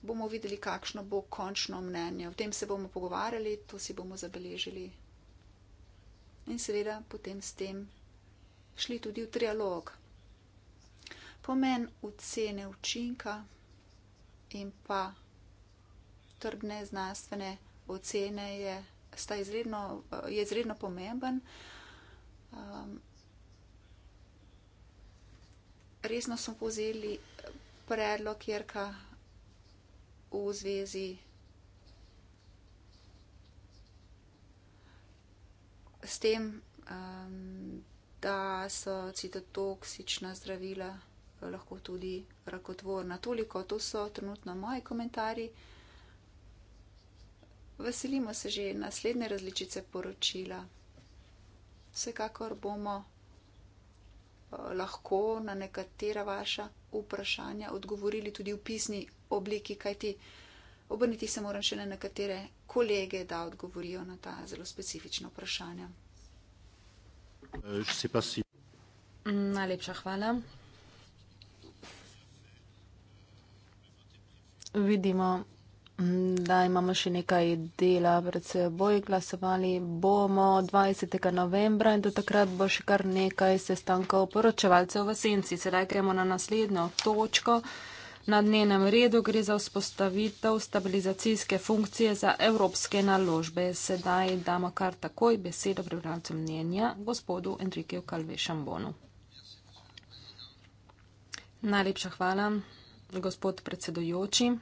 bomo videli, kakšno bo končno mnenje. O tem se bomo pogovarjali, to si bomo zabeležili. In seveda potem s tem šli tudi v trialog. Pomen ocene učinka in pa trdne znanstvene ocene je, izredno, je izredno pomemben. Um, resno smo povzeli predlog Jerka v zvezi s tem, um, da so citotoksična zdravila lahko tudi rakotvorna. Toliko, to so trenutno moji komentarji. Veselimo se že naslednje različice poročila vsekakor bomo eh, lahko na nekatera vaša vprašanja odgovorili tudi v pisni obliki, kajti obrniti se moram še na nekatere kolege, da odgovorijo na ta zelo specifična vprašanja. Eh, Najlepša hvala. Vidimo, da imamo še nekaj dela pred seboj, glasovali bomo 20. novembra in do takrat bo še kar nekaj sestankov poročevalcev v senci. Sedaj gremo na naslednjo točko. Na dnevnem redu gre za vzpostavitev stabilizacijske funkcije za evropske naložbe. Sedaj damo kar takoj besedo prebralcem mnenja gospodu Enrikeju Kalvešambonu. Najlepša hvala, gospod predsedujoči.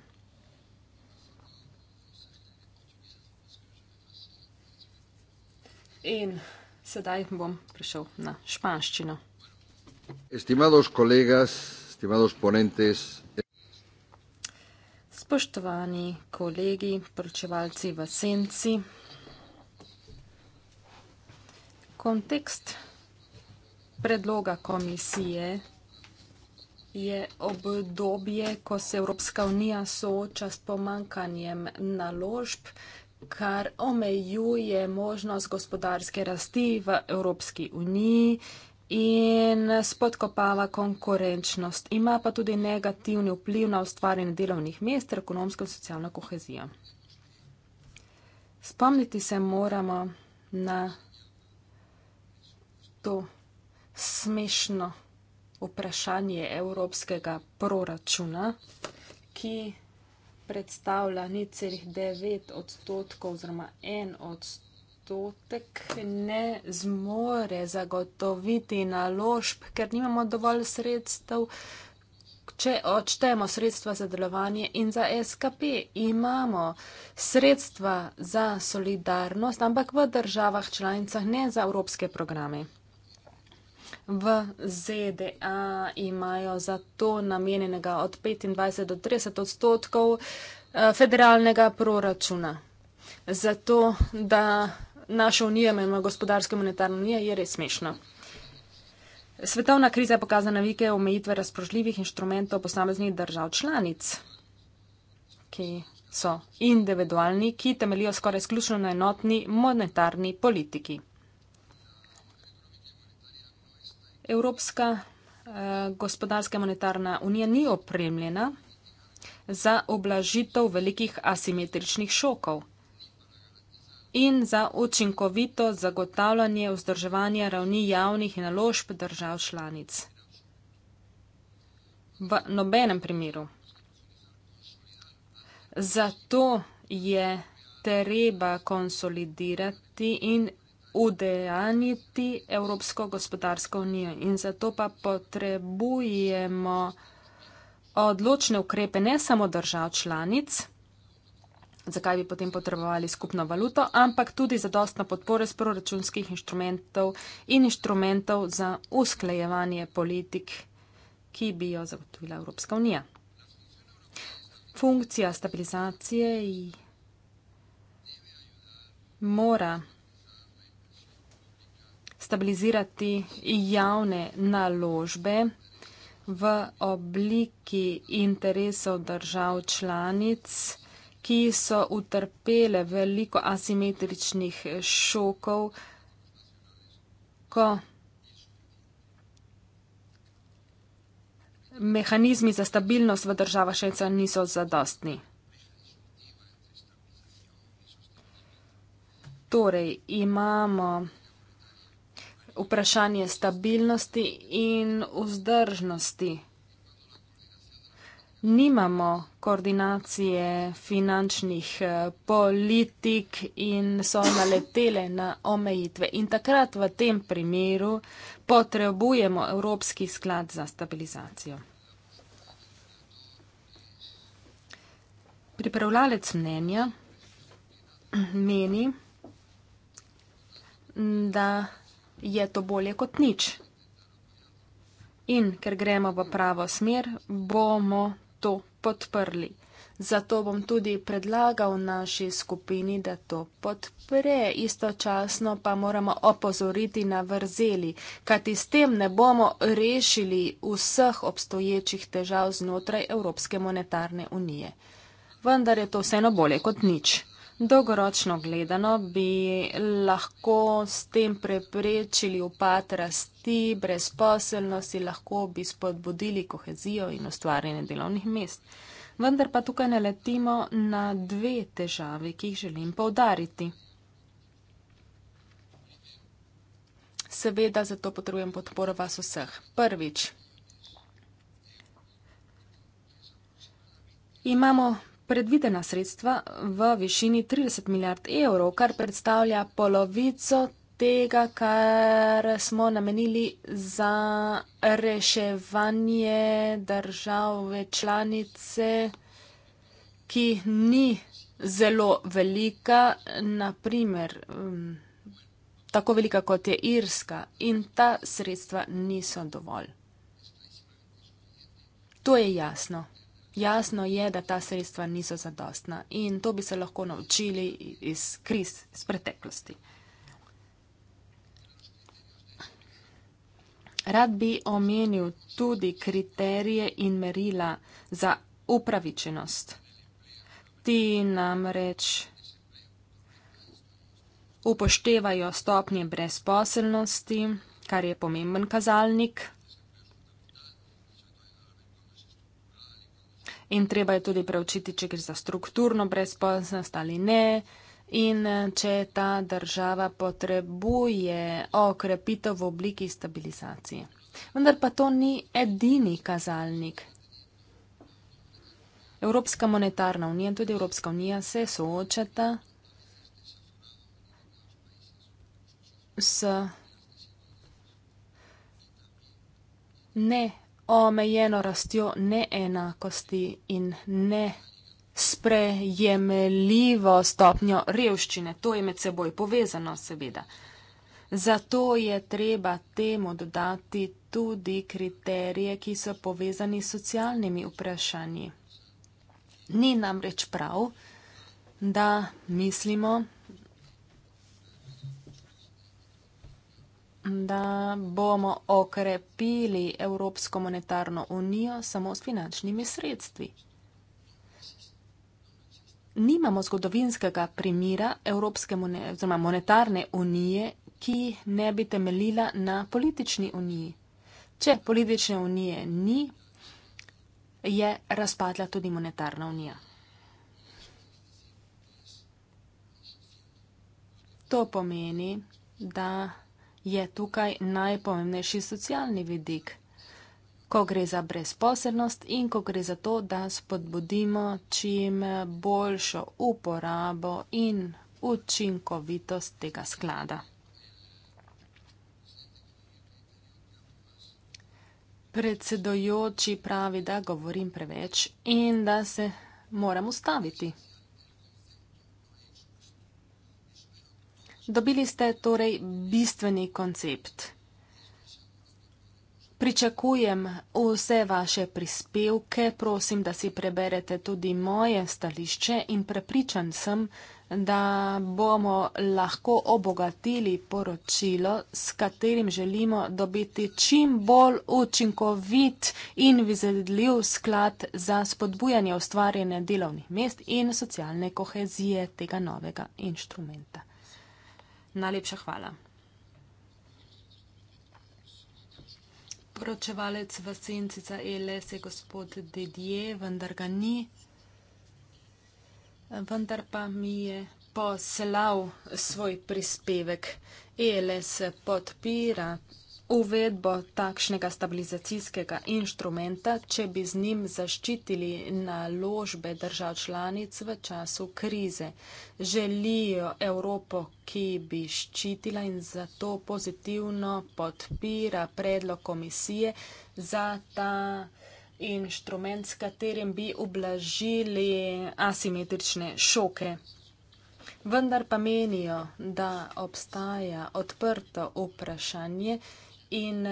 In sedaj bom prišel na španščino. Estimados kolegas, estimados ponentes. Spoštovani kolegi, poročevalci v senci. Kontekst predloga komisije je obdobje, ko se Evropska unija sooča s pomankanjem naložb, kar omejuje možnost gospodarske rasti v Evropski uniji in spodkopava konkurenčnost. Ima pa tudi negativni vpliv na ustvarjanje delovnih mest ter ekonomsko in socialno kohezijo. Spomniti se moramo na to smešno vprašanje evropskega proračuna, ki predstavlja nič celih devet odstotkov oziroma en odstotek, ne zmore zagotoviti naložb, ker nimamo dovolj sredstev. Če odštejemo sredstva za delovanje in za SKP, imamo sredstva za solidarnost, ampak v državah članicah, ne za evropske programe v ZDA imajo za to namenjenega od 25 do 30 odstotkov eh, federalnega proračuna. Zato, da naša unija ima gospodarsko in monetarno unijo, je res smešno. Svetovna kriza je pokazala navike omejitve razpožljivih inštrumentov posameznih držav članic, ki so individualni, ki temelijo skoraj izključno na enotni monetarni politiki. Evropska eh, gospodarska monetarna unija ni opremljena za oblažitev velikih asimetričnih šokov in za učinkovito zagotavljanje vzdrževanja ravni javnih naložb držav članic. V nobenem primeru. Zato je treba konsolidirati in udejaniti Evropsko gospodarsko unijo in zato pa potrebujemo odločne ukrepe ne samo držav članic, zakaj bi potem potrebovali skupno valuto, ampak tudi zadostno podpore z proračunskih inštrumentov in inštrumentov za usklejevanje politik, ki bi jo zagotovila Evropska unija. Funkcija stabilizacije mora stabilizirati javne naložbe v obliki interesov držav članic, ki so utrpele veliko asimetričnih šokov, ko mehanizmi za stabilnost v državah še niso zadostni. Torej, imamo vprašanje stabilnosti in vzdržnosti. Nimamo koordinacije finančnih eh, politik in so naletele na omejitve. In takrat v tem primeru potrebujemo Evropski sklad za stabilizacijo. Pripravljalec mnenja meni, da je to bolje kot nič. In ker gremo v pravo smer, bomo to podprli. Zato bom tudi predlagal naši skupini, da to podpre. Istočasno pa moramo opozoriti na vrzeli, kajti s tem ne bomo rešili vseh obstoječih težav znotraj Evropske monetarne unije. Vendar je to vseeno bolje kot nič. Dolgoročno gledano bi lahko s tem preprečili upad rasti brezposelnosti, lahko bi spodbudili kohezijo in ustvarjanje delovnih mest. Vendar pa tukaj naletimo na dve težave, ki jih želim povdariti. Seveda zato potrebujem podporo vas vseh. Prvič. Imamo predvidena sredstva v višini 30 milijard evrov, kar predstavlja polovico tega, kar smo namenili za reševanje države članice, ki ni zelo velika, naprimer um, tako velika kot je Irska in ta sredstva niso dovolj. To je jasno. Jasno je, da ta sredstva niso zadostna in to bi se lahko naučili iz kriz, iz preteklosti. Rad bi omenil tudi kriterije in merila za upravičenost. Ti namreč upoštevajo stopnje brezposelnosti, kar je pomemben kazalnik. in treba je tudi preučiti, če gre za strukturno brezposelnost ali ne. In eh, če ta država potrebuje okrepitev v obliki stabilizacije. Vendar pa to ni edini kazalnik. Evropska monetarna unija in tudi Evropska unija se soočata s ne omejeno rastjo neenakosti in ne sprejemljivo stopnjo revščine. To je med seboj povezano, seveda. Zato je treba temu dodati tudi kriterije, ki so povezani s socialnimi vprašanji. Ni namreč prav, da mislimo, da bomo okrepili Evropsko monetarno unijo samo s finančnimi sredstvi. Nimamo zgodovinskega primira Evropske monetarne unije, ki ne bi temeljila na politični uniji. Če politične unije ni, je razpadla tudi monetarna unija. To pomeni, da je tukaj najpomembnejši socialni vidik, ko gre za brezposebnost in ko gre za to, da spodbudimo čim boljšo uporabo in učinkovitost tega sklada. Predsedojoči pravi, da govorim preveč in da se moram ustaviti. Dobili ste torej bistveni koncept. Pričakujem vse vaše prispevke, prosim, da si preberete tudi moje stališče in prepričan sem, da bomo lahko obogatili poročilo, s katerim želimo dobiti čim bolj učinkovit in vizeljiv sklad za spodbujanje ustvarjene delovnih mest in socialne kohezije tega novega inštrumenta. Najlepša hvala. Poročevalec v senci za ELS je gospod Didje, vendar ga ni. Vendar pa mi je poslal svoj prispevek. ELS podpira uvedbo takšnega stabilizacijskega inštrumenta, če bi z njim zaščitili naložbe držav članic v času krize. Želijo Evropo, ki bi ščitila in zato pozitivno podpira predlog komisije za ta inštrument, s katerim bi ublažili asimetrične šoke. Vendar pa menijo, da obstaja odprto vprašanje, in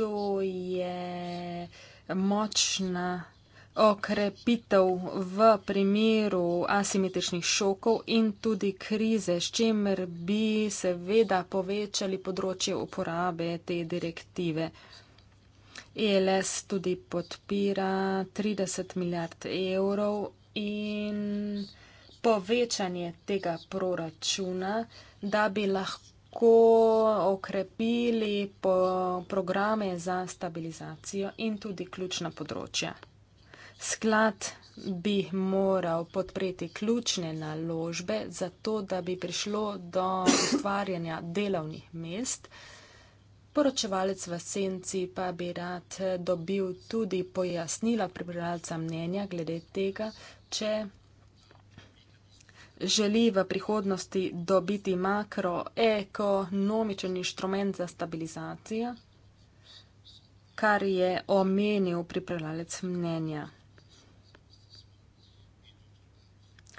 to je močna okrepitev v primeru asimetričnih šokov in tudi krize, s čimer bi seveda povečali področje uporabe te direktive. ELS tudi podpira 30 milijard evrov in povečanje tega proračuna, da bi lahko kako okrepili po programe za stabilizacijo in tudi ključna področja. Sklad bi moral podpreti ključne naložbe, zato da bi prišlo do ustvarjanja delovnih mest. Poročevalec v senci pa bi rad dobil tudi pojasnila pripravljalca mnenja glede tega, če želi v prihodnosti dobiti makroekonomičen inštrument za stabilizacijo, kar je omenil pripravljalec mnenja.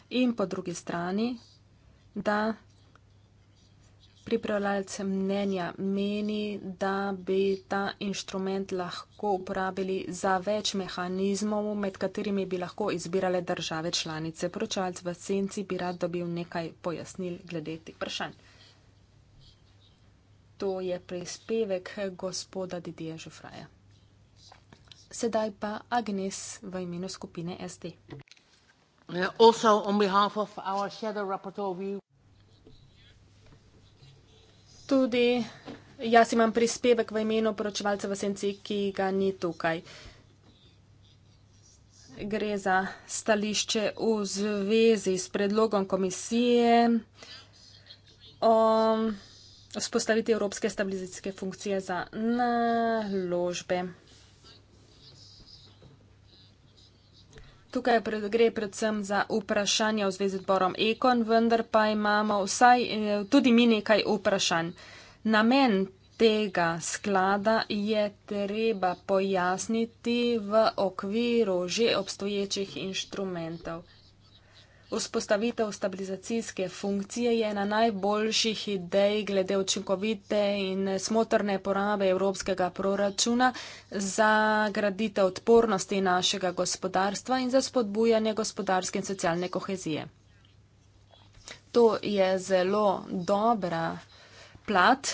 In po drugi strani, da pripravljalce mnenja meni, da bi ta inštrument lahko uporabili za več mehanizmov, med katerimi bi lahko izbirale države članice. Poročalec v senci bi rad dobil nekaj pojasnil glede tih vprašanj. To je prispevek gospoda Didija Žufraja. Sedaj pa Agnes v imenu skupine SD. Uh, also on behalf of our shadow rapporteur, we tudi jaz imam prispevek v imenu poročevalca v senci, ki ga ni tukaj. Gre za stališče v zvezi s predlogom komisije o vzpostaviti Evropske stabilizacijske funkcije za naložbe. Tukaj gre predvsem za vprašanja v zvezi z odborom Ekon, vendar pa imamo vsaj eh, tudi mi nekaj vprašanj. Namen tega sklada je treba pojasniti v okviru že obstoječih inštrumentov. Vzpostavitev stabilizacijske funkcije je ena najboljših idej glede očinkovite in smotrne porabe evropskega proračuna za graditev odpornosti našega gospodarstva in za spodbujanje gospodarske in socialne kohezije. To je zelo dobra plat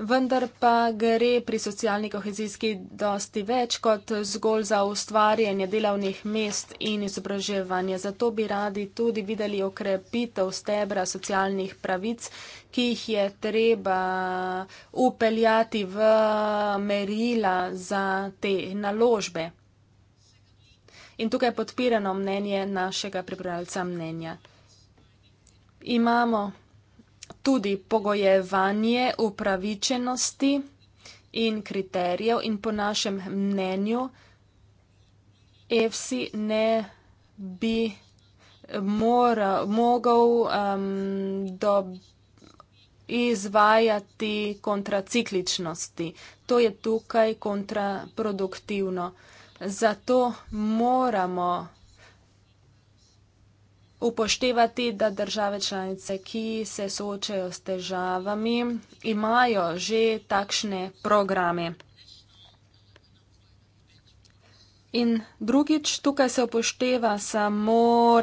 vendar pa gre pri socialni kohezijski dosti več kot zgolj za ustvarjanje delavnih mest in izobraževanje. Zato bi radi tudi videli okrepitev stebra socialnih pravic, ki jih je treba upeljati v merila za te naložbe. In tukaj podpirano mnenje našega pripravljalca mnenja. Imamo tudi pogojevanje upravičenosti in kriterijev in po našem mnenju EFSI ne bi mora, mogel um, do izvajati kontracikličnosti. To je tukaj kontraproduktivno. Zato moramo upoštevati, da države članice, ki se soočajo s težavami, imajo že takšne programe. In drugič, tukaj se upošteva samo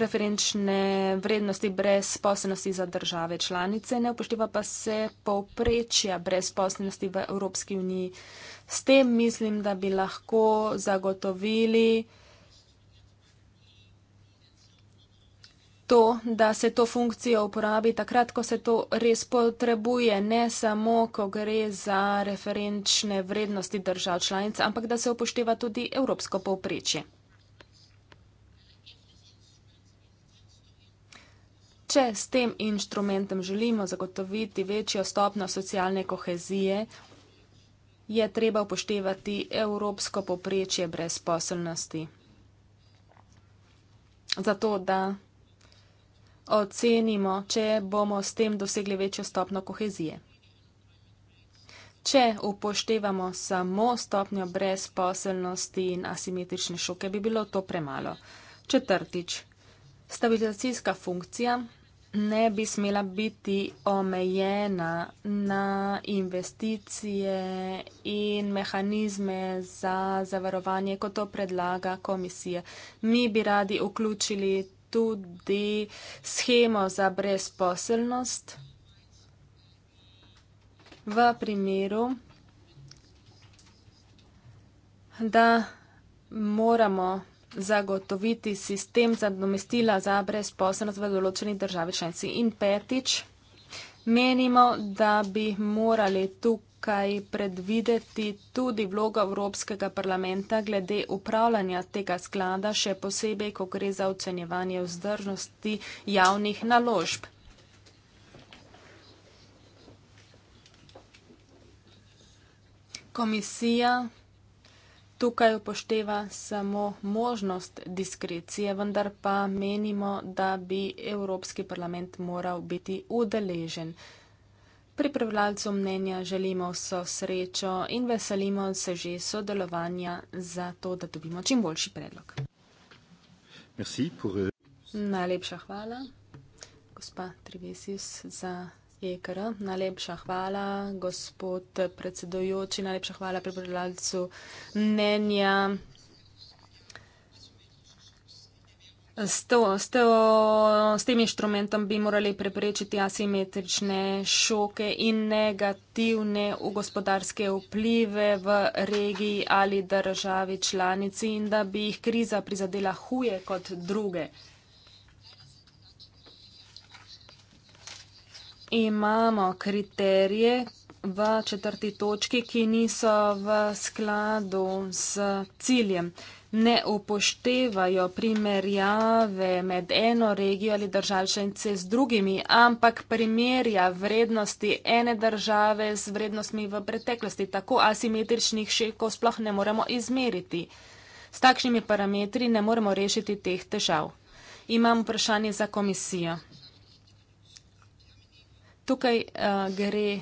referenčne vrednosti brezposobnosti za države članice, ne upošteva pa se povprečja brezposobnosti v Evropski uniji. S tem mislim, da bi lahko zagotovili to, da se to funkcijo uporabi takrat, ko se to res potrebuje, ne samo, ko gre za referenčne vrednosti držav članic, ampak da se upošteva tudi evropsko povprečje. Če s tem inštrumentom želimo zagotoviti večjo stopno socialne kohezije, je treba upoštevati evropsko povprečje brezposelnosti. Zato, da ocenimo, če bomo s tem dosegli večjo stopno kohezije. Če upoštevamo samo stopnjo brezposelnosti in asimetrične šoke, bi bilo to premalo. Četrtič, stabilizacijska funkcija ne bi smela biti omejena na investicije in mehanizme za zavarovanje, kot to predlaga komisija. Mi bi radi vključili tudi schemo za brezposelnost. V primeru, da moramo zagotoviti sistem za domestila za brezposelnost v določeni državi članici. In petič, menimo, da bi morali tukaj kaj predvideti tudi vloga Evropskega parlamenta glede upravljanja tega sklada, še posebej, ko gre za ocenjevanje vzdržnosti javnih naložb. Komisija tukaj upošteva samo možnost diskrecije, vendar pa menimo, da bi Evropski parlament moral biti udeležen pripravljalcu mnenja želimo vso srečo in veselimo se že sodelovanja za to, da dobimo čim boljši predlog. Pour... Euh, najlepša hvala, gospa Trivesis, za. Ekr, najlepša hvala, gospod predsedojoči, najlepša hvala pripravljalcu mnenja S, to, s, to, s tem inštrumentom bi morali preprečiti asimetrične šoke in negativne gospodarske vplive v regiji ali državi članici in da bi jih kriza prizadela huje kot druge. Imamo kriterije v četrti točki, ki niso v skladu s ciljem ne upoštevajo primerjave med eno regijo ali državšence z drugimi, ampak primerja vrednosti ene države z vrednostmi v preteklosti. Tako asimetričnih šekov sploh ne moremo izmeriti. S takšnimi parametri ne moremo rešiti teh težav. Imam vprašanje za komisijo. Tukaj uh, gre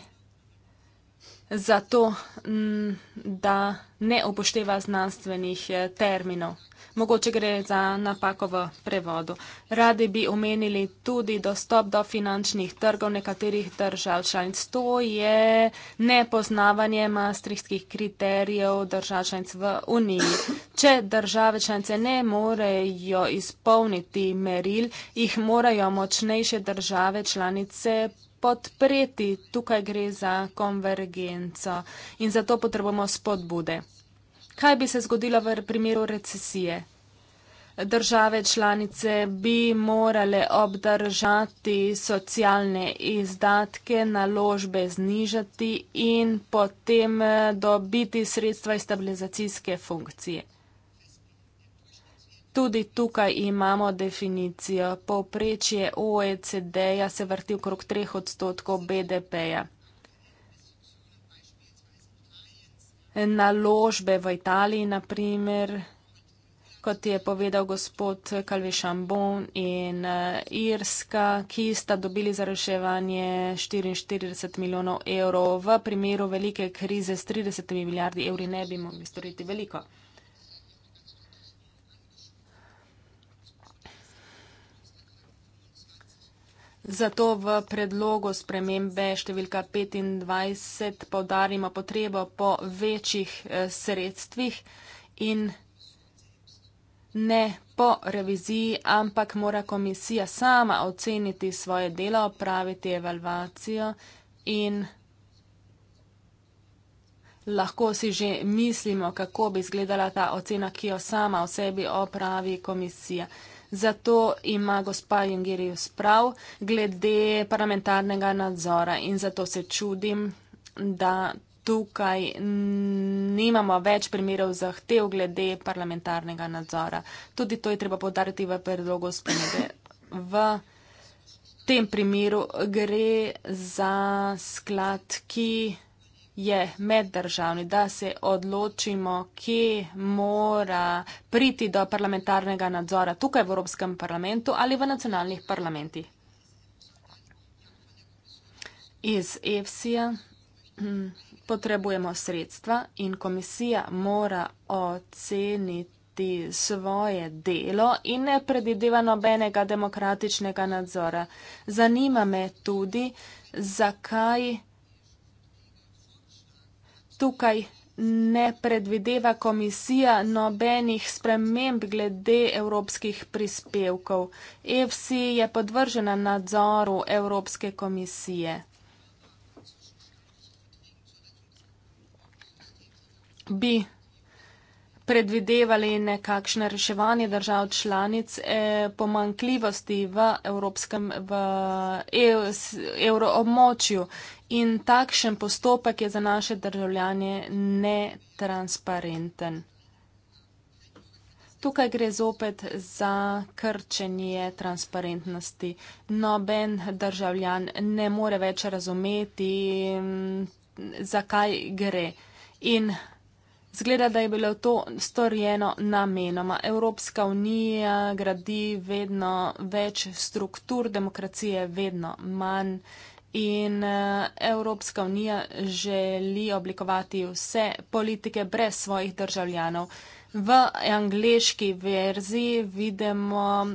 zato, m, mm, da ne upošteva znanstvenih eh, terminov. Mogoče gre za napako v prevodu. Radi bi omenili tudi dostop do finančnih trgov nekaterih držav članic. To je nepoznavanje maastrihtskih kriterijev držav članic v Uniji. Če države članice ne morejo izpolniti meril, jih morajo močnejše države članice podpreti, tukaj gre za konvergenco in zato potrebujemo spodbude. Kaj bi se zgodilo v primeru recesije? Države članice bi morale obdržati socialne izdatke, naložbe znižati in potem dobiti sredstva iz stabilizacijske funkcije. Tudi tukaj imamo definicijo. Povprečje OECD-ja se vrti okrog 3 odstotkov BDP-ja. Naložbe v Italiji, na primer, kot je povedal gospod Calvi Šambon in eh, Irska, ki sta dobili za reševanje 44 milijonov evrov. V primeru velike krize s 30 milijardi evri ne bi mogli storiti veliko. Zato v predlogu spremembe številka 25 povdarimo potrebo po večjih eh, sredstvih in ne po reviziji, ampak mora komisija sama oceniti svoje delo, opraviti evalvacijo in lahko si že mislimo, kako bi izgledala ta ocena, ki jo sama v sebi opravi komisija. Zato ima gospa Jengirijus prav glede parlamentarnega nadzora in zato se čudim, da tukaj nimamo več primerov zahtev glede parlamentarnega nadzora. Tudi to je treba podariti v predlogu spremembe. V tem primeru gre za sklad, ki je meddržavni, da se odločimo, kje mora priti do parlamentarnega nadzora tukaj v Evropskem parlamentu ali v nacionalnih parlamentih. Iz EFSI-ja hm, potrebujemo sredstva in komisija mora oceniti svoje delo in ne predideva nobenega demokratičnega nadzora. Zanima me tudi, zakaj tukaj ne predvideva komisija nobenih sprememb glede evropskih prispevkov. EFSI je podvržena nadzoru Evropske komisije. Bi predvidevali nekakšne reševanje držav članic eh, pomankljivosti v evropskem v, ev, s, evroobmočju. In takšen postopek je za naše državljanje netransparenten. Tukaj gre zopet za krčenje transparentnosti. Noben državljan ne more več razumeti, zakaj gre. In zgleda, da je bilo to storjeno namenoma. Evropska unija gradi vedno več struktur, demokracije vedno manj in eh, Evropska unija želi oblikovati vse politike brez svojih državljanov. V angliški verziji vidimo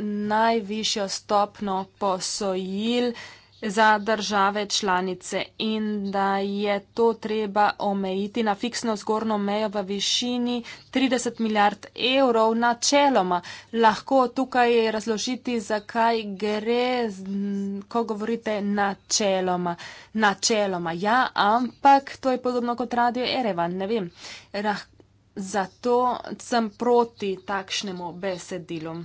najvišjo stopno posojil za države članice in da je to treba omejiti na fiksno zgornjo mejo v višini 30 milijard evrov načeloma. Lahko tukaj razložiti, zakaj gre, ko govorite načeloma. Načeloma, ja, ampak to je podobno kot radio Erevan, ne vem. Rah Zato sem proti takšnemu besedilu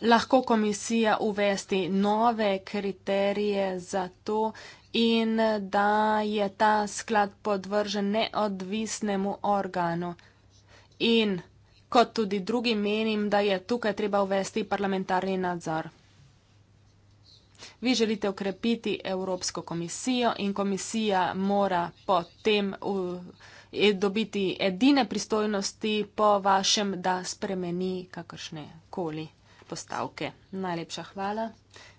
lahko komisija uvesti nove kriterije za to in da je ta sklad podvržen neodvisnemu organu. In kot tudi drugi menim, da je tukaj treba uvesti parlamentarni nadzor. Vi želite ukrepiti Evropsko komisijo in komisija mora potem e, dobiti edine pristojnosti po vašem, da spremeni kakršne koli postavke. Najlepša hvala.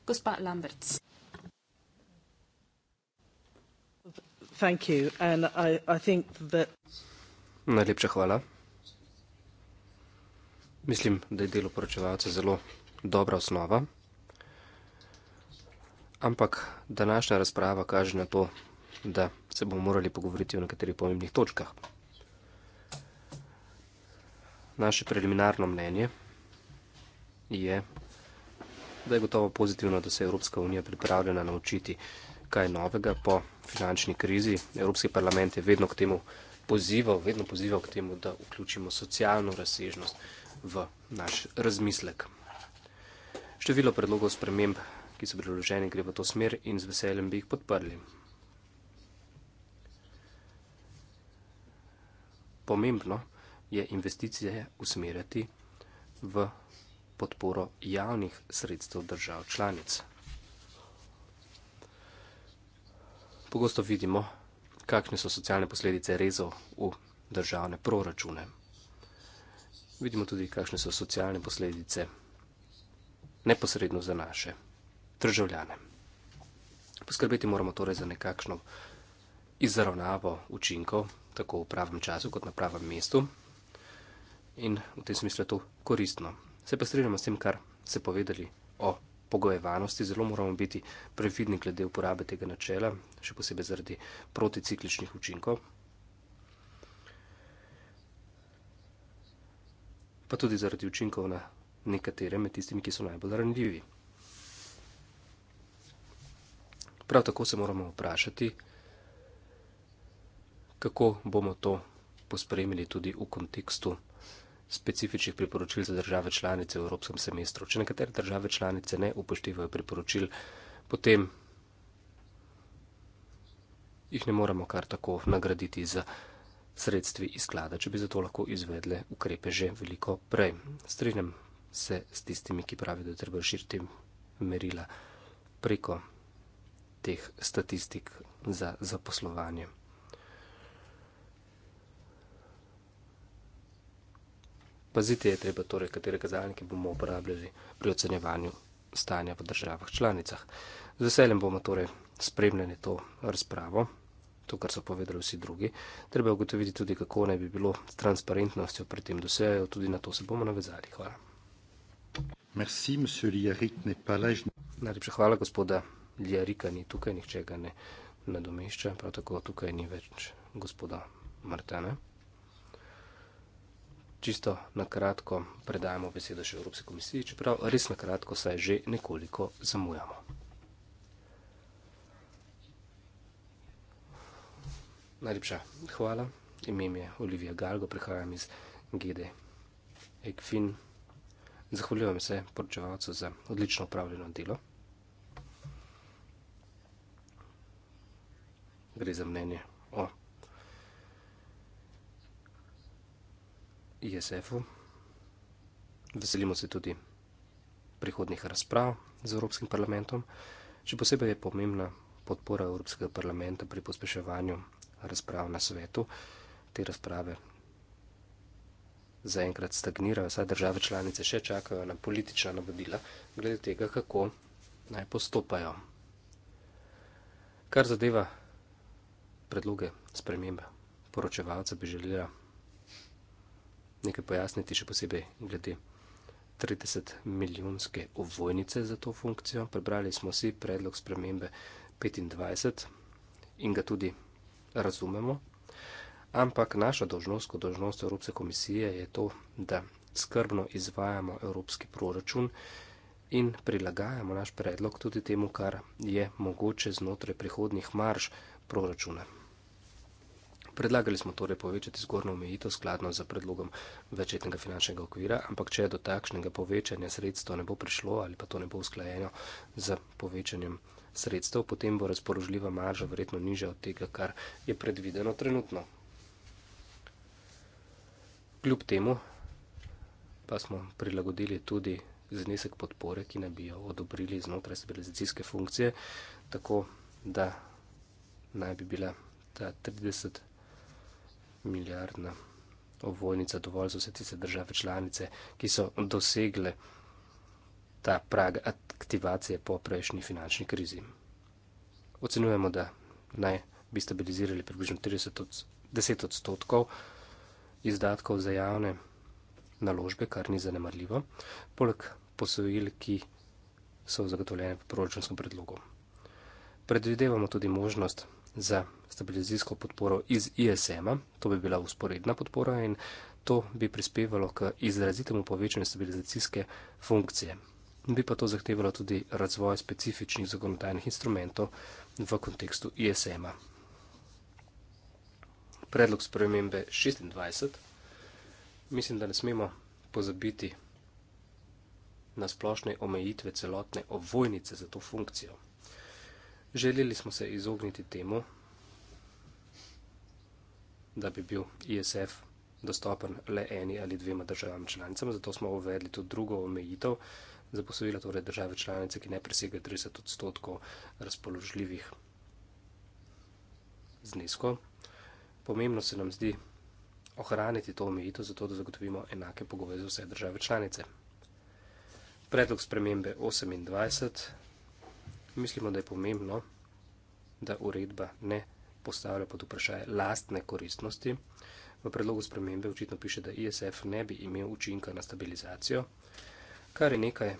Gospa Lamberts. Najlepša hvala. Mislim, da je delo poročevalca zelo dobra osnova, ampak današnja razprava kaže na to, da se bomo morali pogovoriti o nekaterih pomembnih točkah. Naše preliminarno mnenje je, da je gotovo pozitivno, da se je Evropska unija pripravljena naučiti kaj novega po finančni krizi. Evropski parlament je vedno k temu pozival, vedno pozival k temu, da vključimo socialno razsežnost v naš razmislek. Število predlogov sprememb, ki so priloženi, gre v to smer in z veseljem bi jih podprli. Pomembno je investicije usmerjati v podporo javnih sredstev držav članic. Pogosto vidimo, kakšne so socialne posledice rezov v državne proračune. Vidimo tudi, kakšne so socialne posledice neposredno za naše državljane. Poskrbeti moramo torej za nekakšno izravnavo učinkov, tako v pravem času kot na pravem mestu. In v tem smislu je to koristno, Se pa strinjamo s tem, kar ste povedali o pogojevanosti. Zelo moramo biti previdni glede uporabe tega načela, še posebej zaradi proticikličnih učinkov. Pa tudi zaradi učinkov na nekatere med tistimi, ki so najbolj ranljivi. Prav tako se moramo vprašati, kako bomo to pospremili tudi v kontekstu specifičnih priporočil za države članice v Evropskem semestru. Če nekatere države članice ne upoštevajo priporočil, potem jih ne moremo kar tako nagraditi z sredstvi iz sklada, če bi zato lahko izvedle ukrepe že veliko prej. Strinjam se s tistimi, ki pravijo, da treba širiti merila preko teh statistik za zaposlovanje. Paziti je treba torej, katere kazalnike bomo uporabljali pri ocenjevanju stanja v državah članicah. Z veseljem bomo torej spremljali to razpravo, to, kar so povedali vsi drugi. Treba je ugotoviti tudi, kako naj bi bilo s transparentnostjo pri tem dosejo, tudi na to se bomo navezali. Hvala. Merci, Najlepša hvala, gospoda Ljarika, ni tukaj, nihče ga ne nadomešča, prav tako tukaj ni več gospoda Martana čisto na kratko predajamo besedo še Evropski komisiji, čeprav res na kratko, saj že nekoliko zamujamo. Najlepša hvala. Imem je Olivia Galgo, prihajam iz Gede Ekfin. Zahvaljujem se poročevalcu za odlično upravljeno delo. Gre za mnenje o Jezefu. Veselimo se tudi prihodnih razprav z Evropskim parlamentom. Še posebej je pomembna podpora Evropskega parlamenta pri pospeševanju razprav na svetu. Te razprave zaenkrat stagnirajo, saj države članice še čakajo na politična navodila glede tega, kako naj postopajo. Kar zadeva predloge spremembe poročevalca, bi želela nekaj pojasniti, še posebej glede 30 milijonske ovojnice za to funkcijo. Prebrali smo si predlog spremembe 25 in ga tudi razumemo. Ampak naša dožnost, kot dožnost Evropske komisije, je to, da skrbno izvajamo evropski proračun in prilagajamo naš predlog tudi temu, kar je mogoče znotraj prihodnih marž proračuna. Predlagali smo torej povečati zgornjo omejitev skladno za predlogom večletnega finančnega okvira, ampak če do takšnega povečanja sredstva ne bo prišlo ali pa to ne bo usklajeno z povečanjem sredstev, potem bo razpoložljiva marža verjetno niža od tega, kar je predvideno trenutno. Kljub temu pa smo prilagodili tudi znesek podpore, ki naj bi jo odobrili znotraj stabilizacijske funkcije, tako da naj bi bila ta 30 milijardna. Ovojnica dovolj so vse tiste države članice, ki so dosegle ta prag aktivacije po prejšnji finančni krizi. Ocenujemo, da naj bi stabilizirali približno 30 od, 10 odstotkov izdatkov za javne naložbe, kar ni zanemarljivo, poleg posojil, ki so zagotovljene po proračunskem predlogu. Predvidevamo tudi možnost za stabilizacijsko podporo iz ISM-a, to bi bila usporedna podpora in to bi prispevalo k izrazitemu povečanju stabilizacijske funkcije. Bi pa to zahtevalo tudi razvoj specifičnih zakonodajnih instrumentov v kontekstu ISM-a. Predlog spremembe 26. Mislim, da ne smemo pozabiti na splošne omejitve celotne ovojnice za to funkcijo. Želeli smo se izogniti temu, da bi bil ISF dostopen le eni ali dvema državam članicam, zato smo uvedli tudi drugo omejitev za posojila torej države članice, ki ne presegajo 30 odstotkov razpoložljivih znesko. Pomembno se nam zdi ohraniti to omejitev, zato da zagotovimo enake pogoje za vse države članice. Predlog spremembe 28 mislimo, da je pomembno, da uredba ne postavlja pod vprašanje lastne koristnosti. V predlogu spremembe očitno piše, da ISF ne bi imel učinka na stabilizacijo, kar je nekaj,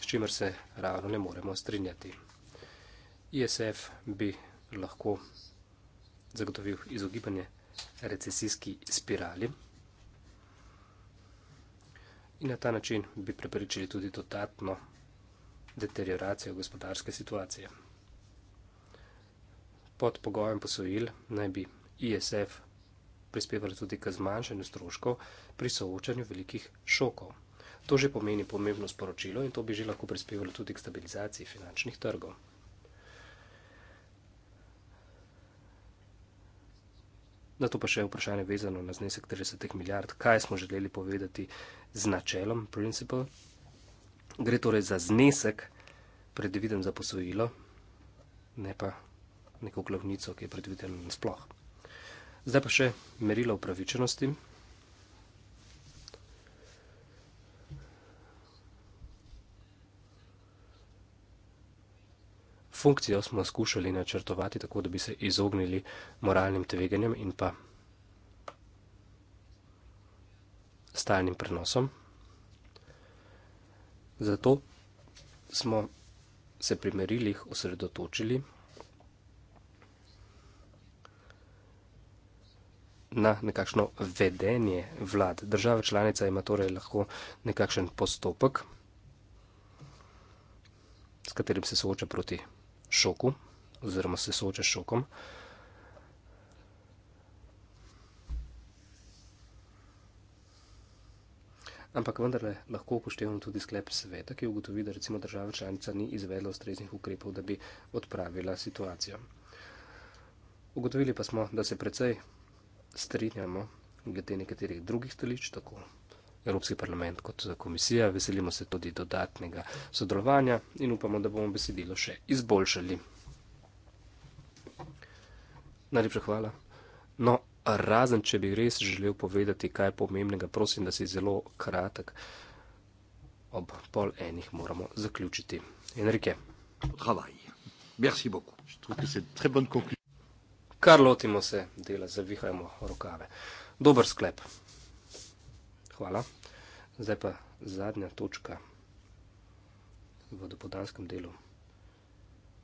s čimer se ravno ne moremo strinjati. ISF bi lahko zagotovil izogibanje recesijski spirali. In na ta način bi prepričali tudi dodatno deterioracijo gospodarske situacije. Pod pogojem posojil naj bi ISF prispevali tudi k zmanjšanju stroškov pri soočanju velikih šokov. To že pomeni pomembno sporočilo in to bi že lahko prispevalo tudi k stabilizaciji finančnih trgov. Na to pa še vprašanje vezano na znesek 30 milijard. Kaj smo želeli povedati z načelom principle Gre torej za znesek, predviden za posojilo, ne pa neko glavnico, ki je predviden na sploh. Zdaj pa še merilo upravičenosti. Funkcijo smo skušali načrtovati tako, da bi se izognili moralnim tveganjem in pa stalnim prenosom. Zato smo se pri merilih osredotočili na nekakšno vedenje vlad. Država članica ima torej lahko nekakšen postopek, s katerim se sooča proti šoku oziroma se sooča s šokom, ampak vendarle lahko upoštevamo tudi sklep sveta, ki ugotovi, da recimo država članica ni izvedla ustreznih ukrepov, da bi odpravila situacijo. Ugotovili pa smo, da se precej strinjamo glede nekaterih drugih stališč, tako Evropski parlament kot komisija. Veselimo se tudi dodatnega sodelovanja in upamo, da bomo besedilo še izboljšali. Najlepša hvala. No, razen če bi res želel povedati, kaj je pomembnega, prosim, da si zelo kratek. Ob pol enih moramo zaključiti. Enrique. Kar lotimo se dela, zavihajmo rokave. Dober sklep. Hvala. Zdaj pa zadnja točka v dopodanskem delu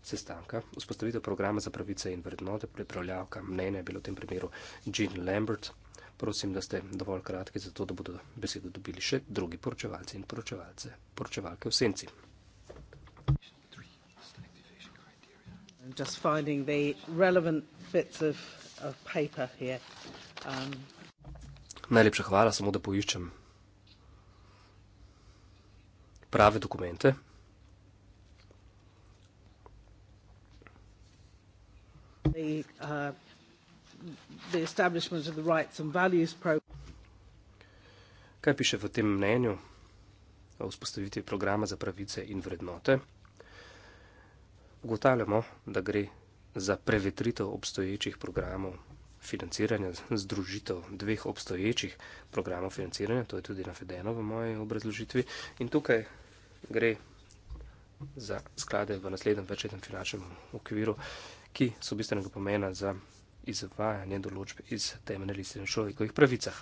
sestanka, vzpostavitev programa za pravice in vrednote, pripravljavka mnenja je bilo v tem primeru Jean Lambert. Prosim, da ste dovolj kratki za to, da bodo besedo dobili še drugi poročevalci in poročevalce, poročevalke v senci. Um, Najlepša hvala, samo da poiščem pravi dokumenti. the, uh, the establishment of the rights and values program. Kaj piše v tem mnenju o vzpostavitvi programa za pravice in vrednote? Ugotavljamo, da gre za prevetritev obstoječih programov financiranja, združitev dveh obstoječih programov financiranja, to je tudi navedeno v moji obrazložitvi. In tukaj gre za sklade v naslednjem večletnem finančnem okviru, ki so bistvenega pomena za izvajanje določb iz temeljne listine človekovih pravicah.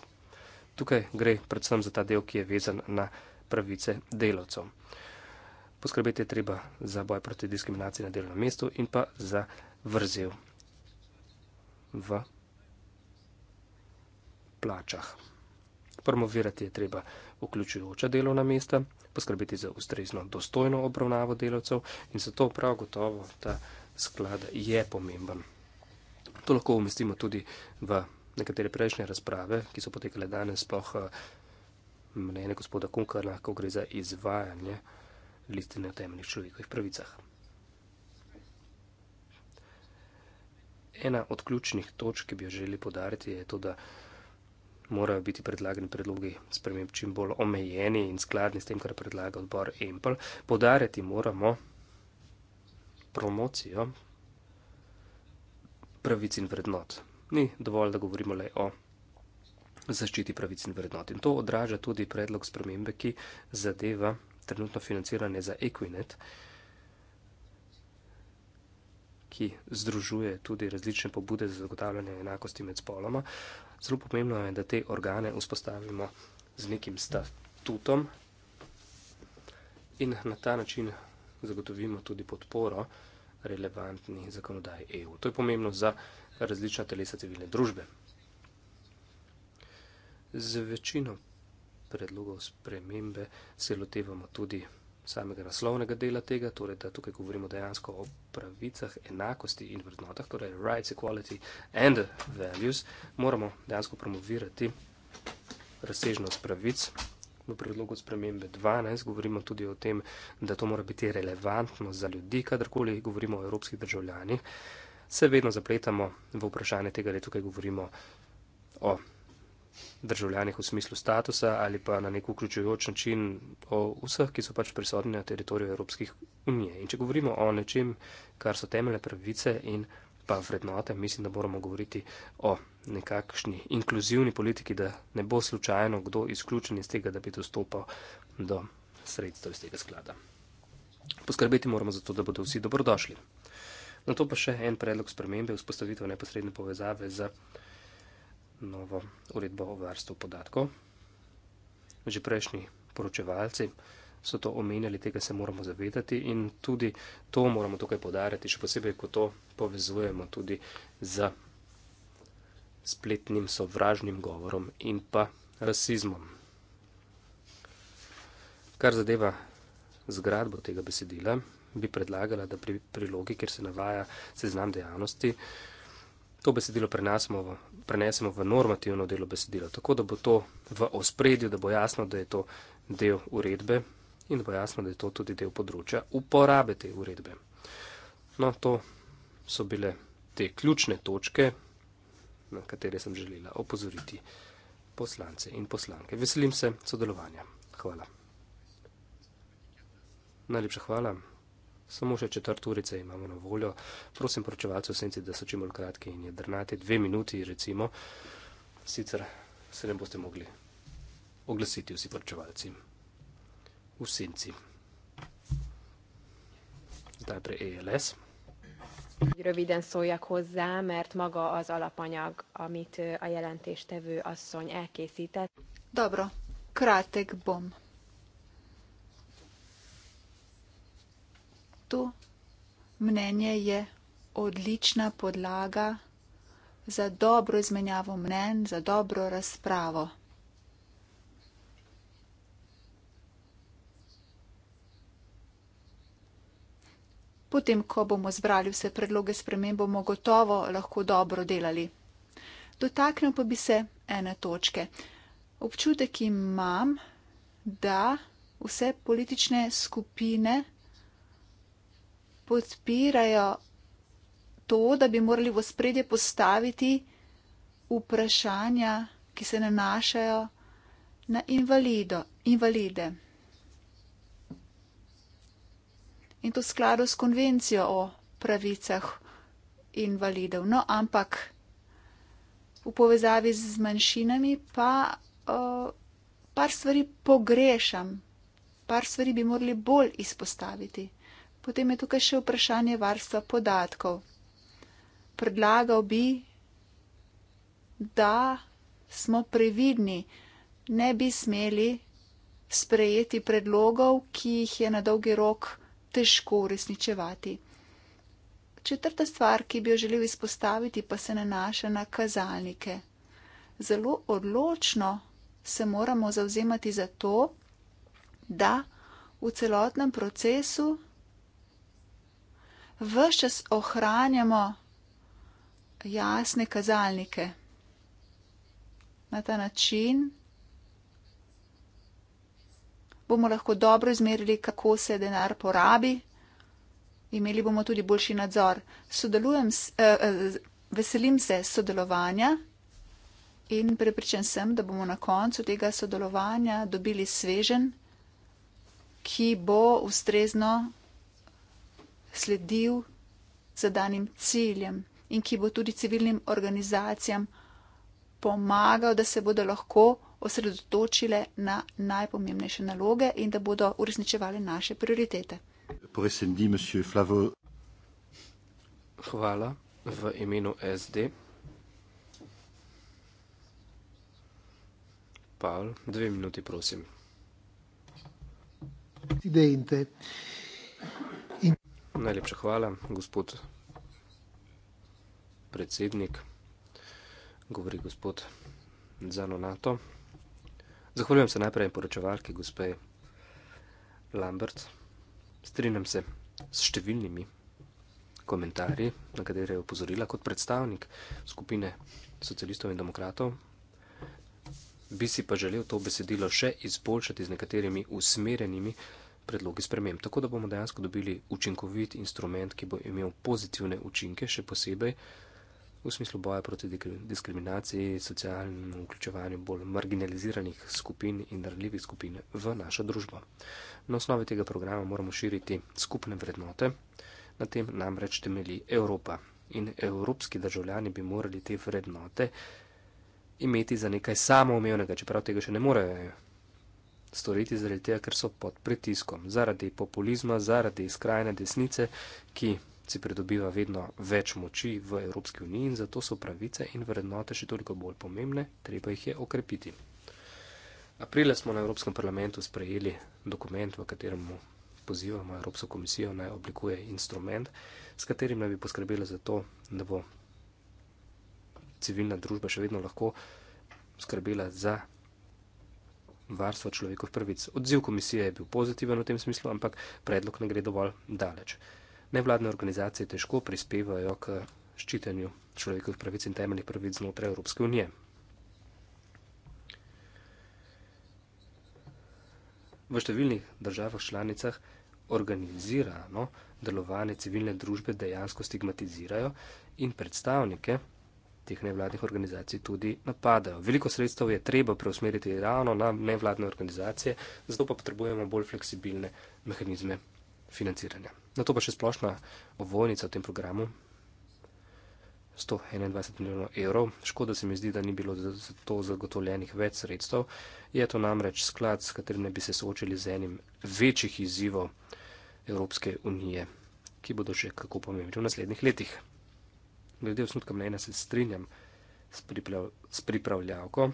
Tukaj gre predvsem za ta del, ki je vezan na pravice delavcev. Poskrbeti je treba za boj proti diskriminaciji na delovnem mestu in pa za vrzel v plačah. Promovirati je treba vključujoča delovna mesta, poskrbeti za ustrezno dostojno obravnavo delavcev in zato prav gotovo ta sklada je pomemben. To lahko umestimo tudi v nekatere prejšnje razprave, ki so potekale danes, spoh eh, mnenje gospoda Kunkarna, ko gre za izvajanje listine o temeljih človekovih pravicah. Ena od ključnih točk, ki bi jo želeli podariti, je to, da morajo biti predlagani predlogi sprememb čim bolj omejeni in skladni s tem, kar predlaga odbor EMPL. Podarjati moramo, promocijo pravic in vrednot. Ni dovolj, da govorimo le o zaščiti pravic in vrednot. In to odraža tudi predlog spremembe, ki zadeva trenutno financiranje za Equinet, ki združuje tudi različne pobude za zagotavljanje enakosti med spoloma. Zelo pomembno je, da te organe vzpostavimo z nekim statutom in na ta način zagotovimo tudi podporo relevantni zakonodaji EU. To je pomembno za različna telesa civilne družbe. Z večino predlogov spremembe se lotevamo tudi samega naslovnega dela tega, torej da tukaj govorimo dejansko o pravicah, enakosti in vrednotah, torej rights, equality and values, moramo dejansko promovirati razsežnost pravic v predlogu spremembe 12 govorimo tudi o tem, da to mora biti relevantno za ljudi, kadarkoli govorimo o evropskih državljanih, se vedno zapletamo v vprašanje tega, da tukaj govorimo o državljanih v smislu statusa ali pa na nek vključujoč način o vseh, ki so pač prisotni na teritoriju Evropskih unije. In če govorimo o nečem, kar so temeljne pravice in pa vrednote, mislim, da moramo govoriti o nekakšni inkluzivni politiki, da ne bo slučajno kdo izključen iz tega, da bi dostopal do sredstev iz tega sklada. Poskrbeti moramo za to, da bodo vsi dobrodošli. Na to pa še en predlog spremembe, vzpostavitev neposredne povezave z novo uredbo o varstvu podatkov. Že prejšnji poročevalci so to omenjali, tega se moramo zavedati in tudi to moramo tukaj podarjati, še posebej, ko to povezujemo tudi z spletnim sovražnim govorom in pa rasizmom. Kar zadeva zgradbo tega besedila, bi predlagala, da pri prilogi, kjer se navaja seznam dejavnosti, to besedilo v, prenesemo v normativno delo besedila, tako da bo to v ospredju, da bo jasno, da je to del uredbe, in bo jasno, da je to tudi del področja uporabe te uredbe. No, to so bile te ključne točke, na katere sem želela opozoriti poslance in poslanke. Veselim se sodelovanja. Hvala. Najlepša hvala. Samo še četrt urice imamo na voljo. Prosim poročevalce v senci, da so čim bolj kratki in jedrnati. Dve minuti recimo, sicer se ne boste mogli oglasiti vsi poročevalci v senci. Zdaj pre ELS. Röviden szóljak hozzá, mert maga az alapanyag, amit a jelentéstevő asszony elkészített. Dobro, krátek bom. Tu mnenje je odlična podlaga za dobro izmenjavo mnen, za dobro razpravo. potem, ko bomo zbrali vse predloge sprememb, bomo gotovo lahko dobro delali. Dotaknil pa bi se ene točke. Občutek imam, da vse politične skupine podpirajo to, da bi morali v spredje postaviti vprašanja, ki se nanašajo na invalido, invalide. in to skladu s konvencijo o pravicah invalidov. No, ampak v povezavi z manjšinami pa uh, par stvari pogrešam, par stvari bi morali bolj izpostaviti. Potem je tukaj še vprašanje varstva podatkov. Predlagal bi, da smo previdni, ne bi smeli sprejeti predlogov, ki jih je na dolgi rok težko uresničevati. Četrta stvar, ki bi jo želel izpostaviti, pa se nanaša na kazalnike. Zelo odločno se moramo zauzemati za to, da v celotnem procesu vse čas ohranjamo jasne kazalnike. Na ta način bomo lahko dobro izmerili, kako se denar porabi. Imeli bomo tudi boljši nadzor. Sodelujem, eh, eh, veselim se sodelovanja in prepričan sem, da bomo na koncu tega sodelovanja dobili svežen, ki bo ustrezno sledil zadanim ciljem in ki bo tudi civilnim organizacijam pomagal, da se bodo lahko osredotočile na najpomembnejše naloge in da bodo uresničevali naše prioritete. Hvala v imenu SD. Pavel, dve minuti, prosim. Najlepša hvala, gospod predsednik, govori gospod Zanonato. Zahvaljujem se najprej poročevalki, gospe Lambert. Strinjam se s številnimi komentarji, na katere je upozorila kot predstavnik skupine socialistov in demokratov. Bi si pa želel to besedilo še izboljšati z nekaterimi usmerjenimi predlogi sprememb, tako da bomo dejansko dobili učinkovit instrument, ki bo imel pozitivne učinke, še posebej v smislu boja proti diskriminaciji, socialnemu vključevanju bolj marginaliziranih skupin in darljivih skupin v našo družbo. Na osnovi tega programa moramo širiti skupne vrednote, na tem namreč temelji Evropa in evropski državljani bi morali te vrednote imeti za nekaj samoumevnega, čeprav tega še ne morejo storiti zaradi tega, ker so pod pritiskom, zaradi populizma, zaradi skrajne desnice, ki si pridobiva vedno več moči v Evropski uniji in zato so pravice in vrednote še toliko bolj pomembne, treba jih je okrepiti. Aprila smo na Evropskem parlamentu sprejeli dokument, v katerem pozivamo Evropsko komisijo naj oblikuje instrument, s katerim naj bi poskrbela za to, da bo civilna družba še vedno lahko skrbela za varstvo človekov pravic. Odziv komisije je bil pozitiven v tem smislu, ampak predlog ne gre dovolj daleč nevladne organizacije težko prispevajo k ščitenju človekovih pravic in temeljnih pravic znotraj Evropske unije. V številnih državah članicah organizirano delovanje civilne družbe dejansko stigmatizirajo in predstavnike teh nevladnih organizacij tudi napadajo. Veliko sredstev je treba preusmeriti ravno na nevladne organizacije, zato pa potrebujemo bolj fleksibilne mehanizme financiranja. Na to pa še splošna ovojnica v tem programu. 121 milijonov evrov. Škoda se mi zdi, da ni bilo za to zagotovljenih več sredstev. Je to namreč sklad, s katerim bi se soočili z enim večjih izzivov Evropske unije, ki bodo še kako pomembni v naslednjih letih. Glede osnutka mnenja se strinjam s, pripravl s pripravljavko,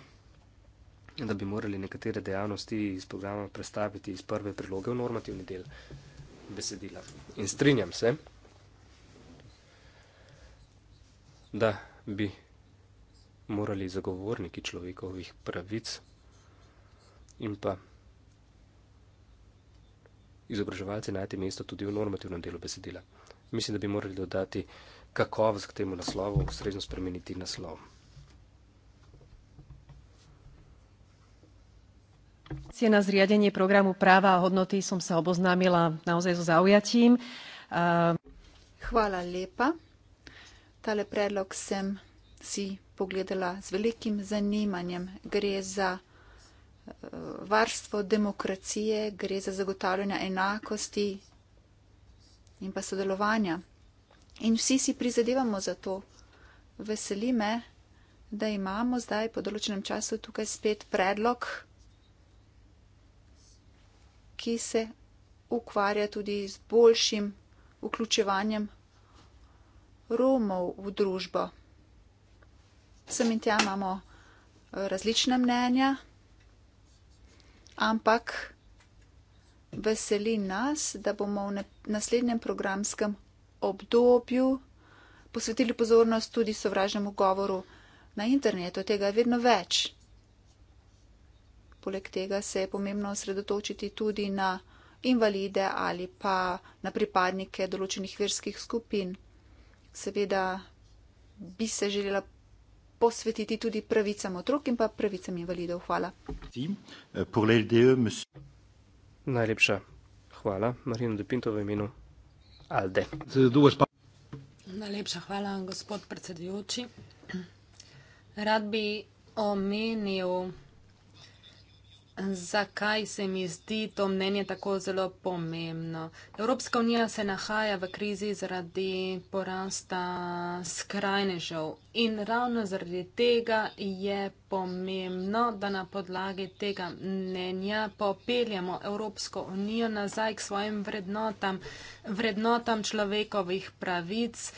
da bi morali nekatere dejavnosti iz programa prestaviti iz prve priloge v normativni del besedila. In strinjam se, da bi morali zagovorniki človekovih pravic in pa izobraževalci najti mesto tudi v normativnem delu besedila. Mislim, da bi morali dodati kakovost k temu naslovu, ustrezno spremeniti naslov. Ste na zriadenie programu práva a hodnoty som sa oboznámila naozaj so zaujatím. Ehm, Hvala lepa. Tale predlog sem si pogledala s velikim zanimanjem. Gre za eh, varstvo demokracije, gre za zagotavljanje enakosti in pa sodelovanja. In vsi si prizadevamo za to. Veseli me, da imamo zdaj po določenem času tukaj spet predlog ki se ukvarja tudi z boljšim vključevanjem Romov v družbo. Sem in tja imamo eh, različne mnenja, ampak veseli nas, da bomo v naslednjem programskem obdobju posvetili pozornost tudi sovražnemu govoru na internetu. Tega je vedno več poleg tega se je pomembno osredotočiti tudi na invalide ali pa na pripadnike določenih verskih skupin. Seveda bi se želela posvetiti tudi pravicam otrok in pa pravicam invalidov. Hvala. Eh, e, Najlepša hvala, Marino Depinto v imenu Alde. Najlepša hvala, gospod predsedujoči. Rad bi omenil Zakaj se mi zdi to mnenje tako zelo pomembno? Evropska unija se nahaja v krizi zaradi porasta skrajnežev in ravno zaradi tega je pomembno, da na podlagi tega mnenja popeljamo Evropsko unijo nazaj k svojim vrednotam, vrednotam človekovih pravic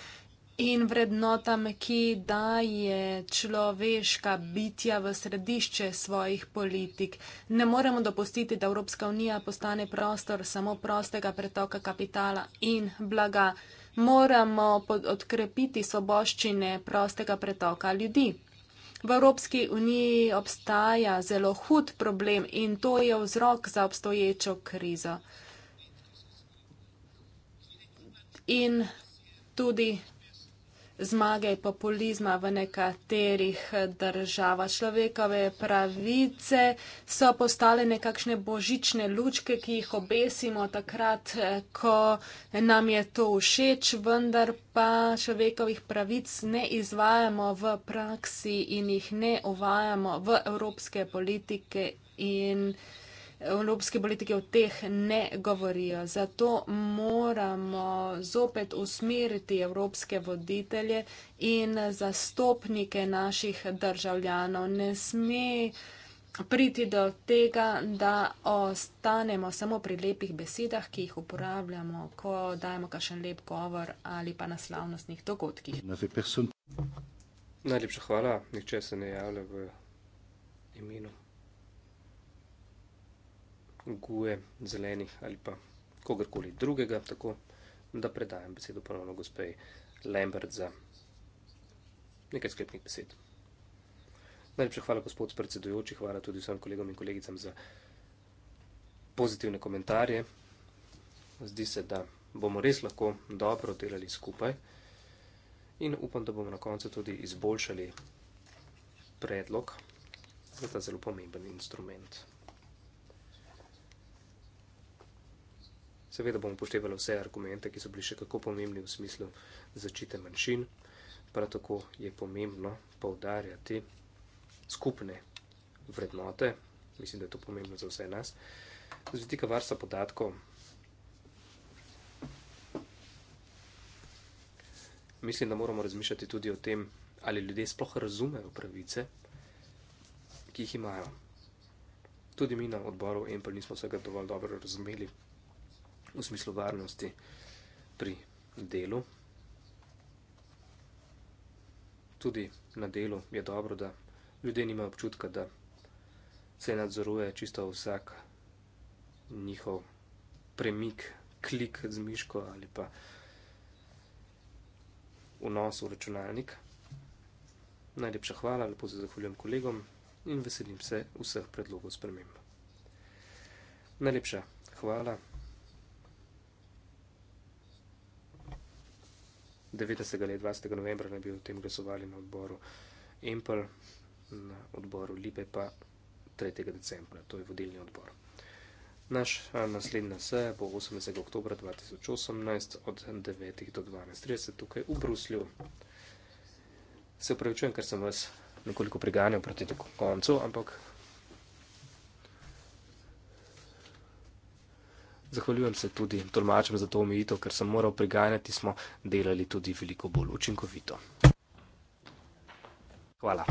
in vrednotam, ki daje človeška bitja v središče svojih politik. Ne moremo dopustiti, da Evropska unija postane prostor samo prostega pretoka kapitala in blaga. Moramo odkrepiti svoboščine prostega pretoka ljudi. V Evropski uniji obstaja zelo hud problem in to je vzrok za obstoječo krizo. In tudi zmage populizma v nekaterih državah. Človekove pravice so postale nekakšne božične lučke, ki jih obesimo takrat, ko nam je to všeč, vendar pa človekovih pravic ne izvajamo v praksi in jih ne uvajamo v evropske politike in politike evropske politike o teh ne govorijo. Zato moramo zopet usmeriti evropske voditelje in zastopnike naših državljanov. Ne sme priti do tega, da ostanemo samo pri lepih besedah, ki jih uporabljamo, ko dajemo kakšen lep govor ali pa na slavnostnih dogodkih. Najlepša hvala, nihče se ne javlja v imenu guje, zelenih ali pa kogarkoli drugega, tako da predajam besedo ponovno gospej Lambert za nekaj sklepnih besed. Najlepša hvala, gospod predsedujoči, hvala tudi vsem kolegom in kolegicam za pozitivne komentarje. Zdi se, da bomo res lahko dobro delali skupaj in upam, da bomo na koncu tudi izboljšali predlog za ta zelo pomemben instrument. Seveda bom upoštevala vse argumente, ki so bili še kako pomembni v smislu začite manjšin. Prav tako je pomembno povdarjati skupne vrednote, mislim, da je to pomembno za vse nas. Z vidika varstva podatkov mislim, da moramo razmišljati tudi o tem, ali ljudje sploh razumejo pravice, ki jih imajo. Tudi mi na odboru Empel nismo vsega dovolj dobro razumeli, v smislu varnosti pri delu. Tudi na delu je dobro, da ljudje nimajo občutka, da se nadzoruje čisto vsak njihov premik, klik z miško ali pa vnos v računalnik. Najlepša hvala, lepo se zahvaljujem kolegom in veselim se vseh predlogov spremembe. Najlepša hvala. 90. leta 20. novembra naj bi o tem glasovali na odboru Empel, na odboru Libe pa 3. decembra, to je vodilni odbor. Naš naslednja seja bo 18. oktober 2018 od 9. do 12.30 tukaj v Bruslju. Se upravičujem, ker sem vas nekoliko priganjal proti koncu, ampak Zahvaljujem se tudi tolmačem za to omejitev, ker sem moral preganjati, smo delali tudi veliko bolj učinkovito. Hvala.